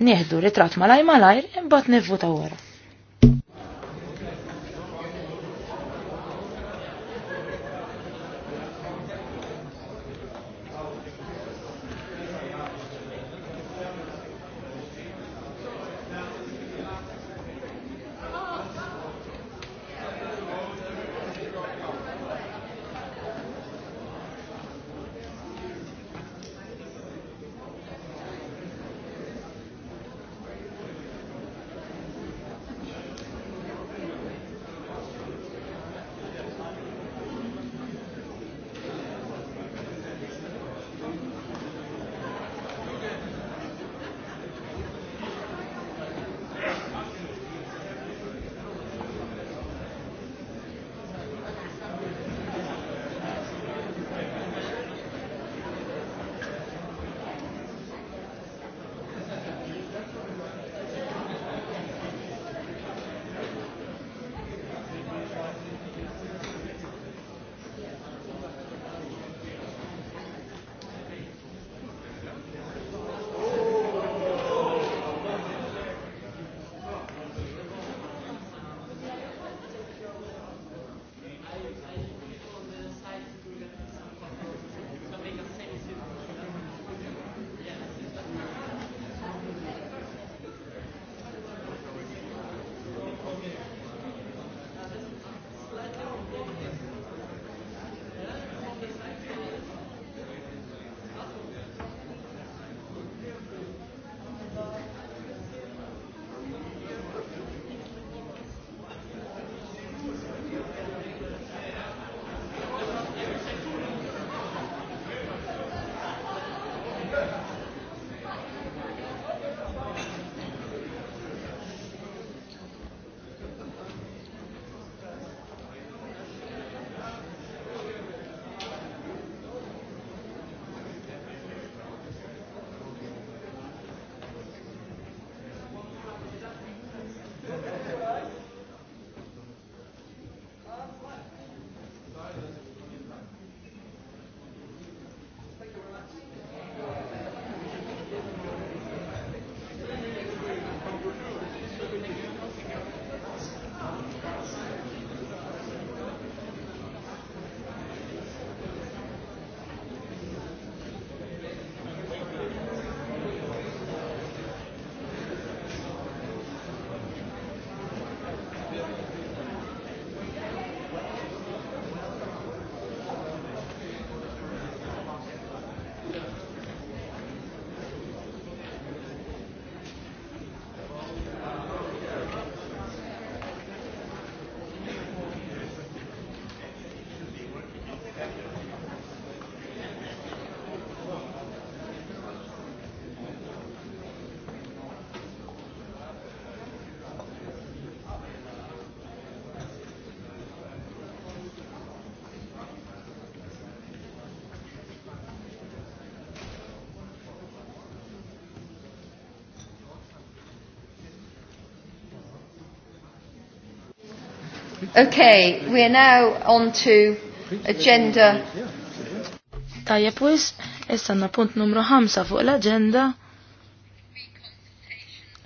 S2: Nieħdu ritrat malaj malajr, imbagħad nivvuta wara. Okay, we are now on to agenda. Tajjeb wis, issanna punt numru 5 fuq l-agenda.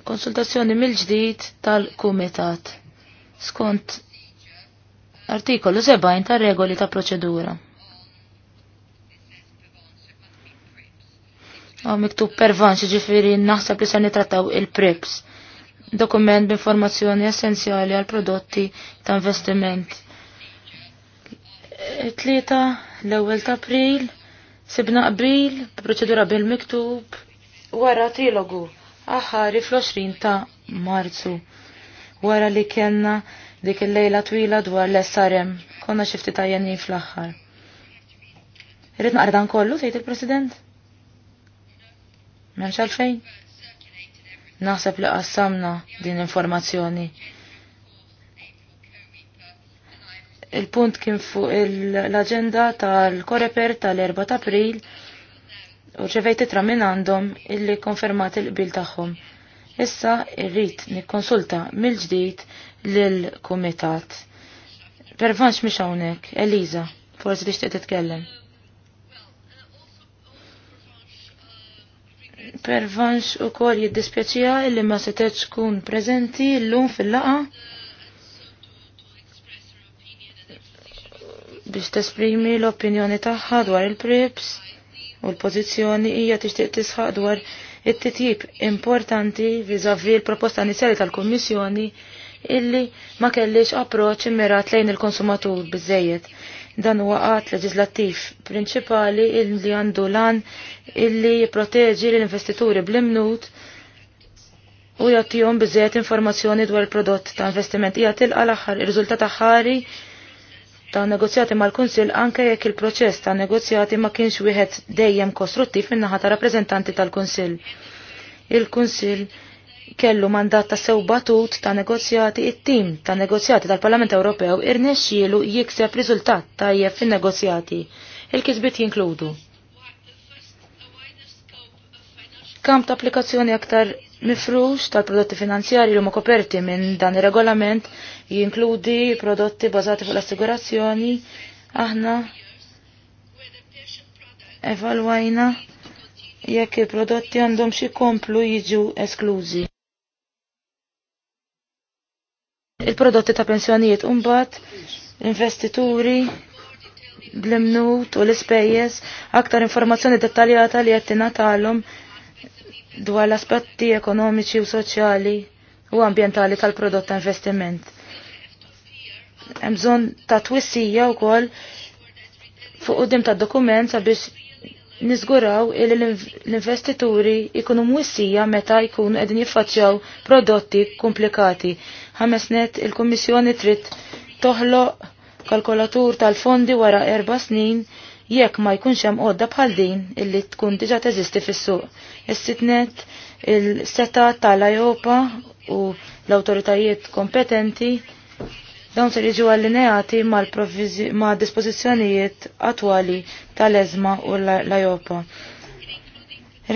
S2: Konsultazzjoni mill-ġdid tal-Kumitat. Skont artikolu 70 ta' regoli ta' proċedura. Għaw miktub pervan ġifiri naħseb li se nitrattaw il preps dokument b'informazzjoni essenzjali għal prodotti ta' investiment. Tlieta l-ewwel ta' April sibna qbil b'proċedura bil-miktub wara trilogu aħari fl-20 ta' Marzu wara li kellna dik il-lejla twila dwar l-SRM konna xifti tajjeni fl-aħħar. Irrid naqra dan kollu tgħid il-President? M'hemmx għalfejn? Naħseb li qassamna din informazzjoni. Il-punt kien fuq l-agenda tal-Koreper tal-4 April u ċevejt itra minn għandhom illi konfermat il-qbil tagħhom. Issa irrid nikkonsulta mill-ġdid lill-kumitat. Pervanx mhix hawnhekk, Eliza, forsi tixtieq titkellem. Pervanx u kol jiddispjaċija illi ma kun tkun preżenti llum fil-laqa. biex tesprimi l-opinjoni tagħha dwar il-prips u l-pożizzjoni hija tixtieq tisħaq dwar it-titjib importanti viżavi l-proposta inizjali tal-Kummissjoni illi ma kellix approċċ immirat lejn il-konsumatur biżejjed. Dan huwa għat leġislattiv prinċipali li għandu lan illi jipproteġi l-investituri bl-imnut u jagħtihom biżejjed informazzjoni dwar il-prodott ta' investiment. Hija tilqa l-aħħar ir-riżultat aħħari ta' negozjati mal-Kunsil anke jekk il-proċess ta' negozjati ma kienx wieħed dejjem kostruttiv min-naħa ta' rappreżentanti tal-Kunsil. Il-Kunsil il kunsil kellu mandat ta' sew batut ta' negozjati it-tim ta' negozjati tal-Parlament Ewropew irnexxielu jikseb riżultat tajjeb fin-negozjati. Il-kisbit jinkludu. Kamp ta' applikazzjoni aktar mifrux tal-prodotti finanzjari li huma koperti minn dan ir-regolament jinkludi prodotti bażati fuq l-assigurazzjoni aħna evalwajna jekk il-prodotti għandhom xi komplu jiġu esklużi. il-prodotti ta' pensjonijiet umbat, investituri, blimnut, u l spejjes aktar informazzjoni dettaljata li jettina talum dwar l-aspetti ekonomiċi u soċjali u ambientali tal-prodott ta' investiment. Hemm bżonn ta' twissija wkoll fuq qudiem tad-dokument sabiex nizguraw il l-investituri ikunu mwissija meta jkunu edin jiffaċċjaw prodotti komplikati. Ħamesnet il-Kommissjoni trid toħloq kalkolatur tal-fondi wara erba snin jekk ma jkunx hemm għodda bħal din illi tkun diġà teżisti fis-suq. Is-sitnet il-seta tal-Ajopa u l-awtoritajiet kompetenti Dawn se jiġu allineati ma' dispożizzjonijiet attwali tal-ezma u l-Ajopa.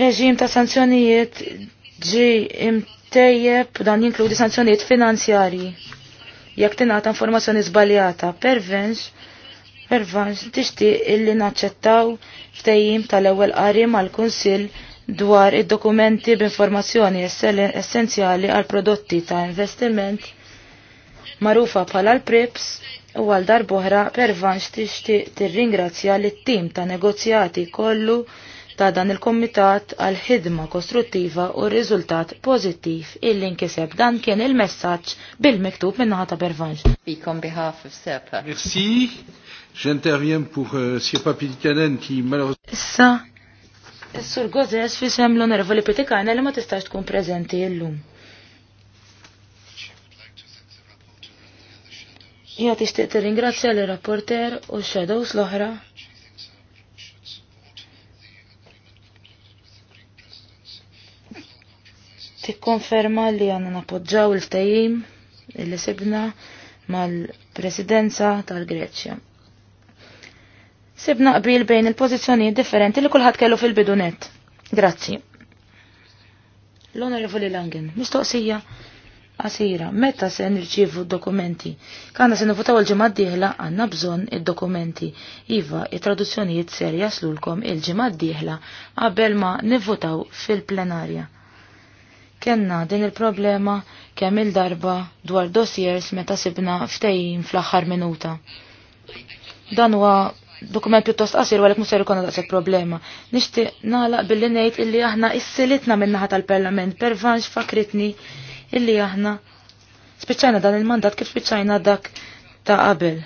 S2: Reġim ta' sanzjonijiet ġi imtejjeb dan jinkludi sanzjonijiet finanzjarji. Jekk tingħata informazzjoni żbaljata, pervenx, pervenx tixtieq illi naċċettaw ftejjim tal-ewwel qari mal-Kunsill dwar id-dokumenti b'informazzjoni essenzjali għal prodotti ta' investiment marufa bħala l-Prips u għal darbohra pervanx tixtieq tirringrazzja lit tim ta' negozjati kollu ta' dan il-Komitat għal ħidma kostruttiva u riżultat pozittiv illi nkiseb dan kien il-messaġġ bil-miktub minnaħa ta' Bervanx. Speak on behalf of Serpa.
S1: Merci. J'interviens pour euh, Sirpa Pitikanen qui malheureusement.
S2: Issa, Sur Gozes fi sem nervo li Pitikanen li ma tistax tkun prezenti illum. Jgħat ixtiq tir-ringrazzja l rapporter u shadows l-oħra. Tikkonferma li għanna napoġġaw il-tajim li sibna mal-presidenza tal-Greċja. Sibna qbil bejn il-pozizjoni differenti li kulħadd kellu fil-bidunet. Grazzi. L-Onorevoli Langen, mistoqsija Asira, Meta se nirċievu dokumenti? Kanna se nifutaw il-ġimgħa d-dieħla għandna bżonn id-dokumenti. Iva, il traduzzjonijiet ser jaslulkom il-ġimgħa d-dieħla qabel ma nifutaw fil-plenarja. Kenna din il-problema kemm il-darba dwar dossiers meta sibna ftejjin fl-aħħar minuta. Dan huwa dokument pjuttost qasir għalek musser ikonna daqseg problema. Nishti naħlaq billi nejt illi aħna issilitna minnaħat tal-parlament, pervanx fakritni illi aħna spiċċajna dan il-mandat kif spiċċajna dak ta' qabel.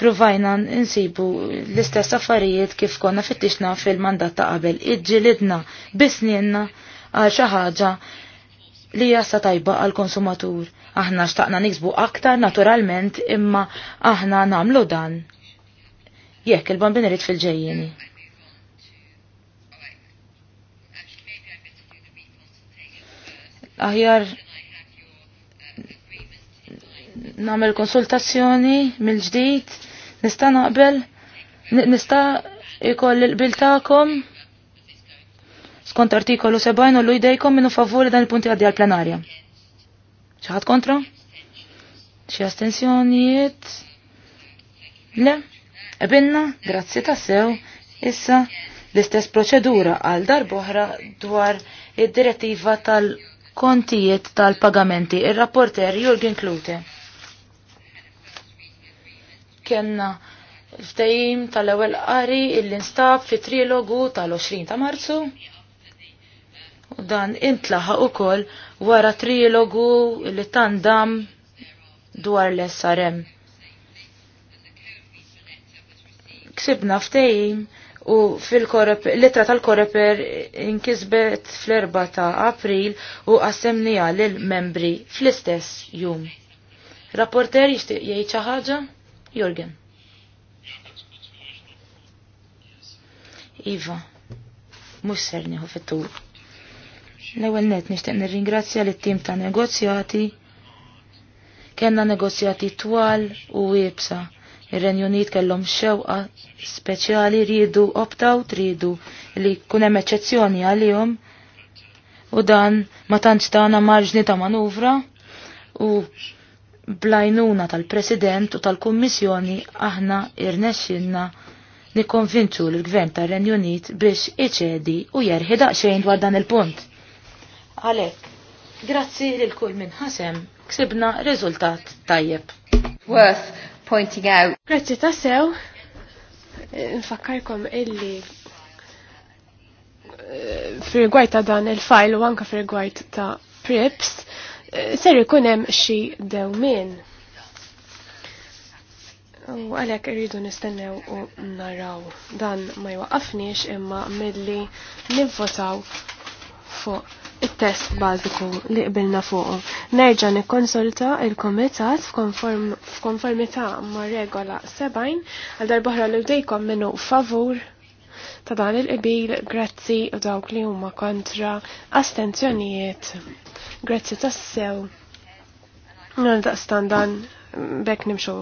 S2: Provajna insibu l-istess affarijiet kif konna fittixna fil-mandat ta' qabel, iġġilidna bisnienna għal xi ħaġa li jassa tajba għal konsumatur. Aħna xtaqna niksbu aktar naturalment imma aħna namlu dan. Jekk il-bambinerit fil-ġejjeni. aħjar namel konsultazzjoni mill-ġdid, nista' naqbel, nista' ikoll il-bil tagħkom skont artikolu 70 u l jdejkom minnu favuri dan il-punti għaddi għal-plenarja. ċaħat kontra? Xi astensjonijiet? Le, ebinna, grazzi tassew, issa l-istess proċedura għal darboħra dwar id-direttiva tal- kontijiet tal-pagamenti. Ir-rapporter Jurgen Klute. Kenna ftejim tal-ewwel qari il-instab fi trilogu tal-20 ta' Marzu. U dan intlaħa ukoll wara trilogu li tandam dwar l-SRM. Ksibna ftejim u fil-littra tal-koreper inkisbet fl-4 ta' april u assemnija l membri fl-istess jum. Rapporter jishtiq jgħid xi ħaġa? Jorgen. Iva, mhux ser nieħu fit L-ewwel net nixtieq nirringrazzja lit-tim ta' negozjati. Kenna negozjati twal u websa. Ir-Renju Unit kellhom xewqa speċjali rridu opt-out li kunem hemm eċċezzjoni għalihom u dan ma tantx tagħna marġni ta' manuvra u blajnuna tal-President u tal-Kummissjoni aħna irnexxinna nikkonvinċu l-Gvern tar-Renju Unit biex iċedi u jerħi daqsxejn dwar dan il-punt. Għalhekk, grazzi lil kull minn ħasem ksibna riżultat
S3: tajjeb. Worth pointing out. Grazzi ta' sew, nfakkarkom illi eh, fil-gwajt ta' dan il-fajl u anka fil-gwajt ta' prips, eh, ser ikun hemm xi dewmien. U għalek irridu nistennew u naraw dan ma jwaqafniex imma milli nivvotaw fuq il-test bażiku li qbilna fuq. Nerġa' nikkonsulta il-komitat f'konformità ma' regola 70 għal darbohra li bdejkom minnu favur ta' dan il-qbil grazzi u dawk li huma kontra astenzjonijiet. Grazzi tassew. Nal daqstan bekk nimxu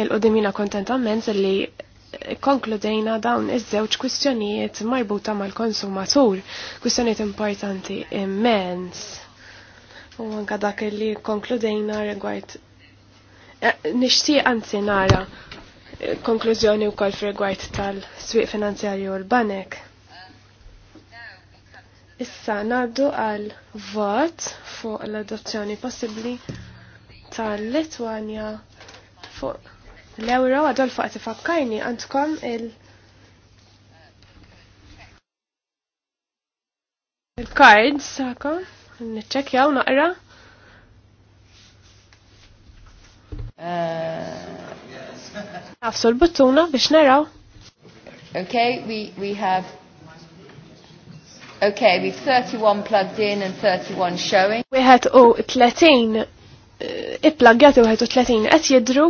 S3: il-qudimina kontentament li konkludejna dawn iż-żewġ kwistjonijiet marbuta mal-konsumatur, kwistjonijiet importanti immens. U anka dak li konkludejna rigward eh, nixtieq anzi nara konklużjoni wkoll f'rigward tal-swieq finanzjarju u l-banek. Issa naddu għal vot fuq l-adozzjoni possibbli tal-Litwanja fuq l-euro għadol fuq tifakkarni għandkom il- il-cards sako, jaw naqra.
S2: Uh.
S3: Nafsu l-buttuna biex naraw. Okay, we, we have Okay, we've 31 plugged in and 31 showing. We had u 30 eh, i-plaggjati u 30 qed jidru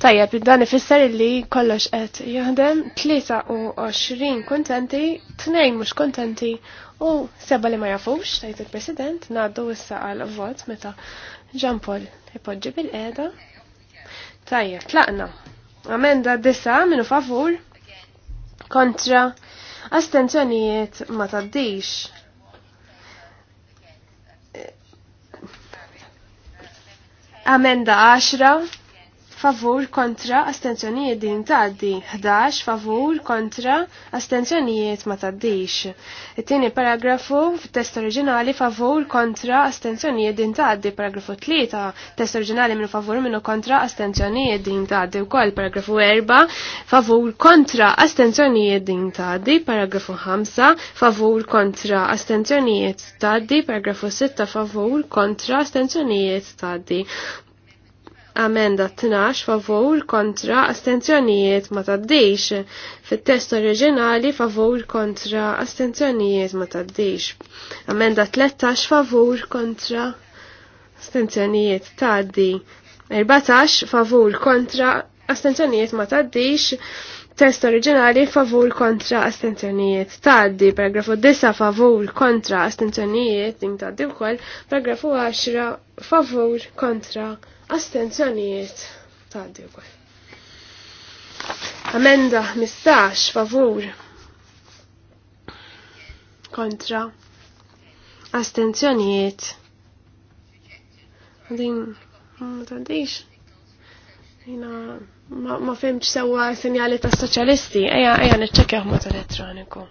S3: Tajjeb, dan ifisser li kollox qed jaħdem 23 kontenti, 2 mhux kontenti u seba li ma jafux, tajt il-President, ngħaddu issa għal vot meta Jean Paul ipoġġi bil-qeda. Tajjeb, tlaqna. Amenda disa minu favur kontra astenzjonijiet ma taddix. Amenda 10 favur kontra astenzjonijiet din taddi, 11 favur kontra astenzjonijiet ma taddix. It-tieni paragrafu f'test test oriġinali favur kontra astenzjonijiet din taddi, paragrafu 3 test oriġinali minu favur minu kontra astenzjonijiet din taddi wkoll paragrafu 4 favur kontra astenzjonijiet din taddi, paragrafu 5 favur kontra astenzjonijiet taddi, paragrafu 6 favur kontra astenzjonijiet taddi. Amenda 12 favur kontra astenzjonijiet ma taddix. Fit-test oriġinali favur kontra astenzjonijiet ma taddix. Amenda 13 favur kontra astenzjonijiet taddi. 14 favur kontra astenzjonijiet ma taddix. Test oriġinali favur kontra astenzjonijiet taddi. Paragrafu 9 favur kontra astenzjonijiet imtaddi wkoll. Paragrafu 10 favur kontra astenzjonijiet Astenzjonijiet tgħaddi wkoll. Amenda mistax, favur kontra astenzjonijiet. Għadin, ma tgħaddix. Jina ma fimx sewwa sinjali ta' soċjalisti, ejja ejja niċċekkjaw mod elettroniku.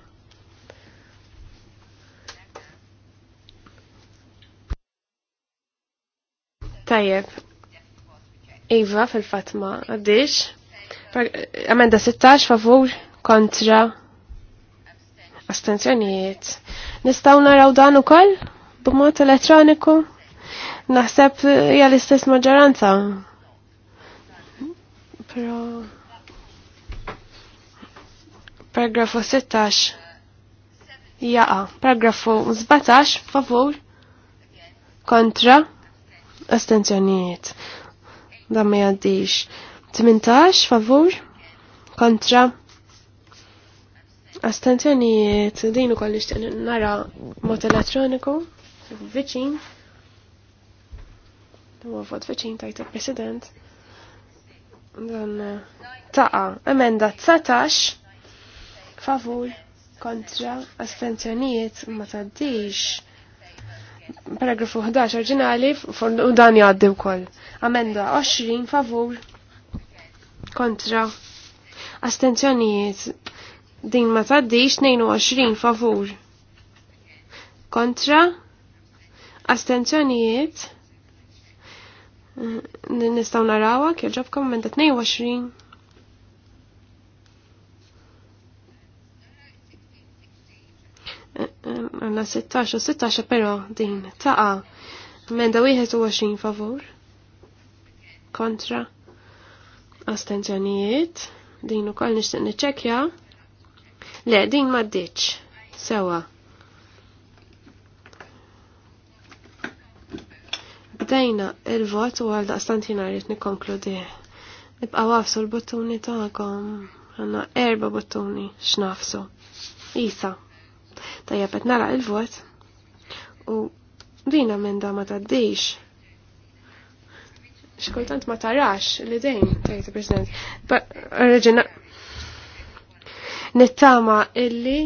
S3: Tajjeb, Iva fil fatma ma għaddix. Amenda 16 favur kontra Astenzjoniet. Nistaw naraw dan ukoll b'mod elettroniku? Naħseb eh, hija l-istess maġġoranza. Però paragrafu 16 jaqa. Paragrafu 17 favur kontra astenzjonijiet dan ma jaddix. 18 favur kontra Astenzjoni, din ukoll kollix nara mod elettroniku viċin. Huwa vot viċin tajt il-President. Dan eh, taqa emenda 19 favur kontra astenzjonijiet ma taddix. Paragrafu 11 arġinali u dan jgħaddi wkoll. Amenda 20 favur kontra astenzjonijiet din ma taddix 22 favur kontra astenzjonijiet nistaw narawa kjerġobkom amenda 22 għanna 16 u 16 pero din taqa menda 21 favur kontra astenzjonijiet din u koll nishtiq niċċekja le din ma ddiċ sewa bdejna il-vot u għal daqstantina rrit nikonkludi Nibqa wafsu l-bottuni ta'kom. Għanna erba bottuni x'nafsu. Isa. Tajja qed nara il-vot u din emenda ma taddix. Xkultant ma tarax li dejn tajt President. Reġina nittama illi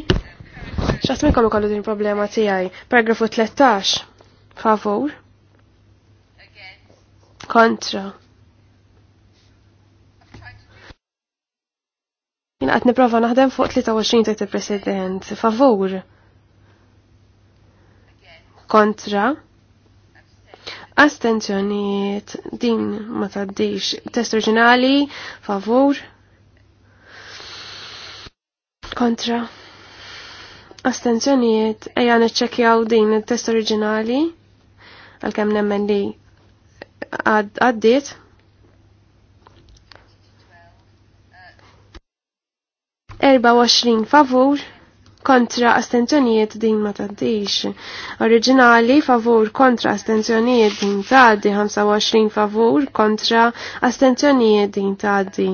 S3: xaħt minnkom ikollu din problema tiegħi. Paragrafu 13. Favur. Kontra. Jina għat niprofa naħdem fuq 23 tajt il-President. Favur. Kontra. Astenzjoniet. Din ma taddix. Test oriġinali. Favur. Kontra. Astenzjoniet. Eja neċċekjaw din il-test oriġinali. Għal-kem nemmen li għaddit. Ad 24 favur kontra astenzjonijiet din ma tantix. Oriġinali favur kontra astenzjonijiet din taddi, 25 favur kontra astenzjonijiet din taddi.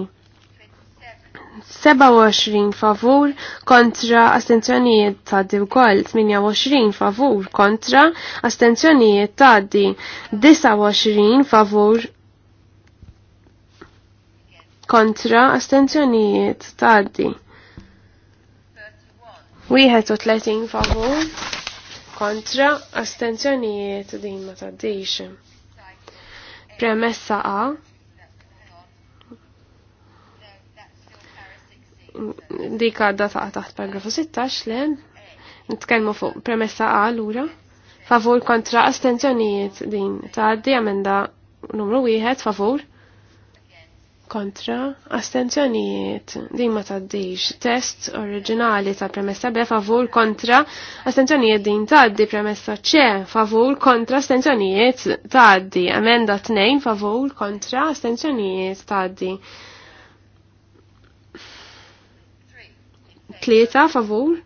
S3: 27 favur kontra astenzjonijiet taddi wkoll, 28 favur kontra astenzjonijiet taddi, 29 favur kontra astenzjonijiet taddi. Wieħed u tletin favur kontra astenzjonijiet din ma taddix. Premessa A. Dik għadda ta' taħt paragrafu 16 len. Nitkellmu fuq premessa A lura. Favur kontra astenzjonijiet din Tgħaddi amenda numru wieħed, favur kontra, astenzjonijiet, din ma taddix, test oriġinali ta' premessa B favur kontra, astenzjonijiet din taddi, premessa C favur kontra, astenzjonijiet taddi, amenda 2 favur kontra, astenzjonijiet taddi. Tlieta favur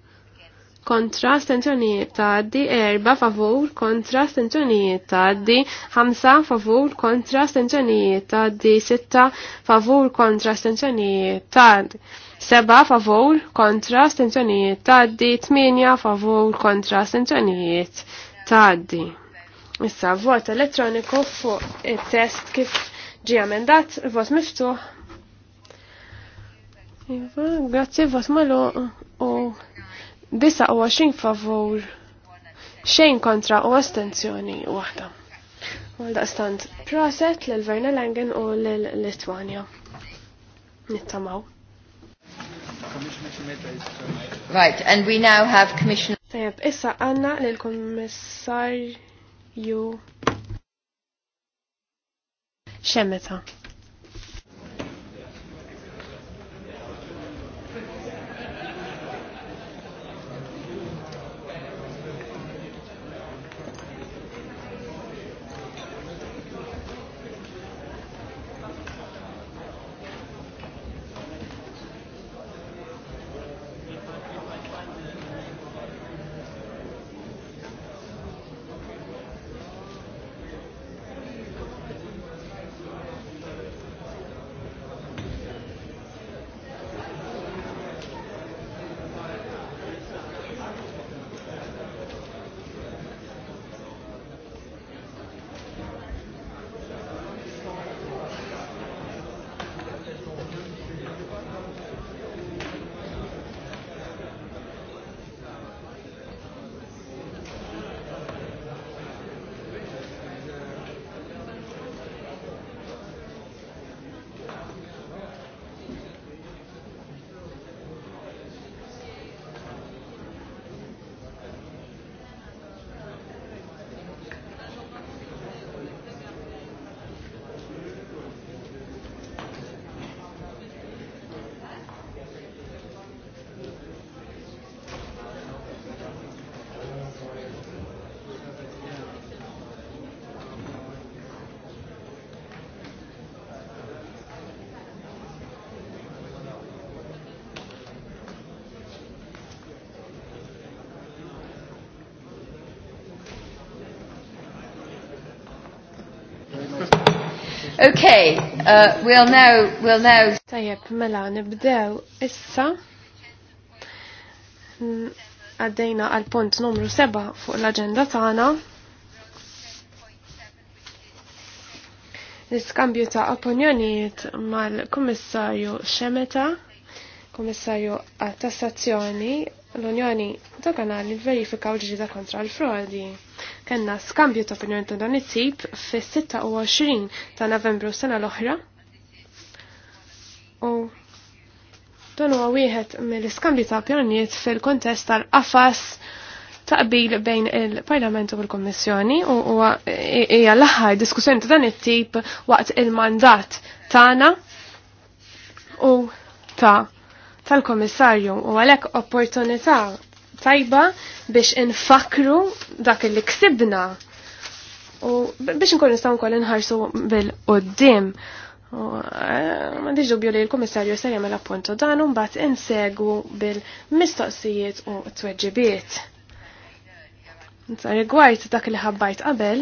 S3: kontra stenzjonijiet taddi, erba favur kontra stenzjonijiet taddi, ħamsa favur kontra stenzjonijiet taddi, sitta favur kontra stenzjonijiet taddi. Seba favur kontra stenzjonijiet taddi, tminja favur kontra stenzjonijiet taddi. Issa vot elettroniku fuq il-test kif ġi amendat, vot miftuħ. Iva, grazie, vot malu u għaxin favur xejn kontra u astenzjoni waħda. Għaldaqstant, proset l-Verna Langen u l-Litwanja. Nittamaw. Right, and we now have Commissioner... Tajab, issa għanna l-Kommissarju Xemmeta.
S1: Okay, uh, we'll now, we'll now.
S3: Tajjeb, mela, nibdew issa. Għaddejna għal punt numru seba' fuq l-agenda tagħna. L-iskambju ta' opinjonijiet mal-Kummissarju Xemeta, Kummissarju għat-Tassazzjoni, l-Unjoni Doganali verifikaw ġrida kontra l-frodi. Kenna skambju ta' opinjoni ta' dan it-tip fis-26 ta' Novembru sena l-oħra. U dan huwa wieħed mill-iskambju ta' opinjonijiet fil-kontest tal-qafas taqbil bejn il-Parlament u l-Kommissjoni u hija l-aħħar diskussjoni ta' dan it-tip waqt il-mandat tagħna u ta' tal-Komissarju u għalhekk opportunità tajba biex infakru dak li ksibna u biex nkollu nistgħu nkollu nħarsu bil-qoddim. Eh, Ma diġ dubju li l-Kummissarju se jagħmel appuntu dan u mbagħad insegu bil-mistoqsijiet u t-tweġibiet. Rigward dak li ħabbajt qabel,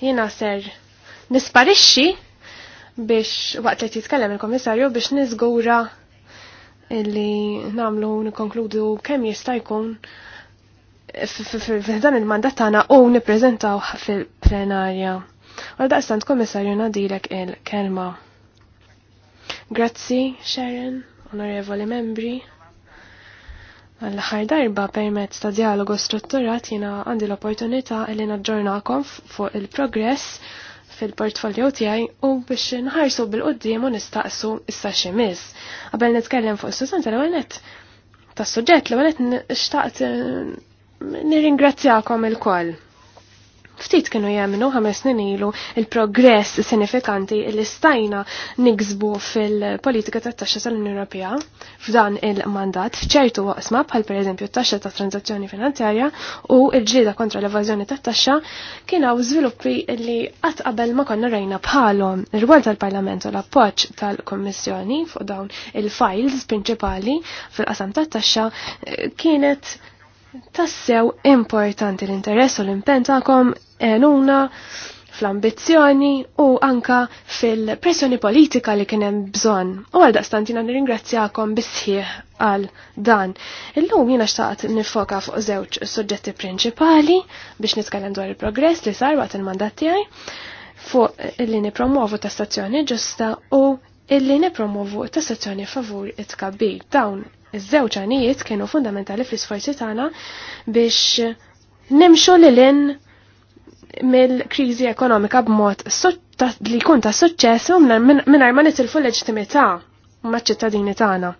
S3: jiena ser nisparixxi biex waqt li jitkellem il-Kummissarju biex niżgura illi namlu nikonkludu kemm jista' jkun f'dan il-mandat tagħna u nippreżentaw fil-plenarja. Għal daqstant komissarju nadilek il-kelma. Grazzi, Sharon, onorevoli membri. L-ħar darba permezz ta' dialogu strutturat jiena għandi l-opportunità li naġġornakom fuq il-progress fil-portfolio tiegħi u biex nħarsu bil-qoddim u nistaqsu issa xi Għabel Qabel nitkellem fuq s sustanza l-ewwel nett tas-suġġett l nishtaqt nir-ingrazzjakom nirringrazzjakom ilkoll ftit kienu jemnu ħames snin ilu il-progress sinifikanti li stajna nigzbu fil-politika tat taxxa tal-Unjoni Ewropea f'dan il-mandat f'ċertu waqsma bħal pereżempju t-taxxa ta' tranzazzjoni finanzjarja u l-ġlieda kontra l-evażjoni tat-taxxa kienu żviluppi li qatt qabel ma konna rejna bħalhom ir tal-Parlament u l-appoġġ tal-Kommissjoni fuq dawn il-files prinċipali fil-qasam tat-taxxa eh, kienet tassew importanti l-interess u l-impen tagħkom enuna fl-ambizzjoni u anka fil-pressjoni politika li kien hemm bżonn. U għal daqstantina nirringrazzjakom bisħieħ għal dan. Illum jiena xtaqt nifoka fuq żewġ suġġetti prinċipali biex nitkellem dwar il-progress li sar waqt il-mandat tiegħi fuq li ta' stazzjoni ġusta u illi ta' tassazzjoni favur it kabbi Dawn Iż-żewġ għanijiet kienu fundamentali fl-isforzi tagħna biex nimxu lil mill-kriżi ekonomika b'mod li jkun ta' suċċess u mingħajr ma nitilfu leġitimità maċ-ċittadini tagħna.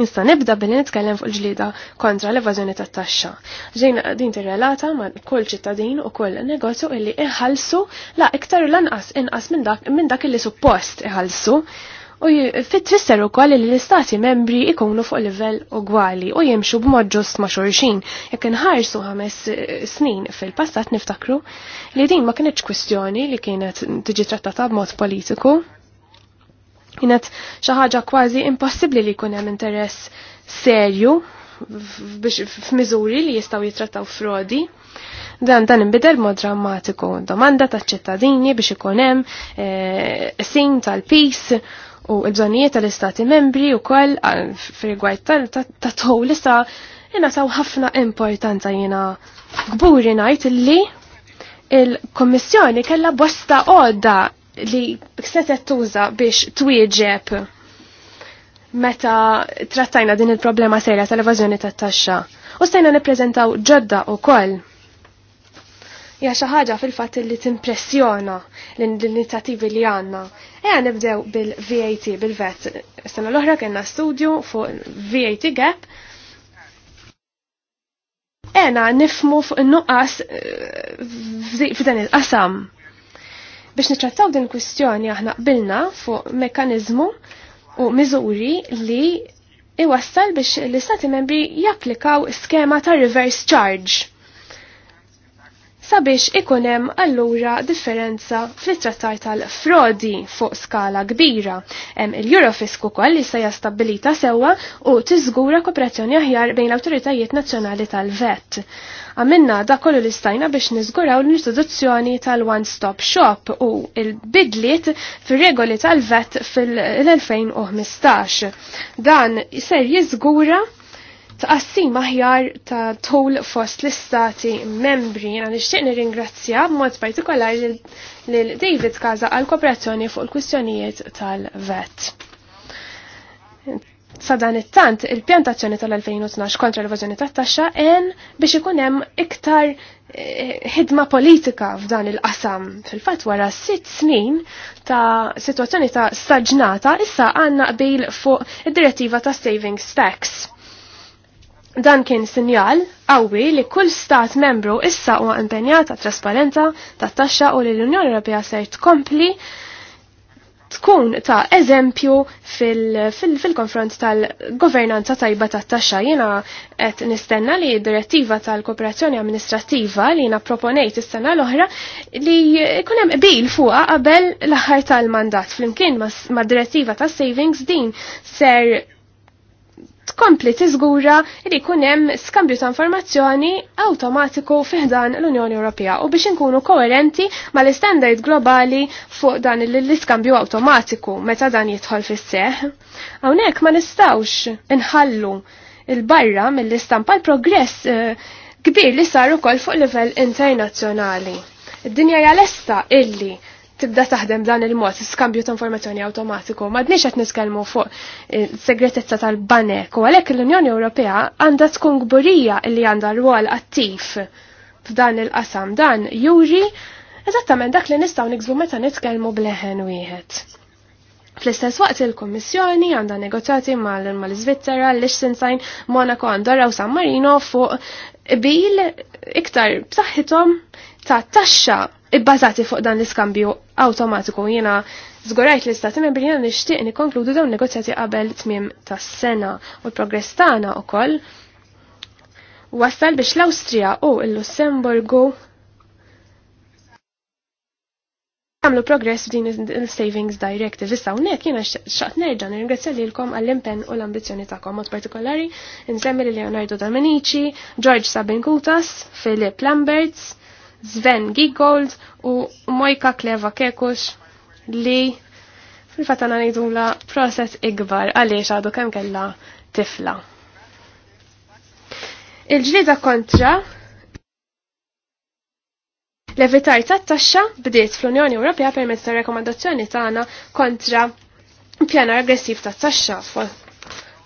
S3: Issa nibda billi nitkellem fuq ġlieda ġlida kontra l-evażjoni tat-taxxa. Ġejn din tirrelata ma' kull ċittadin u kull negozju illi iħallsu la iktar lanqas inqas minn dak illi suppost iħallsu u fit-tfisser ukoll li l-istati membri ikunu fuq livell ugwali u jimxu b'mod ġust ma' xorxin jekk inħarsu ħames eh, snin fil-passat niftakru li din ma kienx kwistjoni li kienet tiġi trattata b'mod politiku. Kienet xi ħaġa kważi impossibbli li jkun hemm interess serju f'miżuri li jistaw jitrattaw frodi. Dan dan imbidel mod drammatiku. Domanda ta' ċittadini biex ikun hemm eh, sin tal peace u l-bżonijiet tal-istati membri u koll fil gwajt tal-tow lista saw ħafna importanza jina gburi najt li il-Kommissjoni kella bosta għodda li ksetet tuża biex twieġeb meta trattajna din il-problema serja tal evazjoni tat-taxxa. U stajna nippreżentaw ġodda u koll hija xi ħaġa fil-fatt li timpressjona l-inizjattivi li għandna. Eja nibdew bil-VAT, bil vet Sena l-oħra kienna studju fuq VAT gap. Ena nifmu fuq nuqqas eh, f'dan il-qasam. Biex nitrattaw din kwistjoni aħna qbilna fuq mekkanizmu u miżuri li iwassal biex l-istati membri japplikaw skema ta' reverse charge sabiex ikunem allura differenza fl-trattar tal-frodi fuq skala kbira. Hemm il-Eurofisk ukoll li se jastabilita sewwa u tiżgura kooperazzjoni aħjar bejn l-awtoritajiet nazzjonali tal-VET. Għamilna da kollu li stajna biex niżguraw l-introduzzjoni tal-one-stop shop u il-bidliet fir-regoli tal-VET fil-2015. Dan ser jiżgura tqassim aħjar ta' tol fost l-istati membri. Jena nixtieq nirringrazzja b'mod partikolari lil David Kaza għal kooperazzjoni fuq il-kwistjonijiet tal-VET. Sadan it-tant, il-pjantazzjoni tal-2012 kontra l-evażjoni tat-taxxa en biex ikun hemm iktar eh, ħidma politika f'dan il-qasam. Fil-fatt wara sitt snin ta' situazzjoni ta' staġnata issa għandna qbil fuq id-direttiva ta' savings tax Dan kien sinjal qawwi li kull stat membru issa huwa impenjat ta' trasparenza ta' taxxa u li l-Unjoni Ewropea se tkompli tkun ta' eżempju fil-konfront tal-governanza tajba ta' taxxa jiena qed nistenna li d-direttiva tal-kooperazzjoni amministrattiva li jiena proponejt is-sena l-oħra li jkun hemm qbil fuqha qabel l-aħħar tal-mandat flimkien mad-direttiva tas savings din ser tkompli tiżgura li jkun hemm skambju ta' informazzjoni awtomatiku fiħdan l-Unjoni Ewropea u biex inkunu koerenti mal-istandard globali fuq dan l-iskambju awtomatiku meta dan jidħol fis-seħ. Hawnhekk ma nistgħux inħallu il-barra mill-istampa l-progress eh, kbir li sar ukoll fuq livell internazzjonali. Id-dinja hija lesta illi tibda taħdem dan il-mod, skambju ta' informazzjoni automatiku. Madniex qed niskellmu fuq eh, segretezza tal-banek u għalhekk l-Unjoni Ewropea għandha tkun gburija li għandha rwol attiv f'dan il-qasam dan juri eżattament dak li nistgħu niksbu meta nitkellmu bleħen wieħed. Fl-istess waqt il-Kommissjoni għandha negozjati mal-Iżvizzera, l-Liechtenstein, Monaco, Andorra u San Marino fuq bil iktar b'saħħithom ta' taxxa ibbażati fuq dan l-iskambju awtomatiku jiena zgurajt l-istati membri jiena nixtieq nikkonkludu dawn negozjati qabel tmiem tas-sena u l-progress tagħna ukoll wasal biex l-Awstrija u l-Lussemburgu għamlu progress din il-Savings Directive. Issa unnek jena xaqt nerġa nirringrazzja lilkom għall-impenn u l-ambizjoni tagħkom mod partikolari insemmi li Leonardo Domenici, George Sabin Kutas, Philip Lamberts, Sven Gigold u Mojka Kleva Kekus li fil fatana għana la proċess ikbar għaliex għadu kemm kellha tifla. Il-ġlida kontra Levitar ta' taxxa bdiet fl-Unjoni Ewropea permezz ta' rekomandazzjoni tagħna kontra pjanar aggressiv ta' taxxa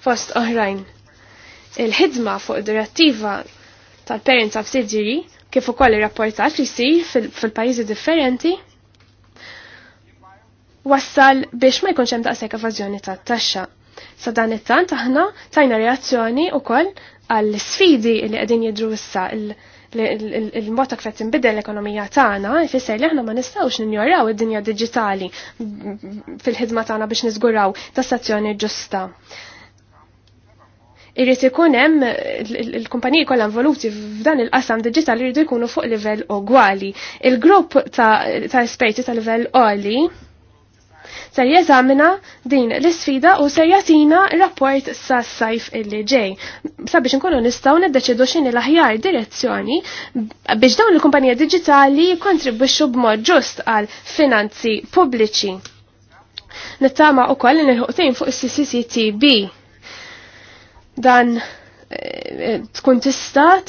S3: fost oħrajn. Il-ħidma fuq direttiva tal-Parent Subsidiary kif ukoll ir li jsir fil-pajjiżi differenti wassal biex ma jkunx hemm daqshekk evażjoni tat-taxxa. Sa dan it-tant aħna tajna reazzjoni wkoll għall sfidi li qegħdin jidru issa il-mod ta' kif tinbidel l-ekonomija tagħna, ifisser li aħna ma nistgħux ninjoraw id-dinja diġitali fil-ħidma tagħna biex niżguraw tas-sazzjoni ġusta irrit ikun hemm il-kumpaniji kollha involuti f'dan il-qasam diġitali jridu jkunu fuq livell ogwali. Il-grupp ta' esperti ta' livell oli ser jeżamina din l-isfida u ser jatina rapport sa' sajf illi ġej. Sabiex nkunu nistaw neddeċidu xini l-aħjar direzzjoni biex dawn l-kumpanija digitali kontribwixxu b'mod ġust għal finanzi pubbliċi. Nittama u koll nil fuq is-CCTB Dan eh, eh, tkun tista'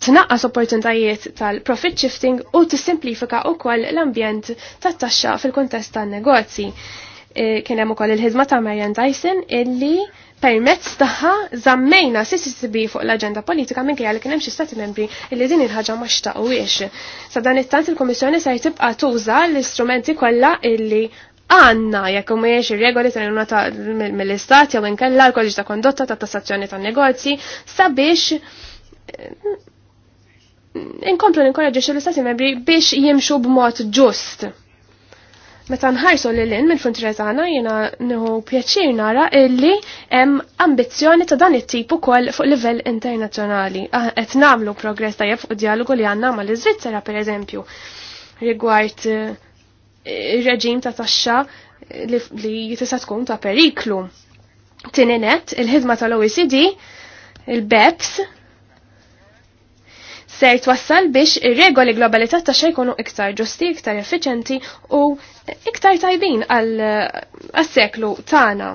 S3: tnaqqas opportunitajiet tal-profit shifting u tissimplifika wkoll l-ambjent tat-taxxa fil-kuntest tan-negozji. Eh, kien hemm ukoll il-ħidma ta' Marian Dyson illi permezz tagħha żammejna CCCB fuq l aġenda politika minkejja li kien hemm xi stati membri li din il-ħaġa ma xtaqwiex. Sa dan it-tant il-Kummissjoni se tibqa' tuża l-istrumenti kollha illi għanna jekk u miex regoli ta' mill-istat jew inkella l kodġi ta' kondotta ta' tassazzjoni ta' negozji sabiex eh, inkomplu ninkoraġġi l-istati membri biex jimxu b'mod ġust. Meta nħarsu lil lin minn frontiera tagħna jiena nieħu pjaċir nara illi hemm ambizzjoni ta' dan it-tip ukoll fuq livell internazzjonali. Qed nagħmlu progress tajjeb fuq dialogu li għandna mal-Iżvizzera pereżempju rigward eh, reġim ta' taxxa li tista' tkun ta' periklu. Tininet, il-ħidma tal-OECD, il-BEPS, ser twassal biex ir-regoli globali ta' taxxa jkunu iktar ġusti, iktar effiċenti u iktar tajbin għal-seklu tagħna.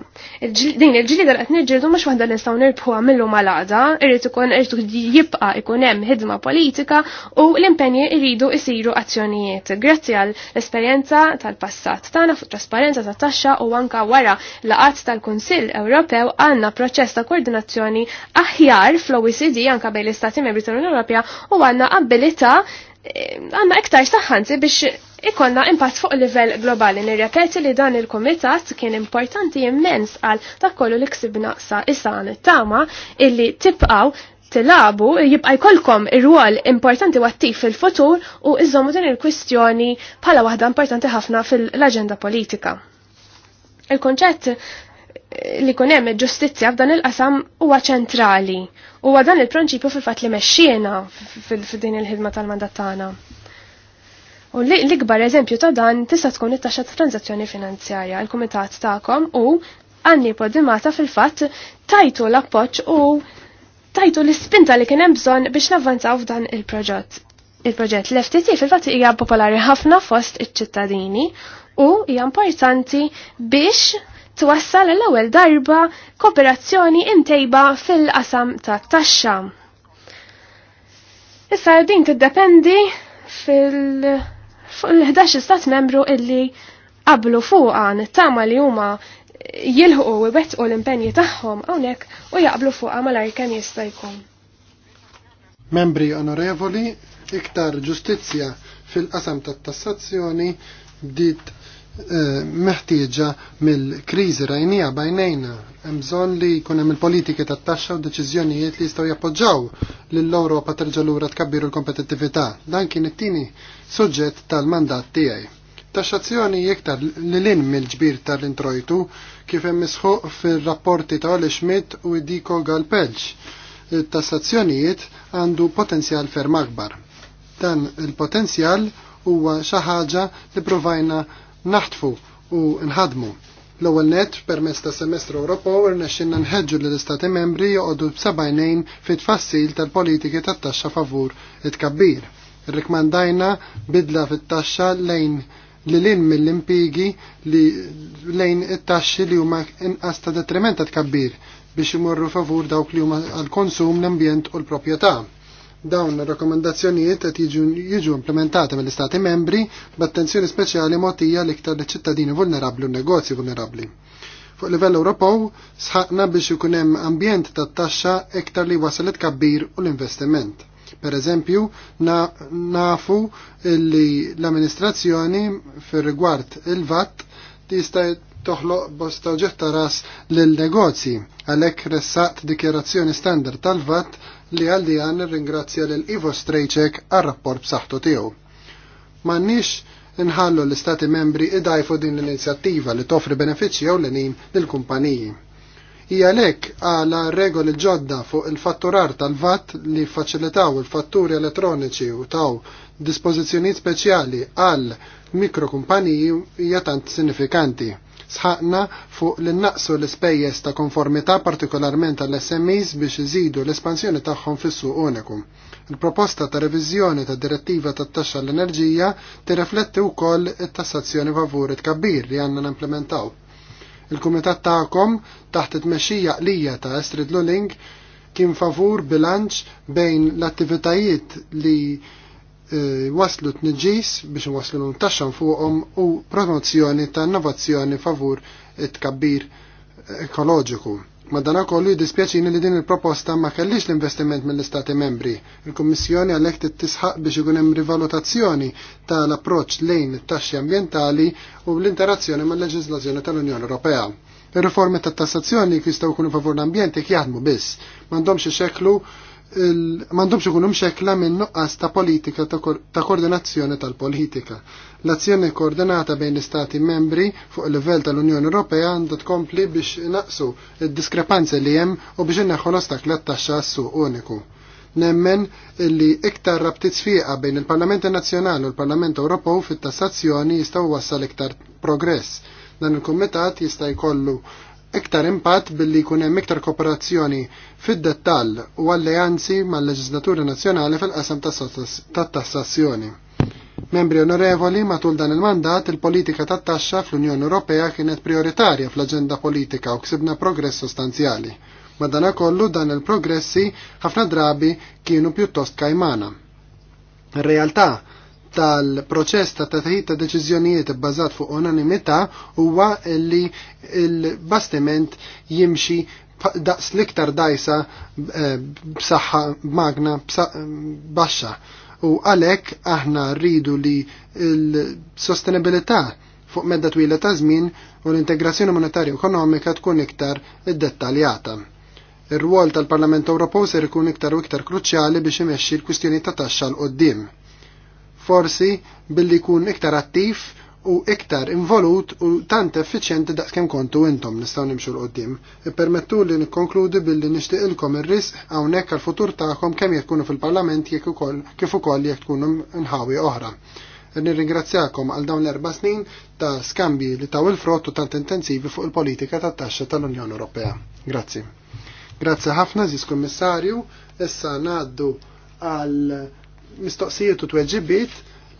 S3: Din il-ġlida qed niġġieldu mhux waħda li nistgħu nirbħuha millu mal-għada, irid ikun irid jibqa' ikun hemm ħidma politika u l-impenji jridu jsiru azzjonijiet. Grazzi għall-esperjenza tal-passat tagħna fuq trasparenza ta' taxxa u anka wara laqat tal-Kunsill Ewropew għandna proċess ta' koordinazzjoni aħjar fl-OECD anka bejn l-Istati Membri tal-Unjoni Ewropea u għandna abilita' għanna iktar saħħanti biex ikonna impatt fuq livell globali. Nirrepeti li dan il-komitat kien importanti immens għal dak kollu li ksibna sa isan tama illi tibqaw tilabu jibqa jkollkom ir-rwol importanti wattif fil-futur u iżommu din il-kwistjoni bħala waħda importanti ħafna fil-aġenda politika. Il-konċett li kunem il-ġustizja f'dan il-qasam huwa ċentrali. Huwa dan il-prinċipju fil-fatt li mexxiena f'din il-ħidma tal-mandat tagħna. U l-ikbar eżempju ta' dan tista' tkun it-taxxa ta' tranzazzjoni finanzjarja. Il-kumitat tagħkom u għandni poddimata fil-fatt tajtu l-appoġġ u tajtu l-ispinta li kien hemm bżonn biex navvanzaw f'dan il-proġett. Il-proġett l-FTT fil-fatt hija popolari ħafna fost iċ-ċittadini u hija importanti biex twassal l-ewwel darba kooperazzjoni imtejba fil-qasam ta' taxxa. Issa din tiddependi fil- fuq l-11 stat membru illi qablu fuqa nittama li huma jilħu u wetqu l-impenji tagħhom hawnhekk u jaqblu fuqa mal-ar kemm jista' jkun.
S1: Membri onorevoli, iktar ġustizzja fil-qasam tat-tassazzjoni bdiet meħtieġa mill-kriżi rajnija bajnejna hemm bżonn li jkun hemm il-politiki tat-taxxa u deċiżjonijiet li jistgħu jappoġġaw lill-Ewropa terġa' lura tkabbiru l kompetitività Dan kien it-tieni suġġett tal-mandat tiegħi. Taxxazzjoni iktar li lin mill-ġbir tal-introjtu kif hemm fir-rapporti ta' Oli Schmidt u Diko Galpelċ. Tassazzjonijiet għandu potenzjal ferm akbar. Dan il-potenzjal huwa xi ħaġa li provajna naħtfu u nħadmu. L-ewwel net permezz ta' semestru Ewropew irnexxinna nħeġġu lill istati membri joqogħdu b'sebajnejn fit-tfassil tal-politiki tat-taxxa favur it-kabbir. Irrikmandajna bidla fit-taxxa lejn li lin mill-impigi li lejn it-taxxi li huma inqas ta' detriment ta' tkabbir biex imorru favur dawk li huma għal-konsum, l-ambjent u l-proprjetà Dawn ir-rakkomandazzjonijiet qed jiġu implementati mill-Istati membri b'attenzjoni speċjali mogħtija l-iktar ċittadini vulnerabbli u negozji vulnerabbli. Fuq livell Ewropew sħaqna biex ikun hemm ambjent tat-taxxa iktar li wasalet kabbir u l-investiment. Per eżempju, nafu li l-amministrazzjoni fir rigward il-VAT tista' toħloq bosta ġetta ras l negozji għalhekk ressaqt dikjerazzjoni standard tal-VAT li għalli għan ringrazzja l-Ivo Strejċek għal-rapport b'saħħtu tiegħu. Mannix nħallu l-Istati membri id-dajfu din l-inizjattiva li toffri benefiċċji jew l lill-kumpaniji. Hija lek għala regoli ġodda fuq il-fatturar tal-VAT li faċilitaw il-fatturi elettroniċi u taw dispożizzjonijiet speċjali għal mikrokumpaniji hija tant sinifikanti Sħaqna fuq li naqsu l-ispejjeż ta' konformità partikolarment għall smis biex iżidu l-espansjoni tagħhom fis-suq uniku. Il-proposta ta' reviżjoni ta' direttiva tat taxxa l-enerġija tirrifletti wkoll it-tassazzjoni favuri tkabbir li għandna nimplementaw. Il-kumitat tagħkom taħt it-mexxija qlija ta' Estrid Luling kien favur bilanċ bejn l-attivitajiet li Eh, waslu t-nġis biex waslu n taxxan fuqhom u promozzjoni ta' innovazzjoni favur it-kabbir ekoloġiku. Madana kollu jiddispjaċini li din il-proposta ma kellix l-investiment mill-Istati membri. Il-Kommissjoni għalhekk tisħaq biex ikun hemm rivalutazzjoni tal-approċċ lejn it-taxxi ambjentali u l-interazzjoni mal-leġiżlazzjoni tal-Unjoni Ewropea. Ir-riformi tat-tassazzjoni jistgħu jkunu favur l-ambjent kjaħdmu jaħdmu biss, m'għandhomx ixekklu m'għandhomx ikunu mxekla minn nuqqas ta' politika ta' koordinazzjoni tal-politika. L-azzjoni koordinata bejn l-Istati membri fuq il-livell tal-Unjoni Ewropea għandha tkompli biex naqsu id-diskrepanzi li hemm u biex inneħħu l-ostakla t-taxxa suq uniku. Nemmen li iktar rabtiet sfiqa bejn il-Parlament Nazzjonali u l-Parlament Ewropew fit-tassazzjoni jistgħu wassal iktar progress dan il-Kumitat jista' jkollu iktar impatt billi jkun hemm iktar kooperazzjoni fid-dettall u alleanzi mal leġislatura Nazzjonali fil-qasam tat-tassazzjoni. Membri onorevoli, matul dan il-mandat il-politika tat-taxxa fl-Unjoni Ewropea kienet prioritarja fl-aġenda politika u ksibna progress sostanzjali. Madanakollu dan il-progressi ħafna drabi kienu pjuttost kajmana. In realtà, tal-proċess ta' taħid ta' deċiżjonijiet bbażat fuq unanimità huwa li l-bastiment jimxi daqs liktar dajsa eh, b'saħħa magna baxxa. U għalhekk aħna rridu li l-sostenibilità fuq medda twila ta' żmien u l-integrazzjoni monetarja ekonomika tkun iktar iddettaljata. Ir-rwol tal-Parlament Ewropew ser ikun iktar u iktar kruċjali biex imexxi l-kwistjoni ta' taxxa l qoddim forsi billi kun iktar attiv u iktar involut u tant effiċjenti daqskemm kontu intom nistgħu nimxu l-qoddim. Ippermettu li nikkonkludi billi ilkom ir-risq hawnhekk għall-futur tagħkom kemm jekk fil-Parlament jekk ukoll kif ukoll jekk tkunu nħawi oħra. Nirringrazzjakom għal dawn l-erba' snin ta' skambji li taw il-frott u tant intensivi fuq il-politika tat-taxxa tal-Unjoni Ewropea. Grazzi. Grazzi ħafna, Zis Kommissarju. Issa ngħaddu għal mistoqsijiet u tweġibiet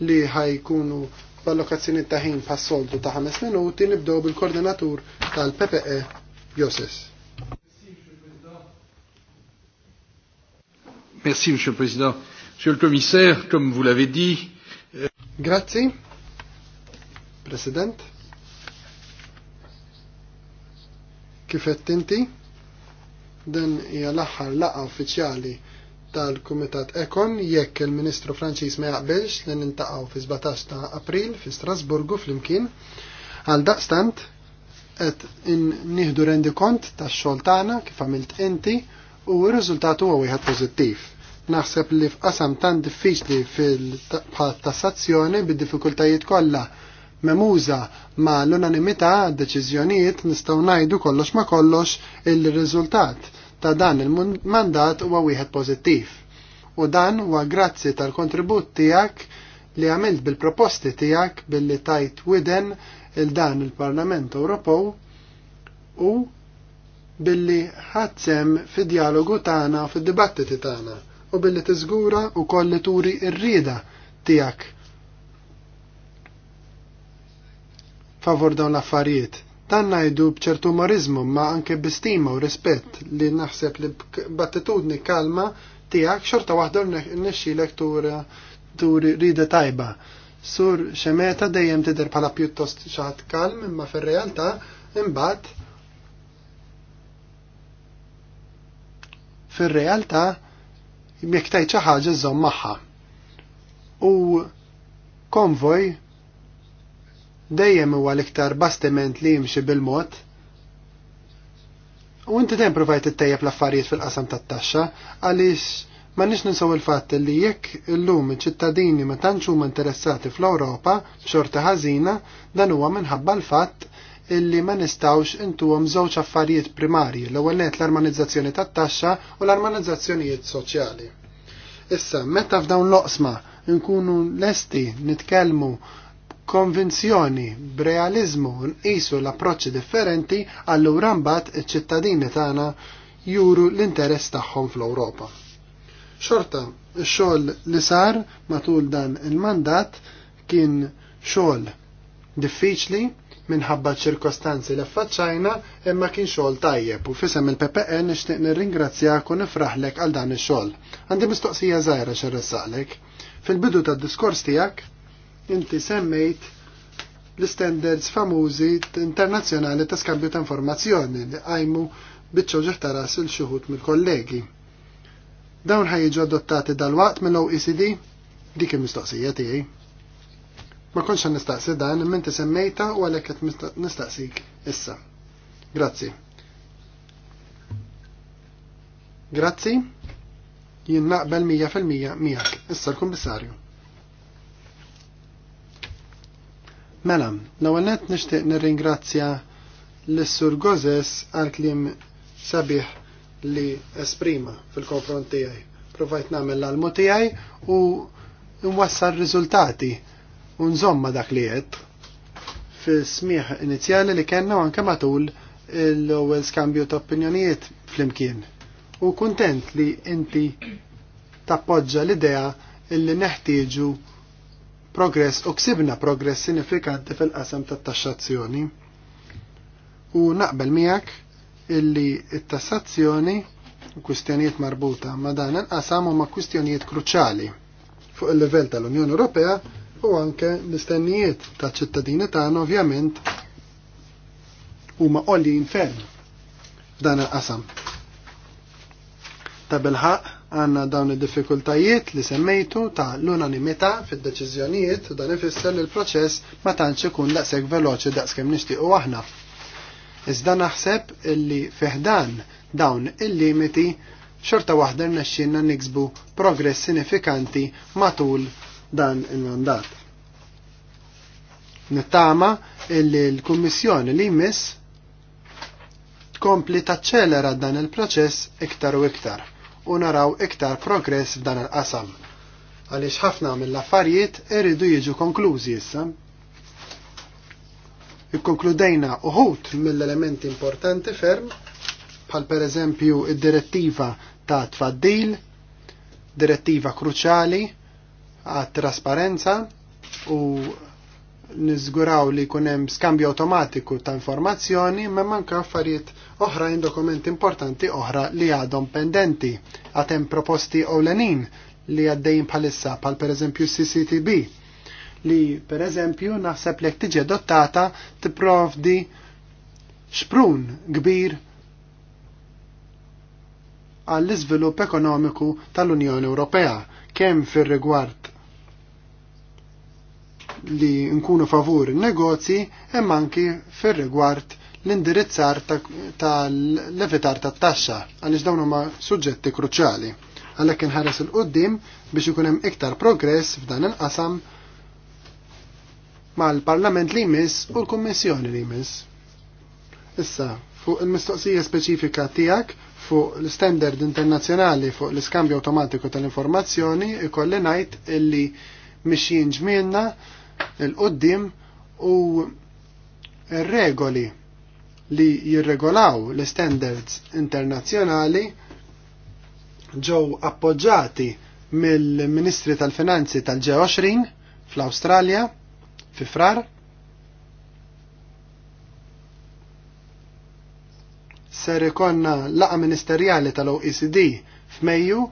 S1: li ħajkunu b'allokazzjoni ta' ħin pa' soltu ta' 5 minuti nibdew bil-koordinatur tal-PPE Joses. Merci, Monsieur le Président. Monsieur le Commissaire, comme vous l'avez dit. Euh... Grazie, President. Kif qed inti? Dan hija l-aħħar laqgħa uffiċjali tal-Kumitat Ekon jekk il-Ministru Franċis ma jaqbilx li nintaqgħu fi 17 ta' April fi Strasburgu flimkien għal daqstant qed nieħdu rendi kont tax-xogħol tagħna kif għamilt inti u r-riżultat huwa wieħed pożittiv. Naħseb li f'qasam tant diffiċli fil-tassazzjoni bid-diffikultajiet kollha memuża ma l-unanimità deċiżjonijiet nistgħu ngħidu kollox ma kollox il-riżultat ta' dan il-mandat huwa wieħed pożittiv. U dan huwa grazzi tal-kontribut tiegħek li għamilt bil-proposti tiegħek billi tajt widen il-dan il-Parlament Ewropew u billi ħadsem fi dialogu tagħna u fid-dibattiti tagħna u billi tiżgura u kolli turi r-rieda tiegħek favor dawn l-affarijiet Dan najdu bċertu marizmu ma anke bistima u rispett li naħseb li battitudni kalma tijak xorta wahda nixxilek tura turi rida tajba. Sur xemeta dejjem tidher bħala pjuttost xaħat kalm imma fir-realtà imbagħad fir-realtà jmiktajċa ħagġa xi ħaġa żomm magħha. U konvoj dejjem huwa l-iktar bastiment li jimxi bil-mod u inti dejjem provajt ittejjeb l-affarijiet fil-qasam tat-taxxa għaliex ma nix ninsaw il-fatt li jekk illum iċ-ċittadini ma tantx huma interessati fl-Ewropa b'xorta ħażina dan huwa minħabba l-fatt illi ma nistawx intuhom żewġ affarijiet primarji l-ewwel l-armonizzazzjoni tat-taxxa u l-armonizzazzjonijiet soċjali. Issa, meta f'dawn l-oqsma nkunu lesti nitkellmu konvinzjoni, b'realizmu nqisu l-approċċi differenti għallura mbagħad iċ-ċittadini tagħna juru l-interess tagħhom fl-Ewropa. Xorta, x-xogħol li sar matul dan il-mandat kien xogħol diffiċli minħabba ċirkostanzi li affaċċajna imma kien xogħol tajjeb u fisem il-PPN e nixtieq nirringrazzjak u nifraħlek għal dan ix-xogħol. Għandi mistoqsija żgħira x'irressaqlek. Fil-bidu tad-diskors tiegħek inti semmejt l-standards famużi internazzjonali ta' skambju ta' informazzjoni li għajmu bitċoġer ta' ras il-xuħut mill-kollegi. Dawn ħajġu adottati dal-waqt mill-OECD dik il-mistoqsija tiegħi. Ma konx nistaqsi dan minn inti semmejta u għalhekk qed nistaqsik issa. Grazzi. Grazzi. Jien naqbel 100% miegħek. Issa l-Kummissarju. Mela, l għalnet nishtiq nixtieq nirringrazzja l-Sur Gozes għal kliem sabiħ li esprima fil-konfront tiegħi. Provajt nagħmel l-almu tiegħi u nwassal riżultati u nżomma dak li qed fil-smiħ inizjali li kellna anke matul l-ewwel skambju ta' opinjonijiet flimkien. U kuntent li inti tappoġġa l-idea illi neħtieġu progress u ksibna progress sinifikanti fil-qasam tat-taxxazzjoni. U naqbel miegħek illi t-tassazzjoni u kwistjonijiet marbuta ma dan il-qasam huma kwistjonijiet kruċali fuq il-livell tal-Unjoni Ewropea u anke l-istennijiet taċ-ċittadini tagħna ovvjament huma qolli ferm f'dan il-qasam. Ta' bil-ħaq għanna dawn id-diffikultajiet li semmejtu ta' l-unanimità fid-deċiżjonijiet u dan ifisser li l-proċess ma tantx ikun daqshekk veloċi kemm nixtiequ aħna. Iżda naħseb illi fiħdan dawn il-limiti xorta waħda rnexxinna niksbu progress sinifikanti matul dan il-mandat. Nittama illi l-Kummissjoni li jmiss tkompli taċċelera dan il-proċess iktar u iktar u naraw iktar progress f'dan il-qasam. Għaliex ħafna mill-affarijiet irridu jiġu konklużi issa. Ikkonkludejna uħut mill-elementi importanti ferm, bħal per eżempju id-direttiva ta' tfaddil, direttiva kruċali għat trasparenza u niżguraw li jkun hemm skambju automatiku ta' informazzjoni ma manka affarijiet oħrajn dokumenti importanti oħra li għadhom pendenti. Għad hemm proposti ewlenin li għaddejjin bħalissa bħal pereżempju CCTB li pereżempju naħseb li jekk tiġi adottata tipprovdi xprun kbir għall-iżvilupp ekonomiku tal-Unjoni Ewropea kemm fir-rigward li nkunu favur il-negozji hemm anki fir-rigward l-indirizzar tal levitar ta' taxxa għaliex dawn huma suġġetti kruċjali. Għalhekk inħares il qudiem biex ikun hemm iktar progress f'dan il-qasam mal-Parlament li jmiss u l-Kummissjoni li jmiss. Issa, fuq il-mistoqsija speċifika tiegħek fuq l-standard internazzjonali fuq l-iskambju automatiku tal-informazzjoni ikolli ngħid illi mixjin ġmielna il-qoddim u regoli li jirregolaw l-standards internazzjonali ġew appoġġati mill-Ministri tal-Finanzi tal-G20 fl-Awstralja fi frar. Ser ikonna laqa ministerjali tal-OECD f'Mejju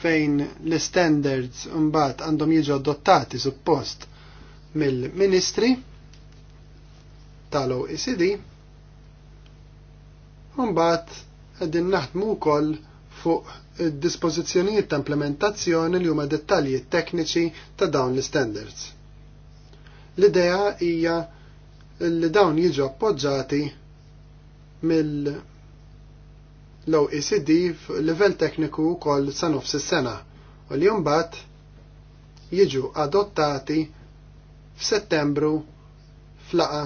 S1: fejn l-standards mbagħad għandhom jiġu adottati suppost mill-Ministri tal-OECD mbagħad qegħdin naħdmu wkoll fuq id-dispożizzjonijiet ta' implementazzjoni li huma dettalji tekniċi ta' dawn l-standards. L-idea hija li dawn jiġu appoġġati mill l-OECD f'livell tekniku wkoll sa nofs is-sena u li mbagħad jiġu adottati f'Settembru flaqa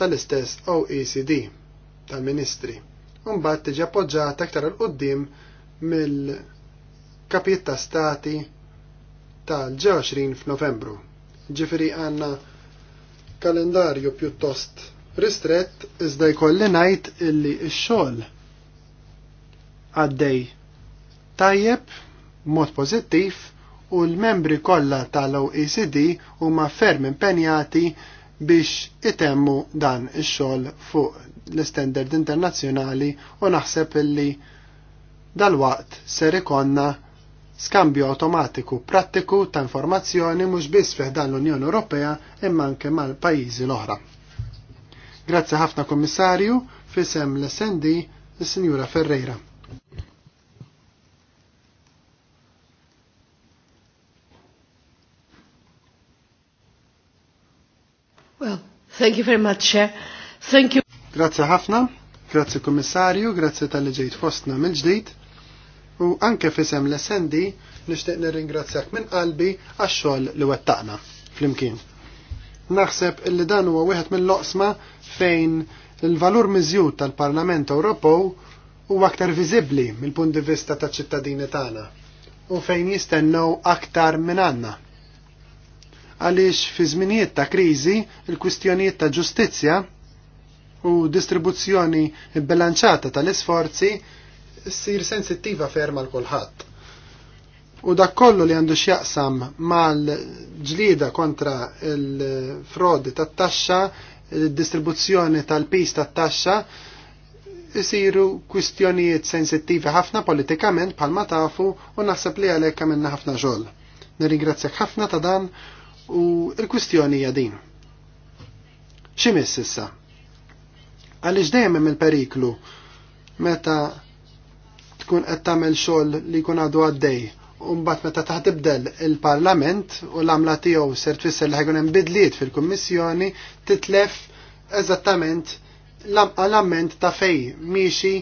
S1: tal-istess OECD tal-Ministri. Umbat tiġi appoġġata aktar il qudiem mill kapiet ta' stati tal-20 f'Novembru. Ġifiri għandna kalendarju pjuttost ristrett iżda jkolli ngħid illi x-xogħol għaddej tajjeb, mod pożittiv u l-membri kollha tal-OECD huma ferm impenjati biex itemmu dan ix-xogħol fuq l-istandard internazzjonali u naħseb illi dal-waqt ser ikonna skambju automatiku prattiku ta' informazzjoni mhux biss fih dan l-Unjoni Ewropea imma anke mal-pajjiżi l-oħra. Grazzi ħafna Kummissarju, fisem l-SND, is-Sinjura Ferreira.
S2: Well, thank you very much, Chair.
S1: Thank you. Grazie ħafna, grazie Kommissarju, grazie tal-li ġejt fostna mill-ġdid. U anke fisem l-essendi nishtiq nirringrazzjak minn qalbi għax-xogħol li wettaqna flimkien. Naħseb illi dan huwa wieħed mill-loqsma fejn il-valur miżjud tal-Parlament Ewropew huwa aktar viżibbli mill-punt di vista taċ-ċittadini tagħna u fejn jistennew aktar minn għandna għaliex fi żminijiet ta' kriżi il-kwistjonijiet ta' ġustizzja u distribuzzjoni bilanċata tal-isforzi ssir sensittiva ferma l kulħadd. U dak kollu li għandu x'jaqsam mal-ġlieda kontra il-frodi tat-taxxa, il-distribuzzjoni tal-pis tat-taxxa, isiru kwistjonijiet sensittivi ħafna politikament bħalma tafu u naħseb li għalhekk għamilna ħafna xogħol. Nirringrazzjak ħafna ta' dan U l-kwistjoni hija din. X'imiss issa? Għaliex dejjem hemm il-periklu meta tkun qed tagħmel xogħol li jkun għadu għaddej u mbagħad meta taħtibdel il-Parlament u l-għamla tiegħu ser tfisser li ħajkun hemm bidliet fil-Kummissjoni titlef eżattament l-amment ta' fej miexi,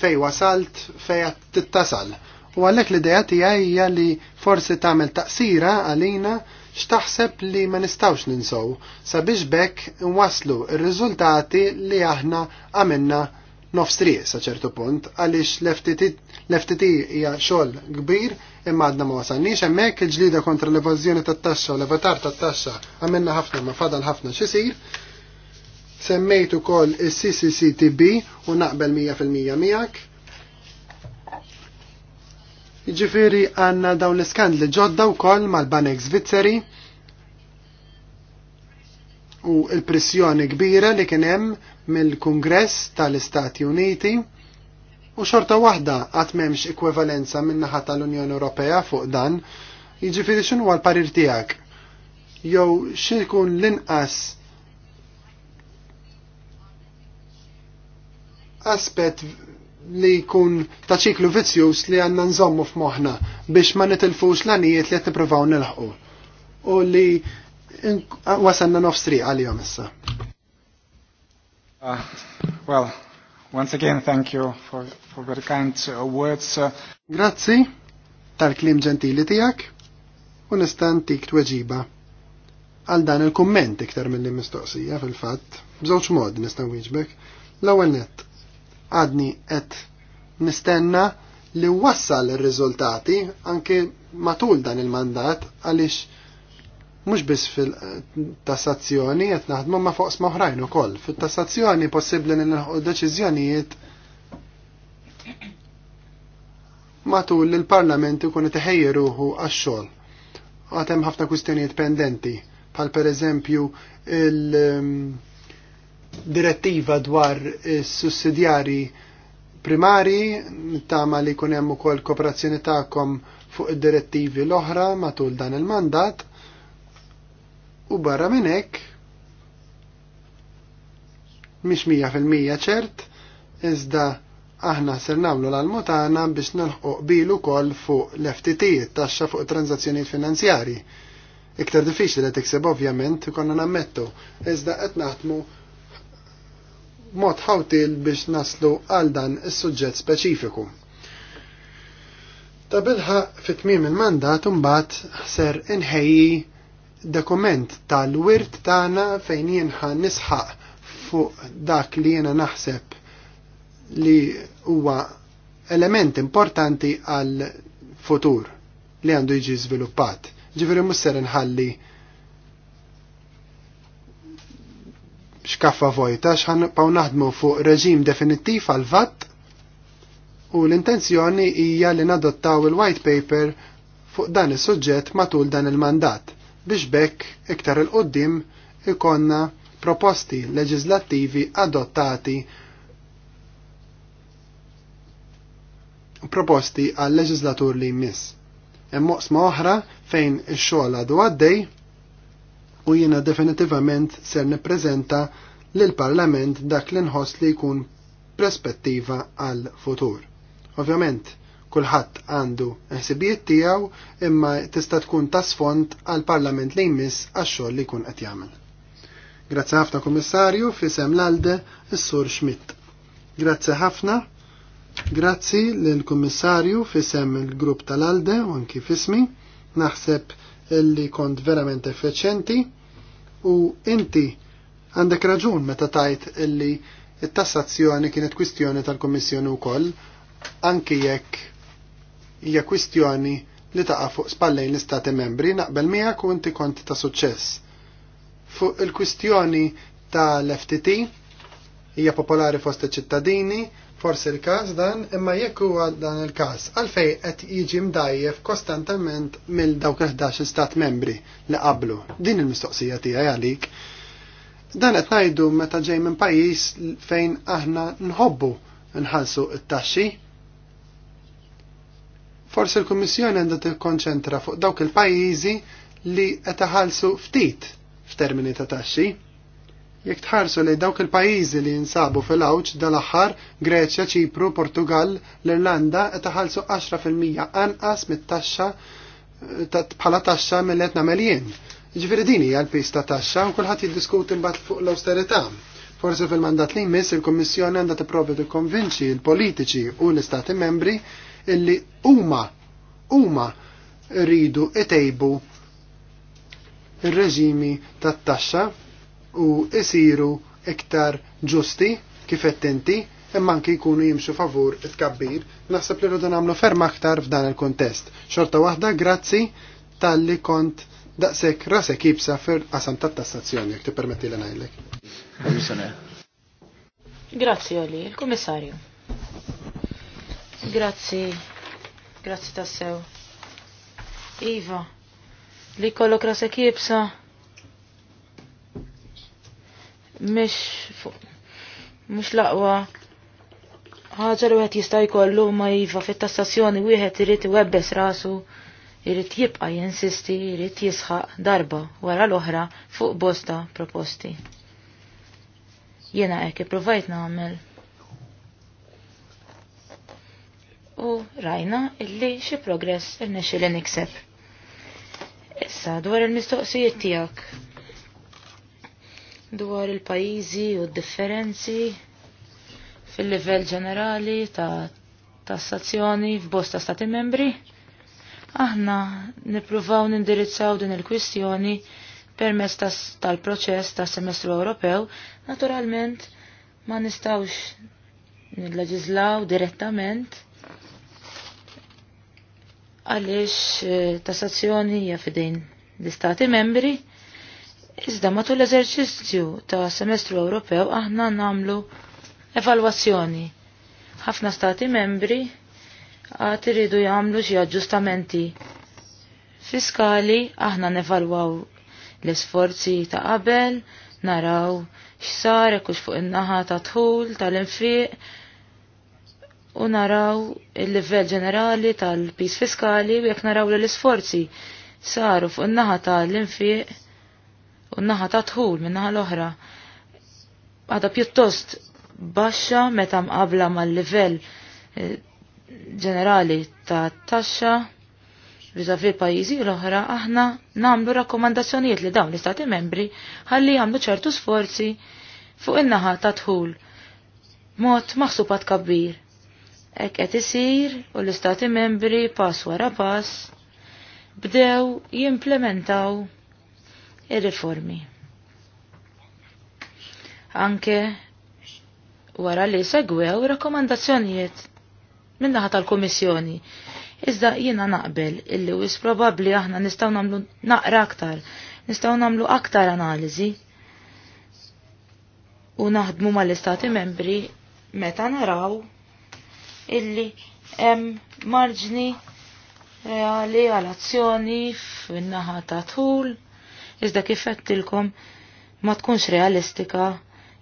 S1: fej wasalt, fej tittasal. U għallek l-ideja tiegħi hija li forsi tagħmel taqsira għalina x'taħseb li ma nistawx ninsow sabiex bekk nwaslu r-riżultati li aħna għamilna nofstrie sa ċertu punt għaliex l-FTT hija xogħol kbir imma għadna ma wasalniex hemmhekk il-ġlida kontra l-evażjoni tat-taxxa u l avatar tat-taxxa għamilna ħafna ma fadal ħafna x'isir. Semmejt ukoll is-CCCTB u naqbel 100% miegħek Ġifiri għanna daw l-skandli ġodda u koll mal-banek Zvizzeri. u il-pressjoni kbira li kienem mill-Kongress tal-Istati Uniti u xorta waħda għat memx ekwivalenza minnaħa tal-Unjoni Ewropea fuq dan, jġifiri xinu għal parir tijak? Jow xirkun l-inqas aspet li jkun ta' ċiklu vizzjus li għanna nżommu f'moħna biex ma nitilfux l-għanijiet li għetniprofaw nilħu u li wasanna nofstri għal-jom issa. Uh, well, once again, thank you for, for very kind uh, words. Uh. Grazzi tal-klim ġentili tijak u nistan tik tweġiba għal dan il-komment iktar mill-li mistoqsija fil-fat. Bżoċ mod nistan wieġbek. L-ewwel net, għadni qed nistenna li wassal il riżultati anke matul dan il-mandat għaliex mhux biss fil-tassazzjoni qed naħdmu ma' fuq oħrajn ukoll. Fit-tassazzjoni possibbli li nilħu deċiżjonijiet matul il-Parlament ikun iteħejjer ruħu għax-xogħol. Għatem ħafna kwistjonijiet pendenti, per pereżempju il- um, direttiva dwar sussidjari primari, ma li kunem u kol kooperazzjoni ta'kom fuq id-direttivi l-oħra matul dan il-mandat, u barra minnek, mix mija fil-mija ċert, iżda aħna ser namlu l-almutana biex nilħu bilu kol fuq l-FTT, taxxa fuq tranzazzjoniet finanzjari. Iktar diffiċli li tikseb ovvjament konna nammettu, iżda qed naħdmu mod ħawtil biex naslu għal dan is-suġġett speċifiku. Ta' bilħa fit-tmiem il-mandat imbagħad ser inħejji dokument tal-wirt tagħna fejn jienħa nisħaq fuq dak li jiena naħseb li huwa element importanti għal futur li għandu jiġi żviluppat. Ġifieri mhux ser inħalli xkaffa vojta xħan paw naħdmu fuq reġim definittiv għal vatt u l-intenzjoni hija li nadottaw il-white paper fuq dan is-suġġett matul dan il-mandat biex bekk iktar il-qoddim ikonna proposti leġislattivi adottati proposti għal leġislatur li jmiss. Hemm moqsma oħra fejn ix-xogħol għadu għaddej u jiena definitivament ser nippreżenta l parlament dak li nħoss li jkun prespettiva għal futur. Ovvjament, kulħadd għandu ħsibijiet tiegħu imma tista' tkun tasfond għal parlament li jmiss għax-xogħol li jkun qed jagħmel. Grazzi ħafna Kummissarju fisem l-Alde is-Sur Schmidt. Grazzi ħafna. Grazzi lill kummissarju fisem il-grupp tal-Alde u anki fismi. Naħseb illi kont verament effeċenti u inti għandek raġun meta tajt illi it-tassazzjoni kienet kwistjoni tal-Kommissjoni wkoll anki jekk hija kwistjoni li taqa' fuq spallejn l-Istati membri naqbel miegħek u inti kont ta' suċċess. Fuq il-kwistjoni tal-FTT hija popolari fost iċ-ċittadini forsi l-każ dan, imma jekk huwa dan il-każ, għalfej qed jiġi mdajjef kostantament mill dawk il-11 stat membri li qablu. Din il-mistoqsija tiegħi għalik. Dan qed ngħidu meta ġej minn pajjiż fejn aħna nħobbu nħallsu t-taxxi. Forsi l-Kummissjoni għandha tikkonċentra fuq dawk il-pajjiżi li qed iħallsu ftit f'termini ta' taxxi Jekk tħarsu li dawk il-pajjiżi li jinsabu fil-awċ dal-aħħar Greċja, Ċipru, Portugal, l-Irlanda qed taħalsu 10% anqas mit-taxxa bħala taxxa mill qed nagħmel jien. Ġifieri din hija l-pis ta' taxxa u kulħadd jiddiskuti mbagħad fuq l-awsterità. Forse fil-mandat li jmiss il-Kummissjoni għandha tipprovi tikkonvinċi l-politiċi u l-Istati membri illi huma huma rridu itejbu ir-reġimi tat-taxxa u isiru iktar ġusti kifett inti imma anki jkunu jimxu favur it-kabbir naħseb li rridu nagħmlu ferm aktar f'dan il-kontest. Xorta waħda grazzi tal-li kont daqsek rasek jibsa fil-qasam tat-tassazzjoni jek tippermetti li ngħidlek.
S2: Grazzi Oli, il-Kummissarju. Grazzi, grazzi tassew. Iva, li kollok rasek jibsa mish mux laqwa ħaġa li wieħed jista' jkollu ma iva fit-tassazzjoni wieħed irid iwebbes rasu, irid jibqa' jinsisti, irid jisħaq darba wara l-oħra fuq bosta proposti. Jiena hekk ippruvajt nagħmel. U rajna illi xi progress irnexxieli nikseb. Issa dwar il-mistoqsijiet tiegħek dwar il-pajizi u d-differenzi fil-livell ġenerali ta' tassazzjoni f'bosta stati membri. Aħna nipruvaw nindirizzaw din il-kwistjoni permezz tal-proċess ta' semestru Ewropew, naturalment ma nistawx nilleġislaw direttament għaliex eh, tassazzjoni hija fidejn l-istati membri Iżda matul l-eżerċizzju ta' semestru Ewropew aħna namlu evalwazzjoni. Ħafna stati membri għad iridu jagħmlu xi aġġustamenti fiskali aħna nevalwaw l-isforzi ta' qabel, naraw x'sar hekk fuq in-naħa ta' tħul tal-infiq u naraw il-livell ġenerali tal-pis fiskali u jekk naraw l-isforzi saru fuq in-naħa tal-infiq u naħa ta' tħul minnaħa naħa l-oħra għada pjuttost baxxa meta mqabla mal-livell eh, ġenerali ta' taxxa viżavi pajjiżi l-oħra aħna nagħmlu rakkomandazzjonijiet li dawn l-istati membri ħalli jagħmlu ċertu sforzi fuq in-naħa ta' tħul mod maħsubat kabbir. Ek qed isir u l-istati membri pass wara pass bdew jimplementaw ir-riformi. Anke wara li segwew rakkomandazzjonijiet minnaħa tal-Komissjoni. Iżda jiena naqbel illi wis probabbli aħna nistgħu nagħmlu naqra aktar, nistgħu nagħmlu aktar analiżi u naħdmu mal-istati membri meta naraw illi hemm marġni reali għal azzjoni f'in-naħa ta' tul iżda kif qedtilkom ma tkunx realistika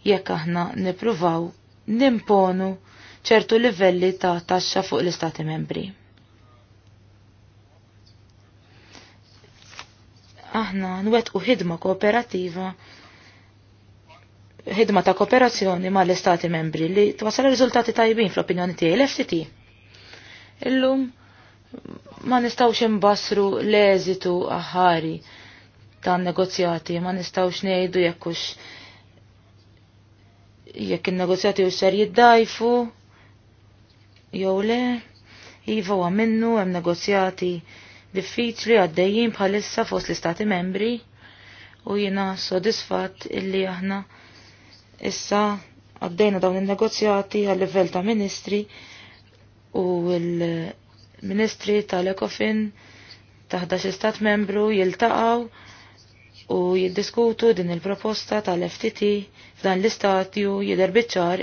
S2: jekk aħna nippruvaw nimponu ċertu livelli ta' taxxa fuq l-Istati membri. Aħna nwettqu ħidma kooperattiva ħidma ta' kooperazzjoni ma' l-Istati membri li twasal riżultati tajbin fl-opinjoni tiegħi l fct Illum ma nistawx imbassru l-eżitu aħari ta' negozjati ma nistawx ngħidu jekkux jekk in-negozjati u ser jiddajfu jew le iva għamennu, għam hemm negozjati diffiċli għaddejjin bħalissa fost l-istati membri u jina sodisfatt illi aħna issa għaddejna dawn il-negozjati għal livell ta' ministri u l-ministri tal-Ekofin ta' 11 stat membru jiltaqaw u jiddiskutu din il-proposta tal-FTT f'dan l-istatju jidher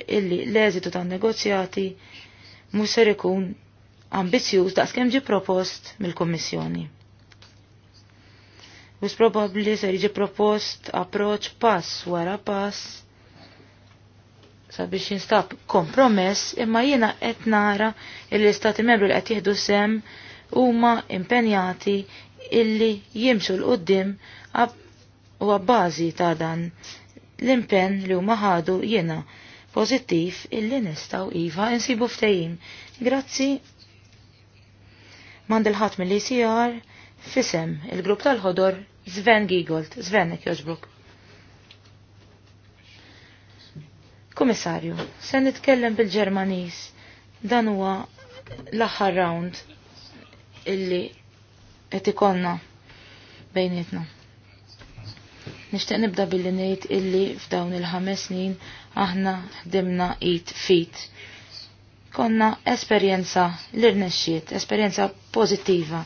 S2: illi l-eżitu tan-negozjati mhux ser ikun ambizzjuż kemm ġi propost mill-Kummissjoni. Wis probabbli se jiġi propost approċ pass wara pass sabiex jinstab kompromess imma jiena qed nara il-istati membru li qed jieħdu sem huma impenjati illi jimxu l-qoddim u għabbażi ta' dan l-impen li huma ħadu jiena pożittiv illi nistaw iva insibu ftejim. Grazzi mandilħat mill-ICR fisem il-grupp tal-ħodor Sven Giegold, Sven Kjosbruk. Komissarju, se nitkellem bil-Ġermanis dan huwa l-aħħar round illi qed ikolna bejnietna. Nixtieq nibda billi ngħid illi f'dawn il-ħames snin aħna ħdimna it fit. Konna esperjenza l-irnexxiet, esperjenza pożittiva.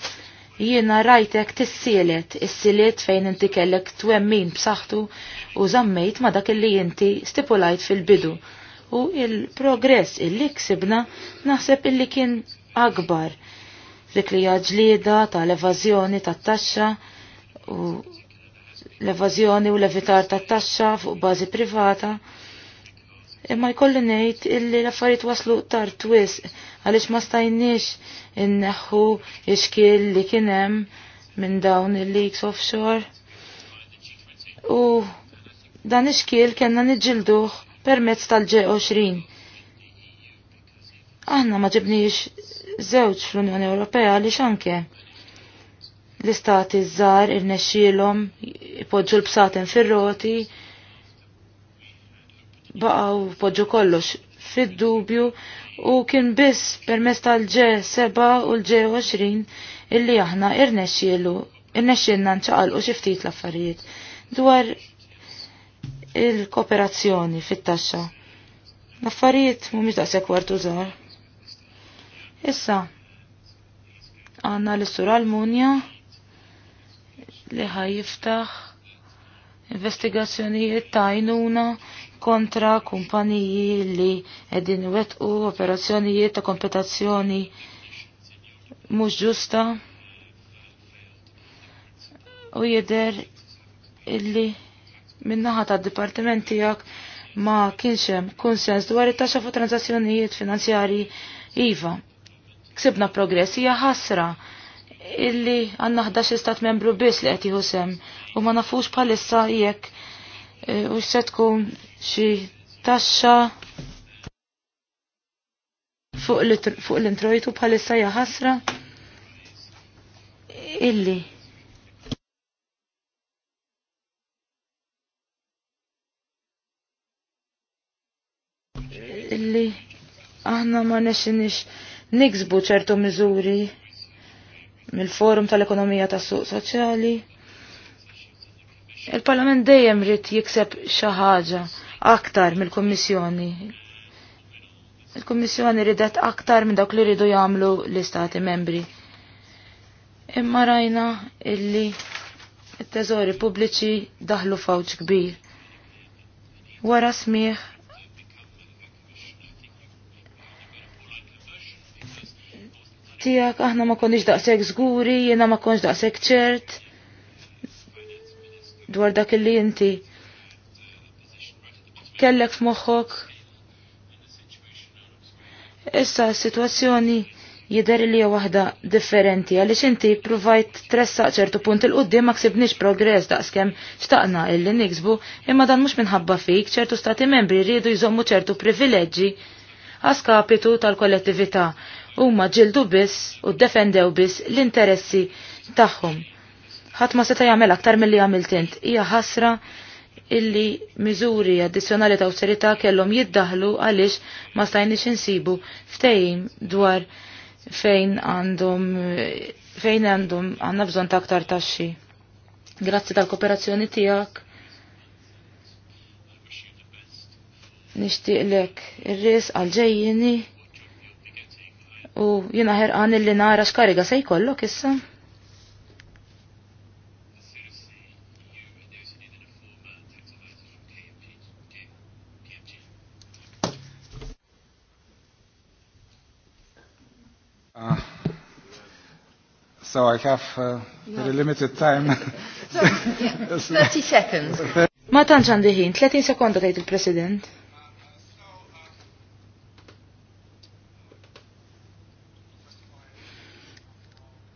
S2: Jiena rajtek tissielet, is-silet fejn inti kellek twemmin b'saħħtu u żammejt ma dak illi inti stipulajt fil-bidu. U il-progress illi ksibna naħseb illi kien akbar dik li ġlieda tal-evażjoni tat-taxxa u l-evażjoni u l-evitar ta' taxxa fuq bażi privata. Imma jkolli ngħid illi l-affarijiet waslu tar twis għaliex ma stajniex inneħħu ixkiel li kien hemm minn dawn il-leaks offshore. U dan ix-xkiel kellna niġġilduh permezz tal-G20. Aħna ma ġibniex żewġ fl-Unjoni Ewropea li anke l-istati żgħar irnexxielhom ipoġġu l-bsaten fir-roti baqgħu poġġu kollox fid-dubju u kien biss permezz tal-ġe 7 u l-ġe 20 illi aħna irnexxielu irnexxielna nċaqalqu xi ftit l-affarijiet dwar il-kooperazzjoni fit-taxxa. L-affarijiet mhumiex daqshekk wartu żgħar. Issa, għanna l-istur għall-munja li jiftaħ investigazzjonijiet ta' għajnuna kontra kumpaniji li edin wetqu operazzjonijiet ta' kompetazzjoni mhux ġusta u jidher illi minnaħa ta' dipartiment tiegħek ma kienx hemm kunsens dwar it-taxxa fuq transazzjonijiet finanzjarji iva. Ksibna progress hija ħasra illi għanna 11 stat membru biss li qed sem u ma nafux bħalissa jekk e, u se tkun xi taxxa fuq l-introjtu bħalissa jaħasra. illi illi aħna ma nexinix niksbu ċertu miżuri mill-Forum tal-Ekonomija tas-Suq Soċjali. Il-Parlament dejjem rrid jikseb xi ħaġa aktar mill-Kummissjoni. Il-Kummissjoni ridet aktar minn dawk li rridu jagħmlu l-Istati membri. Imma rajna illi it-teżori pubbliċi daħlu fawċ kbir. Wara smieħ tijak, aħna ma konniġ daqseg zguri, jena ma konniġ daqseg ċert. Dwar dak li inti kellek f'moħħok. Issa situazzjoni jider li hija waħda differenti għaliex inti provajt tressaq ċertu punt il-qudiem ma ksibniex progress daqskemm xtaqna illi niksbu imma dan mhux minħabba fik ċertu stati membri rridu jżommu ċertu privileġġi għaskapitu tal-kollettività huma ġildu biss u defendew biss l-interessi tagħhom. Ħadd ma seta' jagħmel aktar milli għamilt int. Hija ħasra illi miżuri addizzjonali ta' awsterità kellhom jiddaħlu għaliex ma stajniex insibu ftehim dwar fejn għandhom fejn għandhom għandna bżonn ta' aktar taxxi. Grazzi tal-kooperazzjoni tiegħek. Nishtiq lek ir-ries għal ġejjini u jina ħerqan illi nara xkariga se jkollok issa.
S1: Ah. so I have uh, very limited time.
S2: 30 seconds. Ma tanċan diħin, 30 sekonda tajt il-President.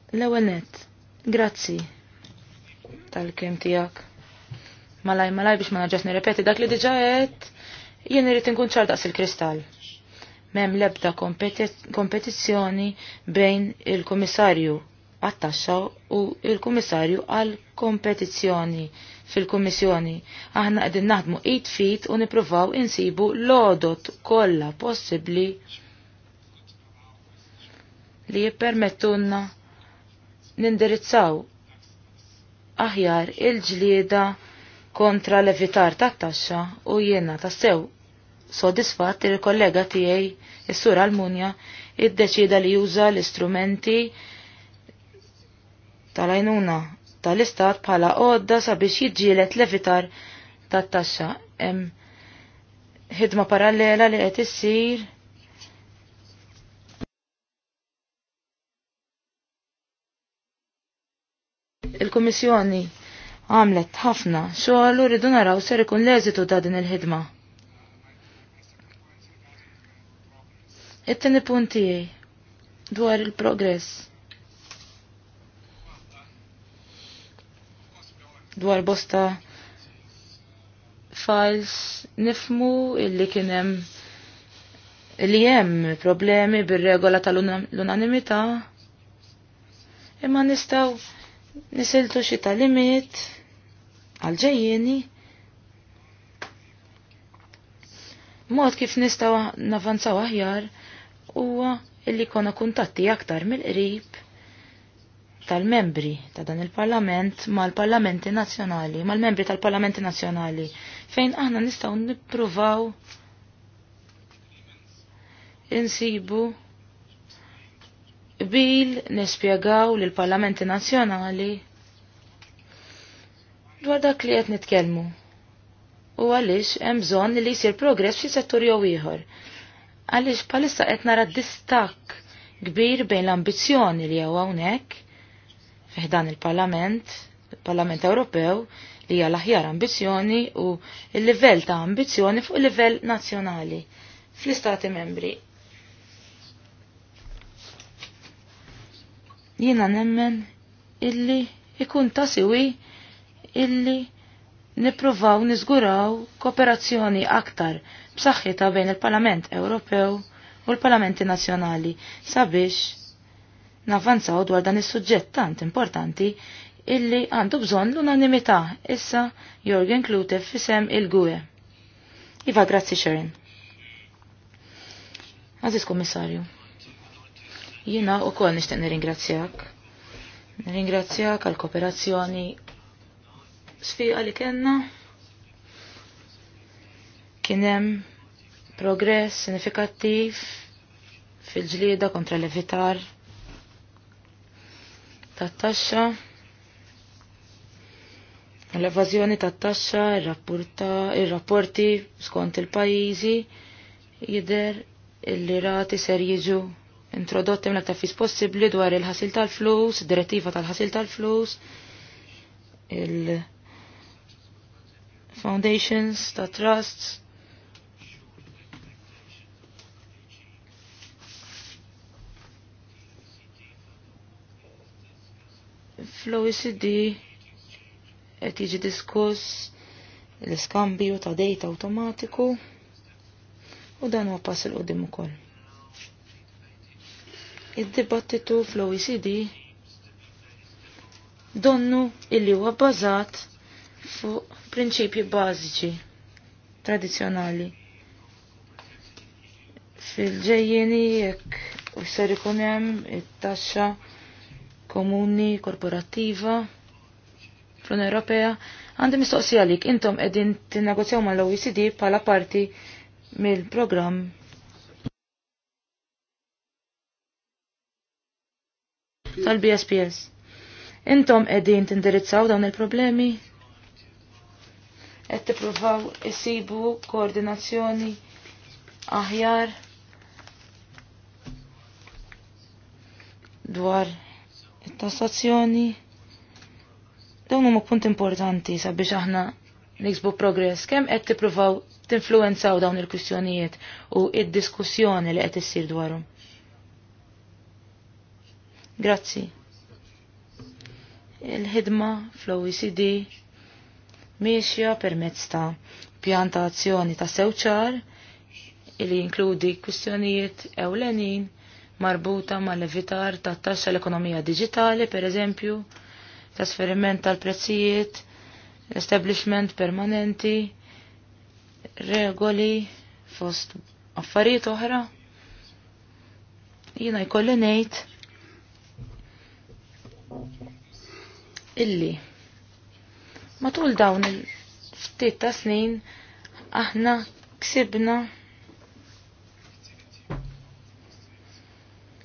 S2: L-ewwel nett, grazzi tal kem tiegħek. Malaj, malaj biex ma naġġas nirrepeti dak li diġa qed jien irid inkun ċar daqs il-kristall. Mem lebda kompetizzjoni bejn il-Kummissarju għat-taxxa u il-Kummissarju għal kompetizzjoni fil-Kummissjoni. Aħna qegħdin naħdmu 8 feet u nippruvaw insibu lodot kollha possibbli li jippermettunna nindirizzaw aħjar il-ġlieda kontra l-evitar tat-taxxa u jiena tassew sodisfatt il-kollega tiegħi is-sur Almunja iddeċida li juża l-istrumenti tal-għajnuna tal-istat bħala għodda sabiex jiġġielet l-evitar tat-taxxa. Hemm ħidma parallela li qed issir Il-Kummissjoni għamlet ħafna xogħol u naraw ser ikun l-eżitu ta' din il-ħidma. It-tieni punt tiegħi dwar il-progress. Dwar bosta files nifmu illi kienem li jem problemi bir-regola tal-unanimità imma nistaw nisiltu xi talimiet għal mod kif nistgħu navanzaw aħjar huwa illi kona kuntatti aktar mill-qrib tal-membri ta' dan il-parlament mal-parlamenti nazzjonali, mal-membri tal-parlamenti nazzjonali, fejn aħna nistaw nippruvaw insibu bil nispjegaw lil parlamenti nazzjonali dwar dak li qed nitkellmu. U għaliex hemm bżonn li jsir progress fi settur jew ieħor. Għaliex bħalissa qed nara distakk kbir bejn l-ambizzjoni li hawn hawnhekk fiħdan il-Parlament, il-Parlament Ewropew li hija l-aħjar ambizzjoni u l-livell ta' ambizzjoni fuq il-livell nazzjonali fl-istati membri. Jiena nemmen illi ikun ta' siwi illi nipruvaw niżguraw kooperazzjoni aktar b'saħħitha bejn il-Parlament Ewropew u l-Parlamenti Nazzjonali sabiex navanzaw dwar dan is-suġġett tant importanti illi għandu bżonn l-unanimità issa Jorgen Klute fisem il-Gwe. Iva, grazzi Sharon. Aziz Komissarju. Jina u kol nishtiq nirringrazzjak. Nirringrazzjak għal kooperazzjoni sfiqa li kena. Kienem progress sinifikattiv fil-ġlieda kontra l-evitar tat-taxxa l-evazjoni tat-taxxa, ir-rapporti skont il-pajjiżi jidher il-lirati ser jiġu introdotti minn tafis fis possibbli dwar il-ħasil tal-flus, direttiva tal-ħasil tal-flus, il-foundations ta' trusts. Flow ECD qed jiġi diskuss l-iskambju ta' data automatiku u dan huwa pass il-qudiem ukoll id-dibattitu fl-OECD donnu illi huwa bbażat fuq prinċipji bażiċi tradizzjonali. Fil-ġejjeni jekk u ser ikun hemm it-taxxa komuni korporattiva fl-Unjoni Ewropea għandi mistoqsija għalik intom qegħdin tinnegozjaw mal-OECD bħala parti mill-programm tal-BSPS. Intom qegħdin tindirizzaw dawn il-problemi? Qed tippruvaw jisibu koordinazzjoni aħjar dwar it-tassazzjoni. Dawn huma punt importanti sabiex aħna nixbu progress, kemm qed tippruvaw tinfluenzaw dawn il-kwistjonijiet u id-diskussjoni li qed issir dwarhom. Grazzi. Il-ħidma fl-OECD miexja permezz ta' pjantazzjoni ta' sewċar li jinkludi kwistjonijiet ewlenin marbuta ma' levitar ta' taxxa l-ekonomija digitali, per eżempju, trasferiment tal-prezzijiet, establishment permanenti, regoli fost affarijiet oħra. Jina jkolli ngħid illi matul dawn il-ftit ta' snin aħna ksibna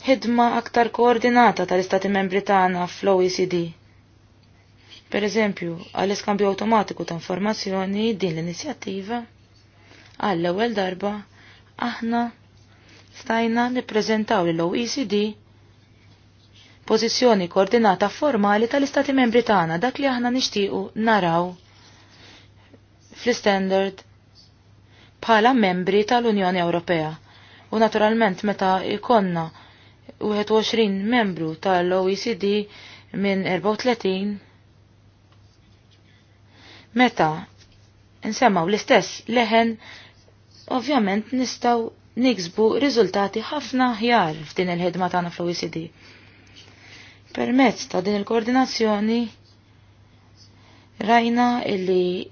S2: ħidma aktar koordinata tal-Istati Membri tagħna fl-OECD. Per eżempju, għall-iskambju automatiku ta' informazzjoni din l-inizjattiva, għall ewwel darba, aħna stajna nippreżentaw lill oecd pożizzjoni koordinata formali tal-Istati Membri tagħna dak li aħna nixtiequ naraw fl-standard bħala membri tal-Unjoni Ewropea. U naturalment meta ikonna 21 membru tal-OECD minn 34 meta nsemmaw l-istess leħen ovvjament nistaw niksbu riżultati ħafna ħjar f'din il-ħidma tagħna fl-OECD. Permezz ta' din il-koordinazzjoni rajna illi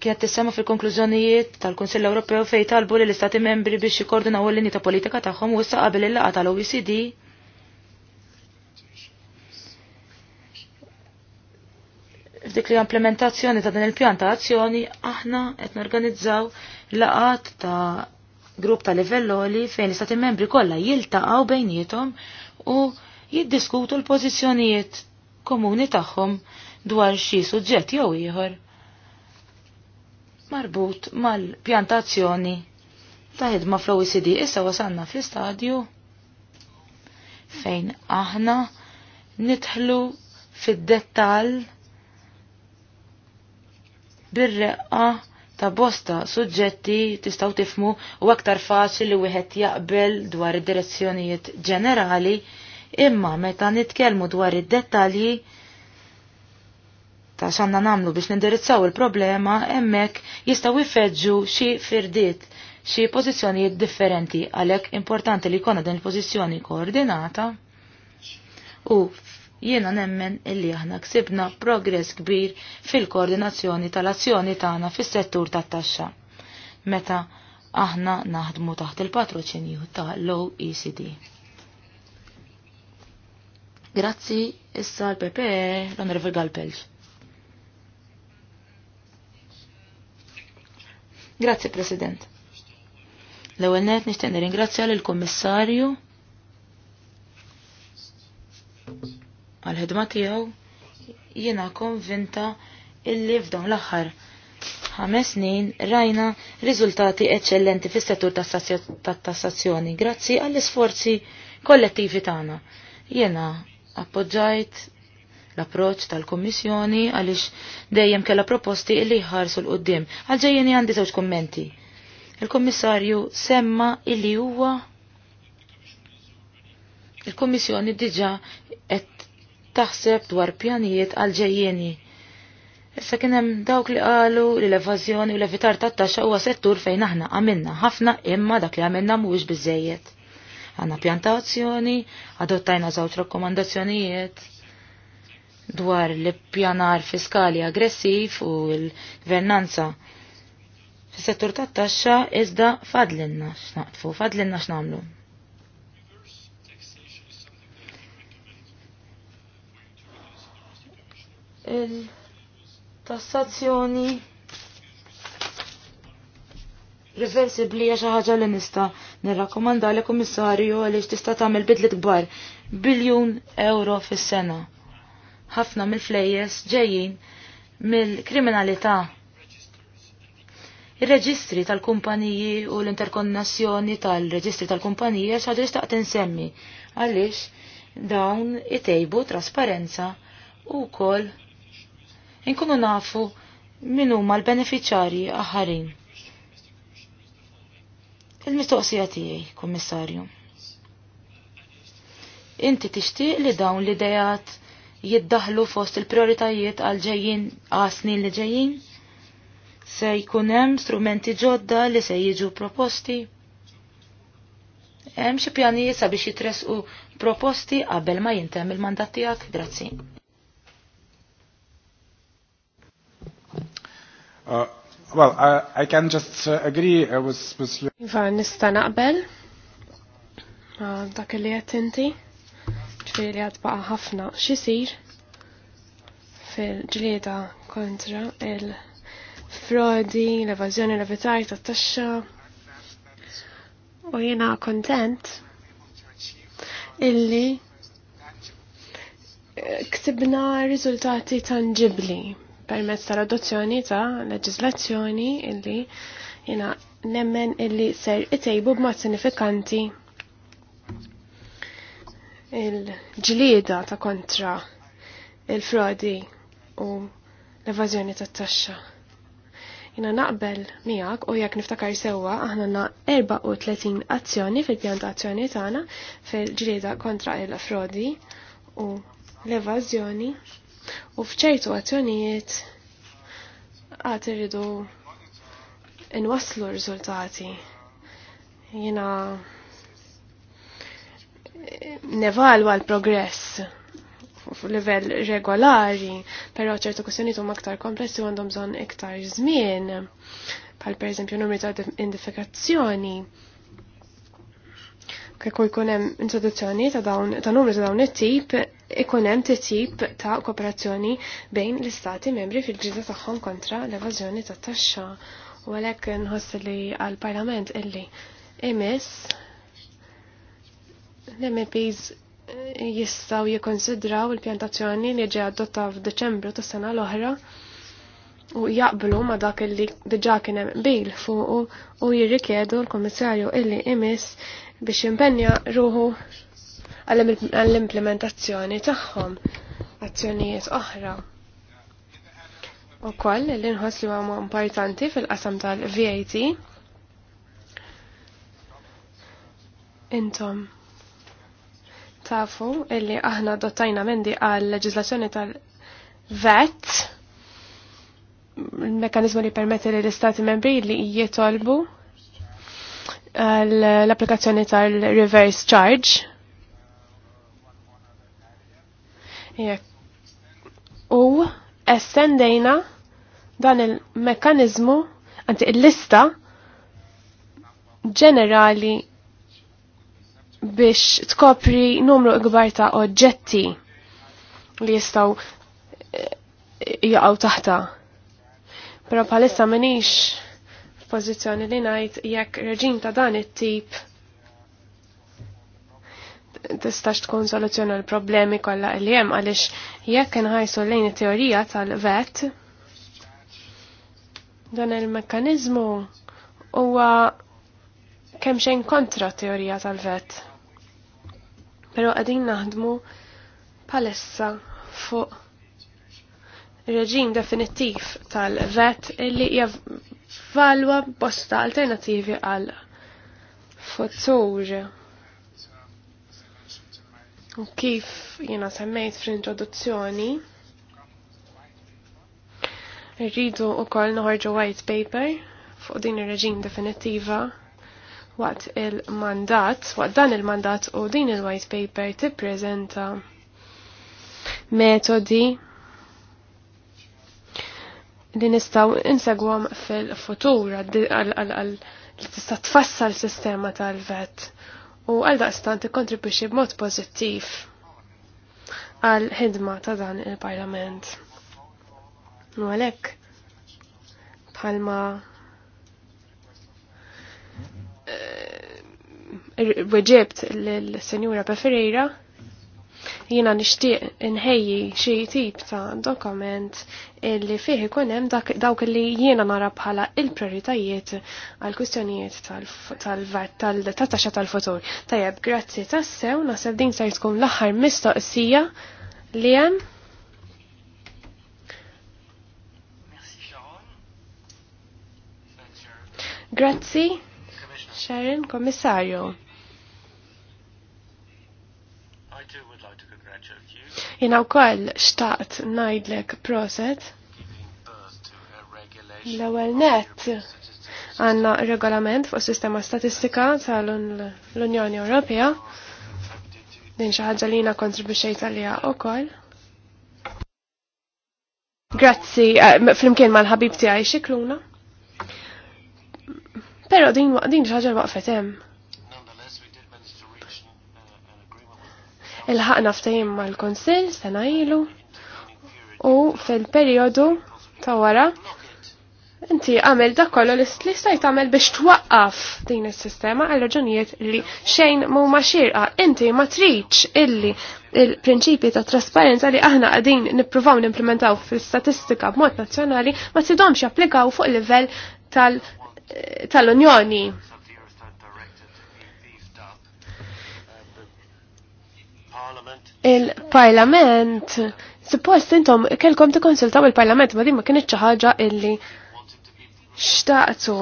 S2: kienet tissema fil-konklużjonijiet tal-Kunsill Ewropew fej talbu li l-Istati membri biex jikkoordinaw l-linji ta' politika tagħhom u issa qabel il-laqgħa tal-OECD f'dik li implementazzjoni ta' din il-pjan ta' azzjoni aħna qed norganizzaw laqat ta' grupp ta' livell fejn l-istati membri kollha jiltaqgħu bejniethom u jiddiskutu l-pożizzjonijiet komuni tagħhom dwar xi suġġett jew ieħor marbut mal-pjantazzjoni ta' ħidma fl-OECD issa wasanna fl-istadju fejn aħna nitħlu fid-dettal bir-reqqa ta' bosta suġġetti tistaw tifmu u aktar faċli li wieħed jaqbel dwar id-direzzjonijiet ġenerali Imma meta nitkellmu dwar id-dettalji ta' xanna namlu biex nindirizzaw il-problema, emmek jistaw ifedġu xi firdiet, xi pożizzjonijiet differenti, għalhekk importanti li jkollna din il-pożizzjoni koordinata. U jiena nemmen illi aħna ksibna progress kbir fil-koordinazzjoni tal-azzjoni tagħna fis-settur tat-taxxa. Meta aħna naħdmu taħt il-patroċinju tal-Low ECD. Grazzi, issa l pepe l-Onorevol Galpelġ. Grazzi, President. L-ewwel nishtenni nixtieq nirringrazzja lill kummissarju għal-ħidma tiegħu jiena konvinta illi f'dawn l-aħħar ħames snin rajna riżultati eċċellenti fis-settur tat-tassazzjoni grazzi għall-isforzi kollettivi tagħna. Jiena appoġġajt l-approċ tal-Kommissjoni għaliex dejjem kella proposti illi ħarsu l-qoddim. Għalġejjeni għandi żewġ kommenti. Il-Kommissarju semma illi huwa il-Kommissjoni diġa qed taħseb dwar pjanijiet għalġejjeni. Issa kien hemm dawk li qalu li l-evażjoni u l-evitar tat-taxxa huwa settur fejn aħna għamilna ħafna imma dak li għamilna mhuwiex biżejjed Għanna azzjoni, adottajna żewġ rakkomandazzjonijiet dwar l-pjanar fiskali aggressiv u l-gvernanza fis-settur tat-taxxa iżda fadlinna x'naqtfu, fadlinna x'namlu. il-tassazzjoni Reversibli għaxa ħaġa li nista nirrakkomanda li komissarju għaliex tista' tagħmel bidli kbar biljun euro fis-sena. Ħafna mill-flejjes ġejjin mill-kriminalità. Ir-reġistri tal-kumpaniji u l-interkonnessjoni tal-reġistri tal-kumpaniji għax ħaġa nixtaq tinsemmi għaliex dawn itejbu trasparenza u wkoll inkunu nafu min huma l-beneficjarji aħarin Il-mistoqsija tiegħi, Kummissarju. Inti tixtieq li dawn l-idejat jiddaħlu fost il-prioritajiet għal ġejjin għasnin li ġejjin? Se jkun hemm strumenti ġodda li se jiġu proposti? Hemm xi pjanijiet sabiex jitresqu proposti qabel ma jintemm il-mandat tiegħek? Grazzi.
S1: Uh, Well, uh, I can just uh, agree uh, with, with you.
S3: Iva, nista naqbel. Uh, dak li għet inti. Ġviri għad baqa ħafna xisir fil-ġlieda kontra il-frodi, l-evazjoni, l evitaj ta' taxxa. U jena kontent illi eh, ktibna riżultati tangibli permezz tal-adozzjoni ta' leġislazzjoni illi jina nemmen illi ser itejbu b'mod sinifikanti il-ġlieda ta' kontra il-frodi u l-evażjoni tat-taxxa. Jina naqbel miegħek u jekk niftakar sewwa aħna na 34 azzjoni fil-pjan ta' azzjoni tagħna fil-ġlieda kontra il-frodi u l-evażjoni U fċertu għazzjonijiet għad irridu inwaslu r-riżultati. nevalu nevalwa l-progress f'livell regolari, però ċertu kwestjonijiet huma aktar komplessi u għandhom bżonn iktar żmien, per pereżempju numri ta' indifikazzjoni kieku jkun hemm introduzzjoni ta' dawn ta' numru ta' dawn it-tip ikun hemm titjib ta' kooperazzjoni bejn l-istati membri fil-ġrieda tagħhom kontra l-evażjoni tat-taxxa u għalhekk nħoss li għall-Parlament illi imiss l-MPs jistaw jikonsidraw il-pjantazzjoni li ġi adotta f'Deċembru tas sena l-oħra u jaqblu ma dak li diġa kien hemm bil fuq u jirrikjedu l-Kummissarju illi imis biex impenja ruħu għall-implementazzjoni tagħhom azzjonijiet oħra. U koll li nħoss li huma importanti fil-qasam tal-VAT. Intom tafu illi aħna dottajna mendi għal leġislazzjoni tal-VAT il-mekanizmu li permetti li l-istati membri li jitolbu l-applikazzjoni tal-reverse charge. U essendejna dan il-mekanizmu, għanti il-lista ġenerali biex tkopri numru ikbar ta' oġġetti li jistaw eh, jgħaw taħta. Pero palissa minix f'pożizzjoni li ngħid jekk reġim ta' dan it-tip tistax tkun soluzzjoni l problemi kollha li hemm għaliex jekk inħajsu lejn it-teorija tal-vet dan il-mekkaniżmu huwa kemm xejn kontra teorija tal-vet. Pero għadin naħdmu palessa fuq reġim definittiv tal-vet illi hija falwa bosta alternativi għal futur. U kif jena semmejt fl-introduzzjoni, rridu u koll noħorġu white paper fuq din ir-reġim definitiva waqt il-mandat, waqt dan il-mandat u din il-white paper tippreżenta metodi li nistaw insegwom fil-futur għal tista' tfassal sistema tal-vet u għal daqstan tikkontribwixxi b'mod pożittiv għal ħidma ta' dan il-Parlament. U għalhekk bħalma eh, weġibt lill-Senjura Pefereira jiena nixtieq inħejji xi tip ta' dokument illi fih ikun hemm dawk li jiena nara bħala il-prioritajiet għal kwistjonijiet tal-taxxa tal-futur. Tajjeb, grazzi tassew, naħseb din ser tkun l-aħħar mistoqsija li hemm. Grazzi, Sharon, Kommissarju. Jena wkoll xtaqt ngħidlek proset. L-ewwel net għandna regolament fuq sistema statistika tal-Unjoni Ewropea. Din xi ħaġa li jiena kontribwixxejt għaliha wkoll. Grazzi, eh, flimkien mal-ħabib tiegħi xikluna. Pero din din ħaġa waqfet hemm. il-ħakna ftajim mal-konsil sena ilu u fil-periodu ta' wara inti għamil da kollu li stajt għamil biex twaqqaf din is-sistema għal raġunijiet li xejn mu xirqa inti ma triċ illi il-prinċipji ta' trasparenza li aħna għadin nippruvaw nimplementaw fil-statistika b'mod nazzjonali ma tidomx japplikaw fuq livell eh, tal-Unjoni. Il-Parlament, suppost intom kelkom konsultaw il-Parlament ma dimma ma kienx illi xtaqtu.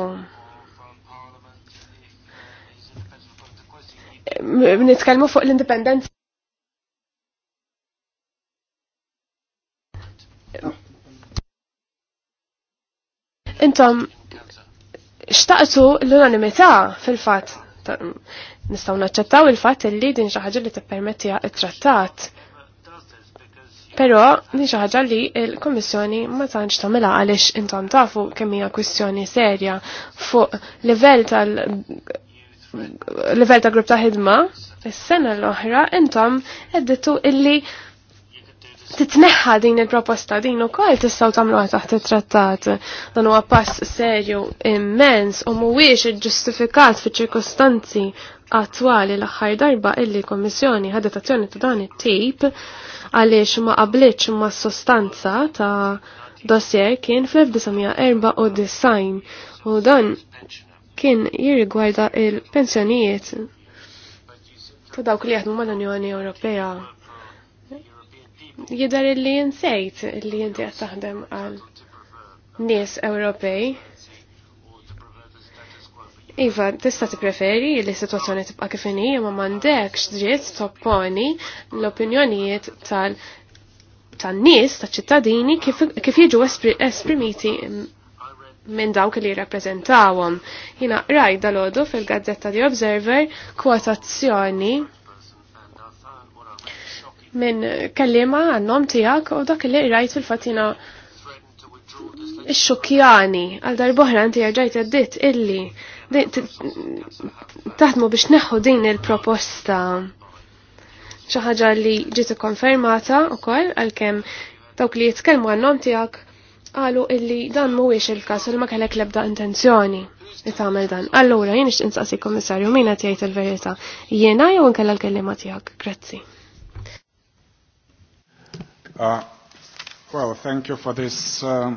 S3: Nitkellmu fuq l-indipendenza. Intom xtaqtu l-unanimità fil-fatt Nistaw naċċettaw il-fatt li din xi ħaġa li tippermettiha it-trattat. Però din xi ħaġa li l-Kummissjoni ma tantx tagħmilha għaliex intom tafu kemm hija kwistjoni serja fuq livell tal livell ta' grupp ta' ħidma, is-sena l-oħra intom għeddittu illi titneħħa din il-proposta din ukoll tistgħu tagħmluha taħt it-trattat. Dan huwa pass serju immens u mhuwiex iġġustifikat fiċ ċirkostanzi attuali l-aħħar darba illi kommissjoni ħadet azzjoni ta' dan it-tip għaliex ma qablitx ma' sostanza ta' dossier kien fl-1994 u dan kien jirrigwarda il-pensjonijiet ta' dawk li jaħdmu mal-Unjoni Ewropea. Jidher li jinsejt li jinti qed taħdem għal nies Ewropej Iva, tista preferi li situazzjoni tibqa kif inhi ma m'għandekx dritt topponi l-opinjonijiet tal tan-nies, taċ-ċittadini kif jiġu esprimiti minn dawk li jirrappreżentawhom. Jina rajda lodu fil-Gazzetta di Observer kwotazzjoni minn kellima għannom tijak u dak li rajt fil-fatina xukjani għal darboħra inti għagġajt għaddit illi taħdmu biex neħħu din il-proposta xi ħaġa li ġiet ikkonfermata wkoll għalkemm dawk li jitkellmu għan tiegħek qalu illi dan mhuwiex il-każ u ma kellek l-ebda intenzjoni li tagħmel dan. Allura jien nixtieq insaqsi kummissarju min qed jgħid il-verità. Jiena jew inkella l-kelliema tiegħek. Grazzi.
S1: Uh, well, thank you for this. Uh...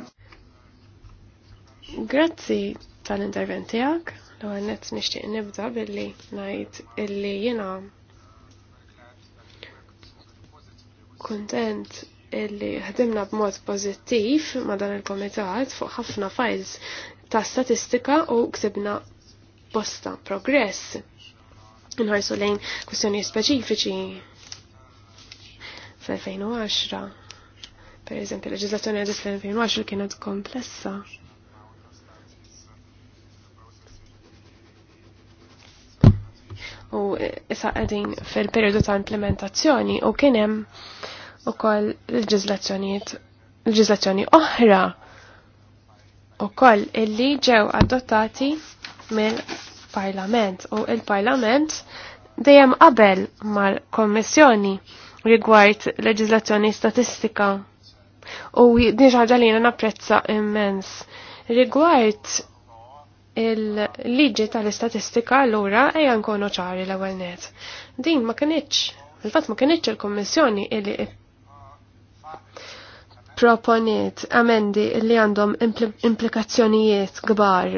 S3: Grazzi tal-intervent tiegħek. L-ewwel nishtiq nixtieq nibda billi ngħid illi jiena kuntent illi ħdimna b'mod pożittiv ma' dan il-komitat fuq ħafna files ta' statistika u ksibna posta progress. Nħarsu lejn kwistjoni speċifiċi fl-2010. Per eżempju, l-ġizazzjoni għadis fl-2010 kienet komplessa. u issa qegħdin fil-perjodu ta' implementazzjoni u kien hemm ukoll leġiżlazzjonijiet leġiżlazzjoni oħra ukoll illi ġew adottati mill-Parlament u il-Parlament dejjem qabel mal-Kommissjoni rigward leġiżlazzjoni statistika u din xi napprezza immens rigward il-liġi tal-istatistika l-ura eja nkonu ċari l-ewel net. Din ma kienieċ, il-fat ma kienieċ il-kommissjoni illi proponiet amendi li għandhom implikazzjonijiet gbar.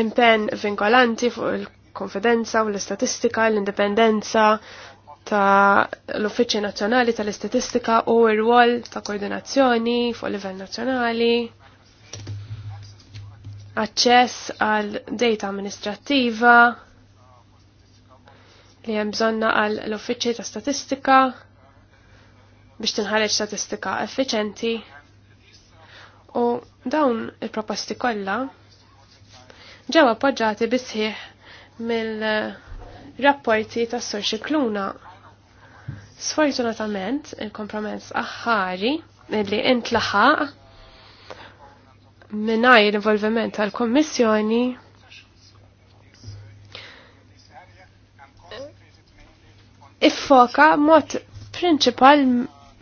S3: Impen vinkolanti fuq il-konfidenza u l-istatistika, l-indipendenza ta' l-Uffiċċju Nazzjonali tal-Istatistika u r-rwol ta' koordinazzjoni fuq livell nazzjonali aċċess għal data amministrattiva li hemm bżonna għal l-uffiċċji ta' statistika biex tinħareġ statistika effiċenti u dawn il-proposti kollha ġew appoġġjati bisħieħ mill-rapporti tas Sur Kluna. Sfortunatament, il-kompromess aħħari li intlaħaq minaj l-involviment tal-Kommissjoni iffoka mod prinċipal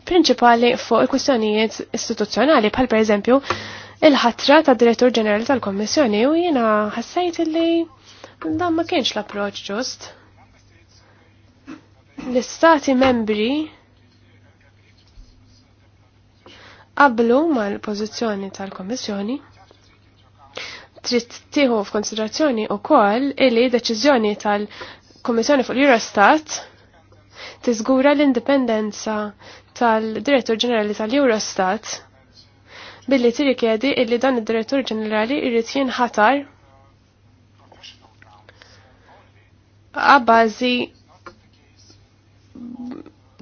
S3: prinċipali fuq il-kwistjonijiet istituzzjonali bħal per eżempju il-ħatra ta' direttur ġenerali tal-Kommissjoni u jiena ħassajt li dan ma kienx l-approċ ġust. L-istati membri qablu mal-pożizzjoni tal-Kommissjoni trid tieħu f'konsiderazzjoni wkoll illi deċiżjoni tal-Kummissjoni fuq l Eurostat tiżgura l-indipendenza tal-Direttur Ġenerali tal-Eurostat billi tirrikjedi illi dan id-Direttur Ġenerali jrid jinħatar għabbażi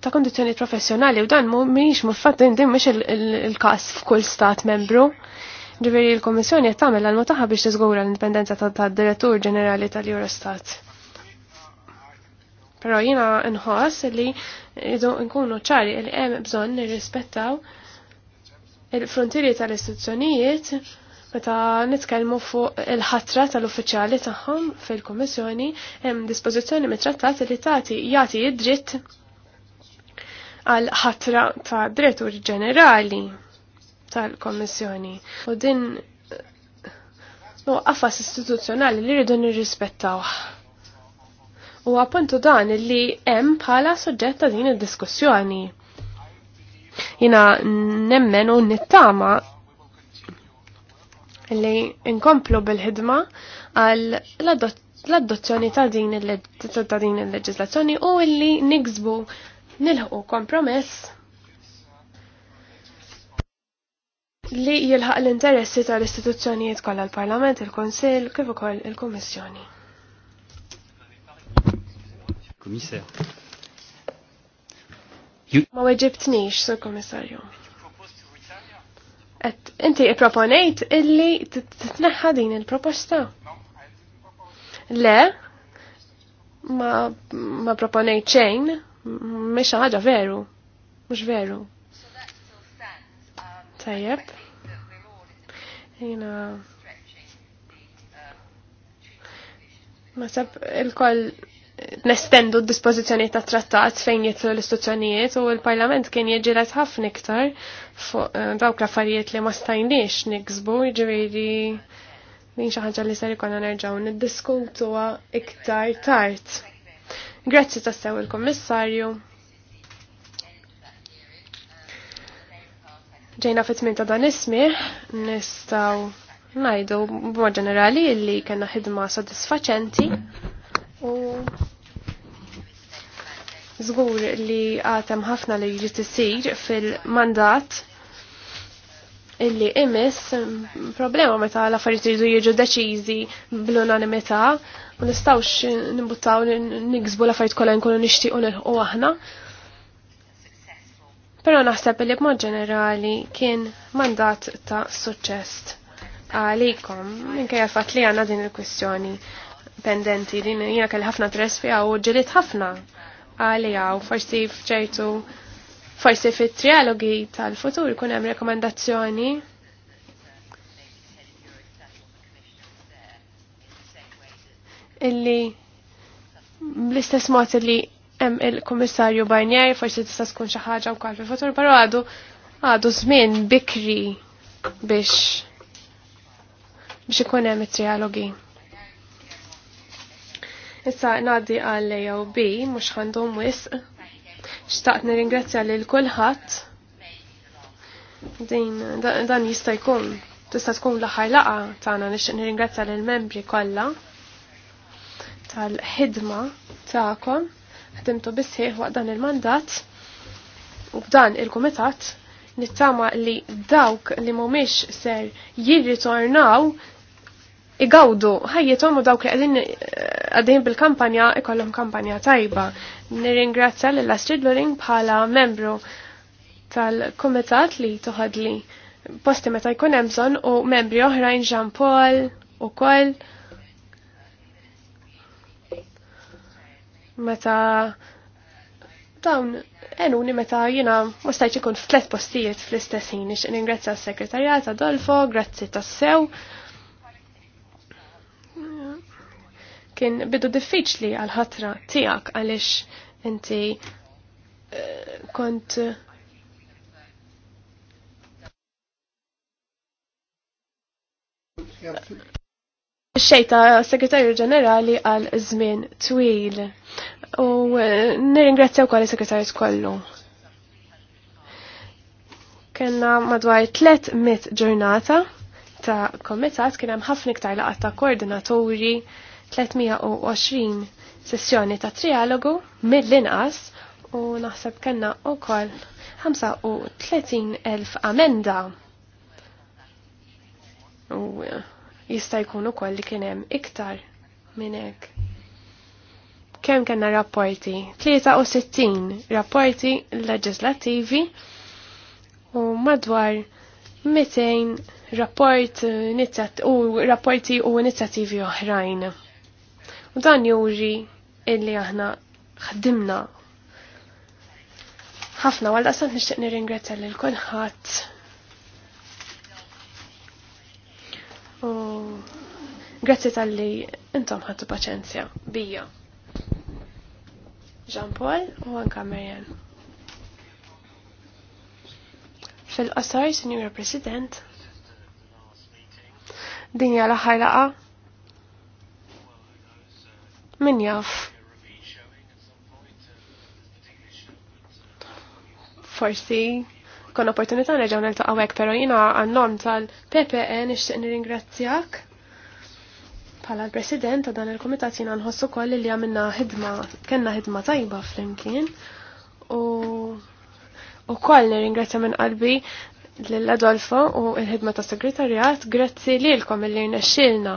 S3: ta' kondizjoni professjonali u dan mhix muffat din din mhix il-każ f'kull stat membru. Ġifieri l kummissjoni qed tagħmel għall-mutaħa biex tiżgura l-indipendenza tad-Direttur Ġenerali tal-Eurostat. Però jiena nħoss li nkunu ċari li hemm bżonn nirrispettaw il-frontieri tal-istituzzjonijiet meta nitkellmu fuq il-ħatra tal-uffiċjali tagħhom fil-Kummissjoni hemm dispożizzjoni mit-trattat li tagħti jagħti id-dritt għal ħatra ta' drettur ġenerali tal-Kommissjoni. U din u għafas istituzzjonali li rridu nirrispettaw. U appuntu dan li hemm bħala soġġett ta' din id-diskussjoni. Jina nemmen u nittama li inkomplu bil-ħidma għal l-adozzjoni ta' din il-leġizlazzjoni u li nigzbu nilħu kompromess li jilħaq l-interessi tal-istituzzjonijiet kollha l-Parlament, il-Konsil, kif ukoll il-Kummissjoni. Ma weġibtnix, sur Komissarju. Et inti proponejt illi titneħħa din il-proposta. Le, ma, ma proponejt xejn, Mhix ħaġa veru, mhux veru. Tajjeb. Jina. Ma sab il-koll nestendu d-dispozizjoni ta' trattat fejn jitlu l-istituzzjonijiet u l-parlament kien jieġilet ħafna iktar fuq eh, dawk l-affarijiet li ma stajniex niksbu, ġiviri din xi ħaġa li ser ikon nerġgħu niddiskutuha iktar tard. Grazzi tassew il-Kommissarju. Ġejna fit-tmin ta' dan ismi, nistaw najdu b'mod ġenerali li kena ħidma sodisfaċenti u zgur li għatem ħafna li ġi fil-mandat illi imis mm, problema meta l-affarijiet iridu jiġu deċiżi bl-unanimità u nistgħux nimbuttaw niksbu l-affarijiet kollha nkunu nixtiequ nilħu aħna. Però naħseb li b'mod ġenerali kien mandat ta' suċċess għalikom minkejja fatt li għandna din il-kwistjoni pendenti din jiena kelli ħafna tress fiha u ġiliet ħafna għalija u forsi fċejtu Forsi fit-trialogi tal-futur kun hemm rekomendazzjoni illi bl-istess mod li hemm il-Kummissarju Barnier forsi tista' tkun xi ħaġa wkoll fil-futur, però għadu għadu żmien bikri biex biex ikun hemm it-trialogi. Issa ngħaddi għal B mhux għandhom wisq. Xtaqt nirringrazzja lil kulħadd. kolħat dan jista' jkun tista' tkun l-aħħar laqa tagħna nixtieq nirringrazzja l membri kollha tal-ħidma tagħkom ħdimtu bisħiħ waqt dan il-mandat u b'dan il-kumitat nittama li dawk li mhumiex ser jirritornaw igawdu ħajjetom u dawk li qegħdin eh, għaddejn bil-kampanja ikollhom kampanja tajba. Nirringrazzja lil Astrid Loring bħala membru tal-kumitat li toħadli posti meta jkun hemm bżonn u membri oħrajn Jean Paul ukoll. Meta dawn enuni meta jina kun f-tlet postijiet fl istessin ħin. Ningrazzja s-sekretarjat Adolfo, grazzi tas-sew. kien bidu diffiċli għal-ħatra tijak għalix inti eh, kont xejta segretarju ġenerali għal żmien twil. U eh, nirringrazzjaw kwali segretarju kollu. Kenna madwar 300 ġurnata ta' komitat kien hemm ħafna iktar ta' koordinaturi 320 sessjoni ta' trialogu mill-inqas u naħseb kellna wkoll 35,000 amenda. U jista' jkun ukoll li kien hemm iktar minn hekk. Kemm kellna rapporti? 63 rapporti leġislattivi u madwar 200 rapport u rapporti u inizjattivi oħrajn. U dan juġi illi aħna ħaddimna ħafna għal daqsant nixtieq nirringrazzja lil kulħadd. U grazzi tal-li intom ħattu paċenzja bija. Jean Paul u anka Marian. Fil-qasar, Signora President, dinja l-ħajlaqa Min jaf. Forsi kon opportunità nerġaw niltaqgħu hekk, però jiena għannom tal tal-PPE nixtieq nirringrazzjak bħala l-President ta' dan il-Kumitat jiena nħossu koll li għamilna ħidma, kellna ħidma tajba flimkien u ukoll nirringrazzja minn qalbi l Adolfo u l-ħidma tas segretarjat, grazzi lilkom illi rnexxielna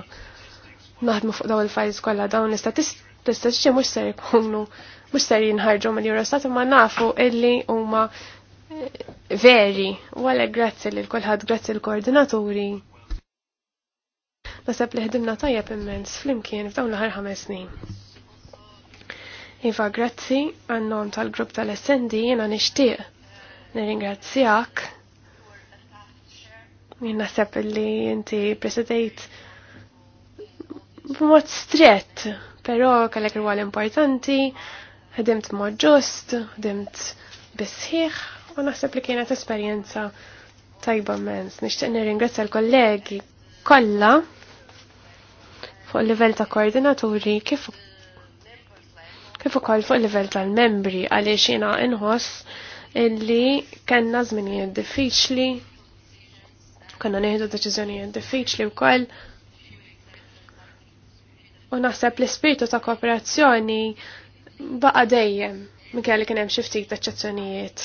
S3: naħdmu fuq dawn il files kollha dawn l-istatistiċi mhux ser jkunu mhux ser jinħarġu mill-Eurostat imma nafu illi huma eh, veri u għalhekk grazzi lil kulħadd grazzi l-koordinaturi. Naseb li ħdimna tajjeb immens flimkien f'dawn l aħħar ħames snin. Iva, grazzi għannom tal-grupp tal-SND jena nixtieq nirringrazzjak. Minna naħseb li inti presidejt b'mod strett, però kellek rwal importanti, ħedimt mod ġust, ħedimt bisħiħ, u naħseb li kienet esperjenza tajba mens. Nixtieq nirringrazzja l-kollegi kollha fuq livell ta' koordinaturi kif kif ukoll fuq livell tal-membri għaliex jiena inħoss illi kellna żminijiet diffiċli, konna nieħdu deċiżjonijiet diffiċli wkoll. U naħseb l-ispirtu ta' kooperazzjoni baqa dejjem minn kelli kien hemm xi ftit eċċezzjonijiet.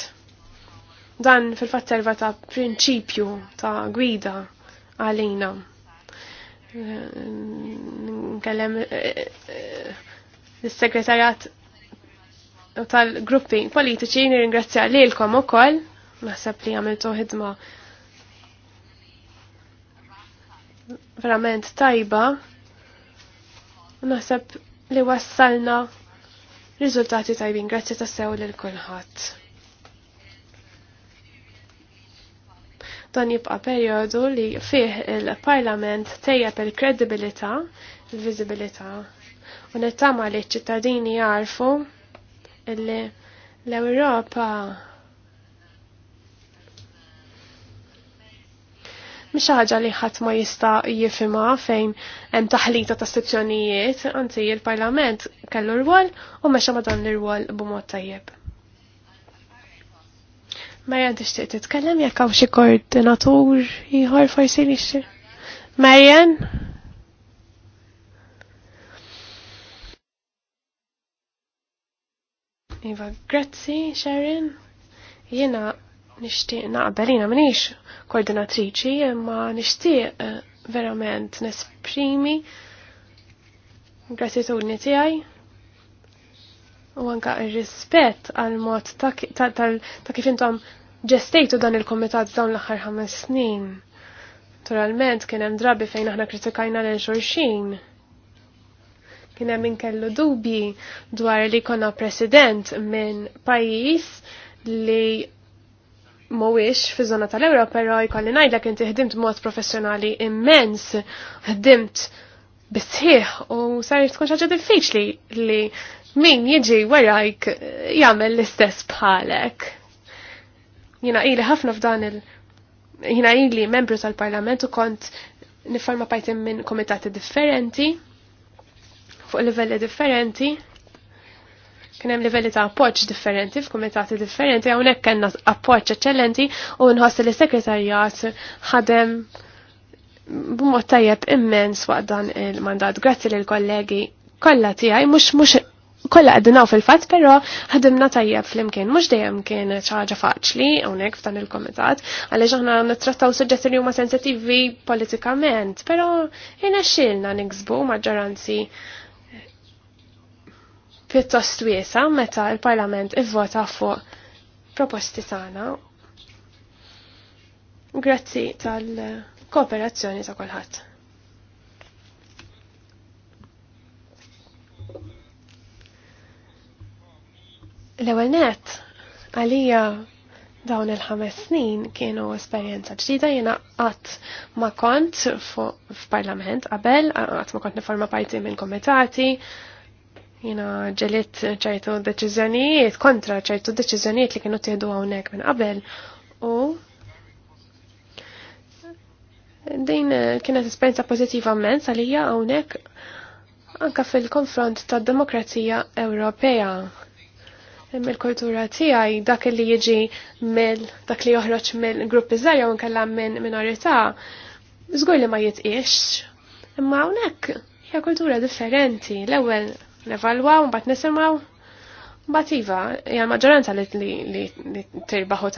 S3: Dan fil-fatt serva ta' prinċipju ta' gwida għalina. Nkellem eh, eh, l-segretarjat tal-gruppi politiċi nirringrazzja lilkom ukoll naħseb li għamiltu ħidma verament tajba Naħseb li wassalna riżultati tajbin. Grazzi li lil kulħadd. Dan jibqa' perjodu li fih il-Parlament tejjeb il-kredibilità, il-viżibilità u nittama li ċ-ċittadini jarfu illi l-Ewropa Mhix ħaġa li ħadd ma jista' jifhimha fejn hemm taħlita ta' istituzzjonijiet, anzi il-Parlament kellu rwol u mexa ma dan l-rwol b'mod tajjeb. Marjan tixtieq titkellem jekk hawn xi koordinatur ieħor forsi li xi. Marjan? Iva, grazzi, Sharon. Jena nishtiq naqbelina minix koordinatriċi imma nishtiq eh, verament nesprimi gratitudni tiegħi u anka ir-rispett għal mod ta' kif intom ġestejtu dan il-komitat dawn l-aħħar ħames snin. Naturalment kien hemm drabi fejn aħna kritikajna lil xulxin. Kien hemm inkellu dubji dwar li konna president minn pajjiż li mowiex fi zona tal-Ewro, pero jkolli najdlek inti ħdimt mod professjonali immens, ħdimt bisħiħ u sar tkun xaġa diffiċli li min jiġi warajk jagħmel l-istess bħalek. Jina ili ħafna f'dan il- jina ili membru tal-parlament u kont niforma pajtim minn komitati differenti fuq livelli differenti Kien hemm livelli ta' appoġġ differenti f'kumitati differenti hawnhekk kellna appoġġ eċċellenti u nħoss li s-sekretarjat ħadem b'mod tajjeb immens waqt dan il-mandat. Grazzi lil kollegi kollha tiegħi mhux mhux kollha qegħdinaw fil-fatt, però ħadimna tajjeb flimkien. Mhux dejjem kien ċaġa faċli hawnhekk f'dan il-komitat, għaliex aħna nittrattaw suġġetti li huma sensittivi politikament, però jina xilna niksbu maġġoranzi pjuttost wiesa meta il-Parlament ivvota fuq proposti tagħna. Grazzi tal-kooperazzjoni ta' kulħadd. L-ewwel net għalija dawn il-ħames snin kienu esperjenza ġdida jiena qatt ma kont fuq f'parlament qabel, qatt ma kont niforma parti minn komitati, jina ġeliet ċajtu deċizjonijiet, kontra ċajtu deċizjonijiet li kienu tieħdu hawnhekk minn qabel. U din kienet esperjenza pozitiva men għalija hawnhekk anka fil-konfront tad-demokrazija Ewropea. Mill-kultura tiegħi dak li jiġi mill dak li joħroġ mill gruppi żgħar jew inkella minn minorità, żgur li ma jitqiex. Imma hawnhekk hija kultura differenti. L-ewwel nevalwaw, mbagħad nisimgħu. Mbagħad iva, hija maġġoranza li, li, li tirbaħu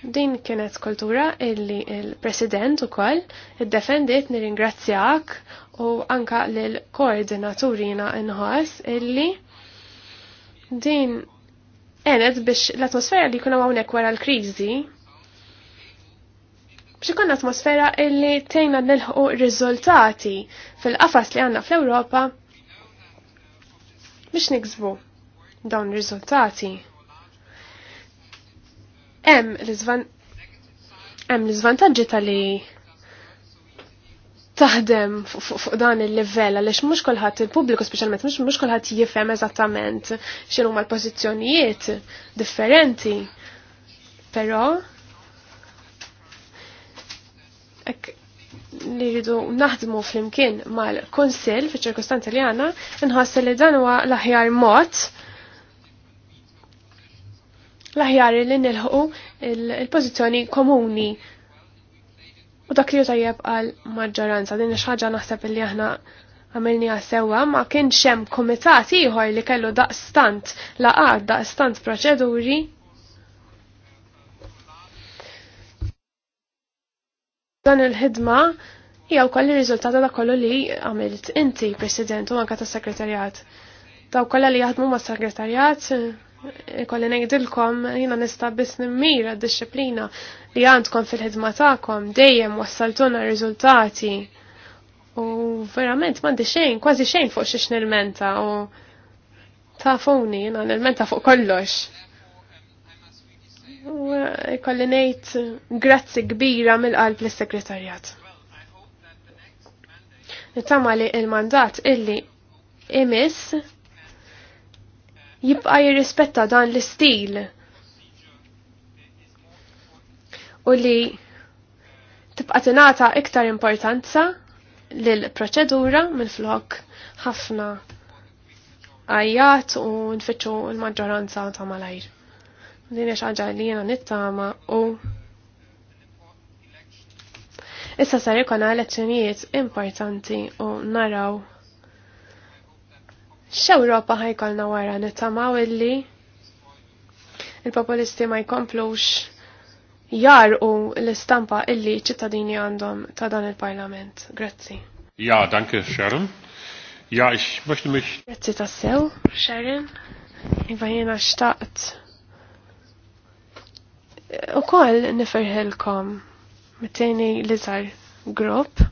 S3: Din kienet kultura illi il-President ukoll nir nirringrazzjak u anka koordinaturi koordinaturina inħoss illi din enet biex l-atmosfera li kuna hawnhekk wara l-kriżi biex kuna atmosfera illi tejna nilħu riżultati fil-qafas li għanna fl-Ewropa biex niksbu dawn ir-riżultati. Hemm l-iżvantaġġi tal-li taħdem fuq dan il-livell għaliex mhux kulħadd il-pubbliku speċjalment mhux mhux kulħadd jifhem eżattament x'inhu huma l-pożizzjonijiet differenti. Però li rridu naħdmu flimkien mal-Konsil fi ċirkostanza li għana, nħoss li dan huwa l-aħjar mod l-aħjar li nilħu il-pożizzjoni komuni u dak li tajjeb għal maġġoranza din xaġa naħseb li aħna għamilni għasewa ma kienx hemm komitat ieħor li kellu daqstant laqad daqstant proċeduri Dan il-ħidma hija wkoll ir-riżultata ta' kollu li għamilt inti, President, u anke tas segretarjat Daw kollha li jaħdmu mas segretarjat ikolli ngħidilkom jiena nista' biss nimmir għad dixxiplina li għandkom fil-ħidma tagħkom dejjem wassaltuna riżultati. U verament m'għandi xejn, kważi xejn fuq xiex nilmenta u tafuni jiena nilmenta fuq kollox u kolli ngħid grazzi kbira mill-qalb l segretarjat Nittama li il-mandat illi imis jibqa' jirrispetta dan l-istil u li tibqa' tingħata iktar importanza l proċedura mill-flok ħafna għajjat u nfittxu l-maġġoranza ta' malajr. Din ħaġa li jiena nittama u issa sar ikun elezzjonijiet importanti u naraw x'Ewropa ħajkolna wara u illi il-populisti ma jkomplux u l-istampa illi ċittadini għandhom ta' dan il-Parlament. Grazzi.
S1: Ja, danke, Sharon. Ja, ix, möchte mich...
S3: Grazzi tassew, Sharon. Iva jena xtaqt U koll nifirħilkom mit-tini lizar grupp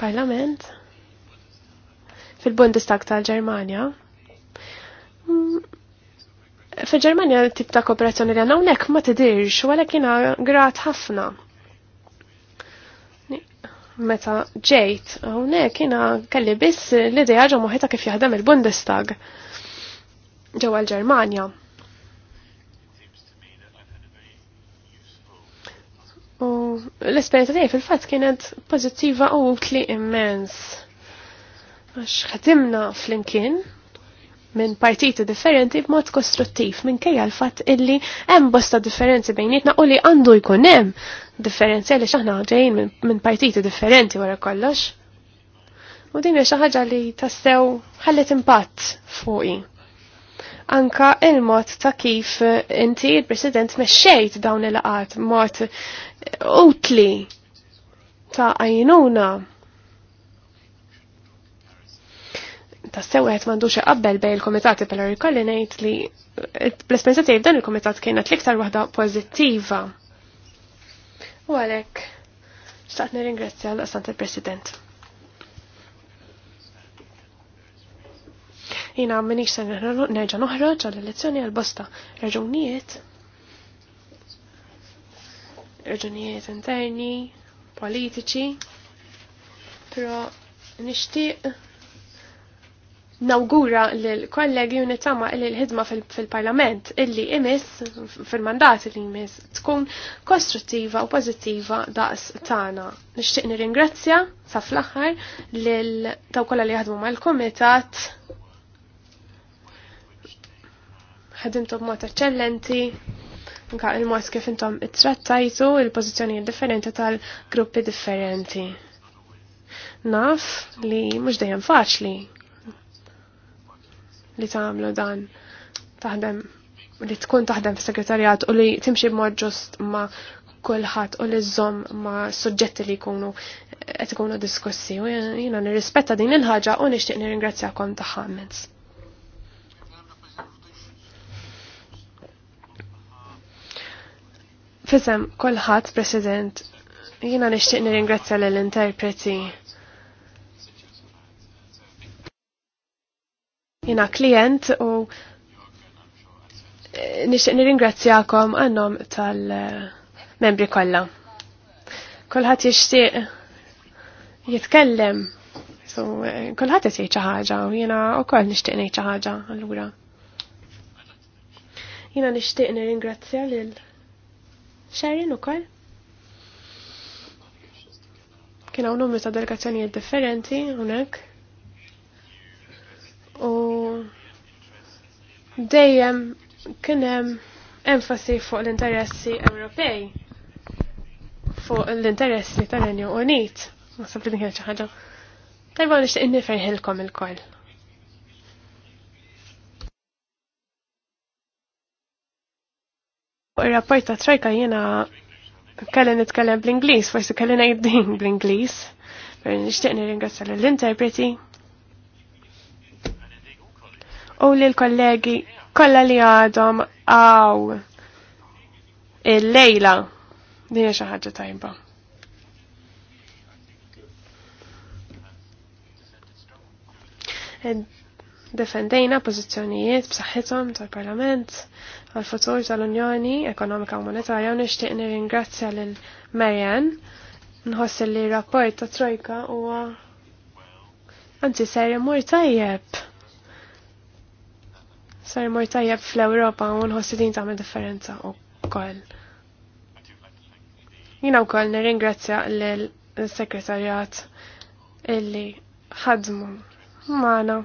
S3: parlament fil-Bundestag tal-Ġermanja. Mm, Fil-Ġermanja tip ta' kooperazzjoni li għanna unek ma tidirx, u għalek jina grat ħafna. Meta ġejt, unek jina kelli biss l-ideja ġo kif jaħdem il-Bundestag ġewwa l-Ġermanja U l-esperienza tiegħi fil-fatt kienet pożittiva u utli immens. Għax ħadimna flimkien minn partiti differenti b'mod kostruttiv minkejja l-fatt illi hemm bosta differenzi bejnietna u li għandu jkun hemm differenzi għaliex aħna ġejjin minn partiti differenti wara kollox. U din hija xi ħaġa li tassew ħallet impatt fuqi anka il-mod ta' kif eh, inti il-President meċċejt dawn il-laqat mod eh, utli ta' għajnuna. Ta' sewet mandux qabbel bej il-komitati pala rikolli nejt li eh, l-esperienza tiegħi dan il-komitat kienet l-iktar waħda pożittiva. U għalhekk xtaqt nirringrazzja l-Assant il-President. Jina minix se nerġa' noħroġ għall-elezzjoni għal-bosta raġunijiet. Raġunijiet interni, politiċi, però nixtieq nawgura l-kollegi unitama nittama li l-ħidma fil-parlament illi imiss, fil-mandat illi imis tkun kostruttiva u pozittiva daqs tana. Nixtieq nirringrazzja sa fl-aħħar lil dawk kollha li jaħdmu mal-komitat ħedimtu mod eċċellenti, nka il-mod kif intom it-trattajtu il-pożizzjonijiet differenti tal-gruppi differenti. Naf li mhux dejjem faċli li tagħmlu dan taħdem li tkun taħdem fis-segretarjat u li timxi b'mod ġust ma' kulħadd u li zom ma' suġġetti li jkunu qed ikunu diskussi u jiena nirrispetta din il-ħaġa u nixtieq nirringrazzjakom ta' ħammens. Fisem kolħat, President, jina nishtiq nirringrazzja l-interpreti. Jina klient u nishtiq nirringrazzjakom għannom tal-membri kollha. Kolħat jishtiq jitkellem. So, kolħat jisej ċaħġa, u jina u koll nishtiq nej ċaħġa, allura. Jena nishtiq nir-ingrazzja lil Sharon ukoll? Kien hawn numru ta' delegazzjonijiet differenti hawnhekk. U dejjem kien hemm enfasi fuq l-interessi Ewropej fuq l-interessi tal-Renju Unit. Ma sabbidin din xaħġa. xi nix Tajba nixtieq nifferħilkom il-koll. Il-rapport ta' trajka jena kelli nitkellem bl-Inglis, forsi kelli ngħid din bl-Inglis. Per nixtieq nirringrazzja lill-interpreti. U l kollegi kollha li għadhom għaw il-lejla. Din hija xi ħaġa tajba. Defendejna pożizzjonijiet b'saħħithom tal-Parlament għal-futur tal-Unjoni Ekonomika u Monetarja u nixtieq nirringrazzja l Marian nħossi li rapport ta' Trojka huwa anzi serja mur tajjeb. Ser mur tajjeb fl-Ewropa u nħossi din tagħmel differenza wkoll. Jina nir nirringrazzja l segretarjat illi ħadmu. Mana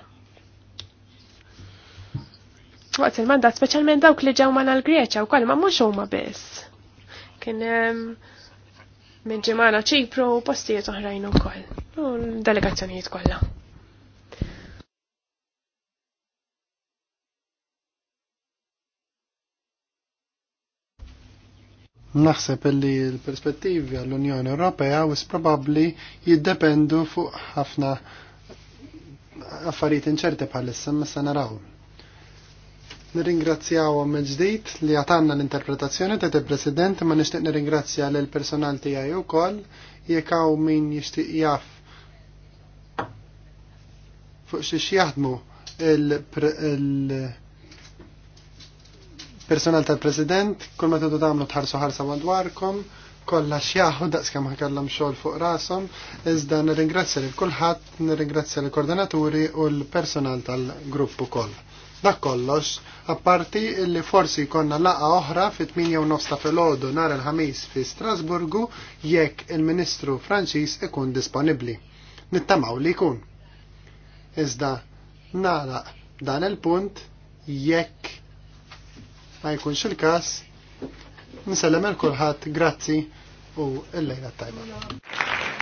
S3: waqt il-mandat, speċjalment dawk li ġew mal greċja wkoll ma mhux huma biss. Kien minn ġimana ċipru u postijiet oħrajn ukoll. U delegazzjonijiet kollha.
S1: Naħseb li l-perspettivi għall-Unjoni Ewropea wis probabbli jiddependu fuq ħafna affarijiet inċerti bħalissa ma se naraw. Nirringrazzjawhom mill ġdid li għatanna l-interpretazzjoni ta' te president ma nixtieq nirringrazzja lill personal tiegħi wkoll jekk hawn min jixtieq jaf fuq xiex jaħdmu il-personal tal-President kull ma tagħmlu tagħmlu tħarsu ħarsa madwarkom kollha xjaħu daqskemm ħakellhom xogħol fuq rasom, iżda nirringrazzja lil kulħadd, nirringrazzja l-koordinaturi u l-personal tal-grupp ukoll. Dak kollox, apparti li forsi konna laqa oħra fit-8 nofs fil filgħodu nhar il-ħamis fi Strasburgu jekk il-Ministru Franċiż ikun disponibbli. Nittamaw li jkun. Iżda nara dan il-punt jekk ma jkunx il-każ, nisellem il kulħadd grazzi u l-lejla tajba.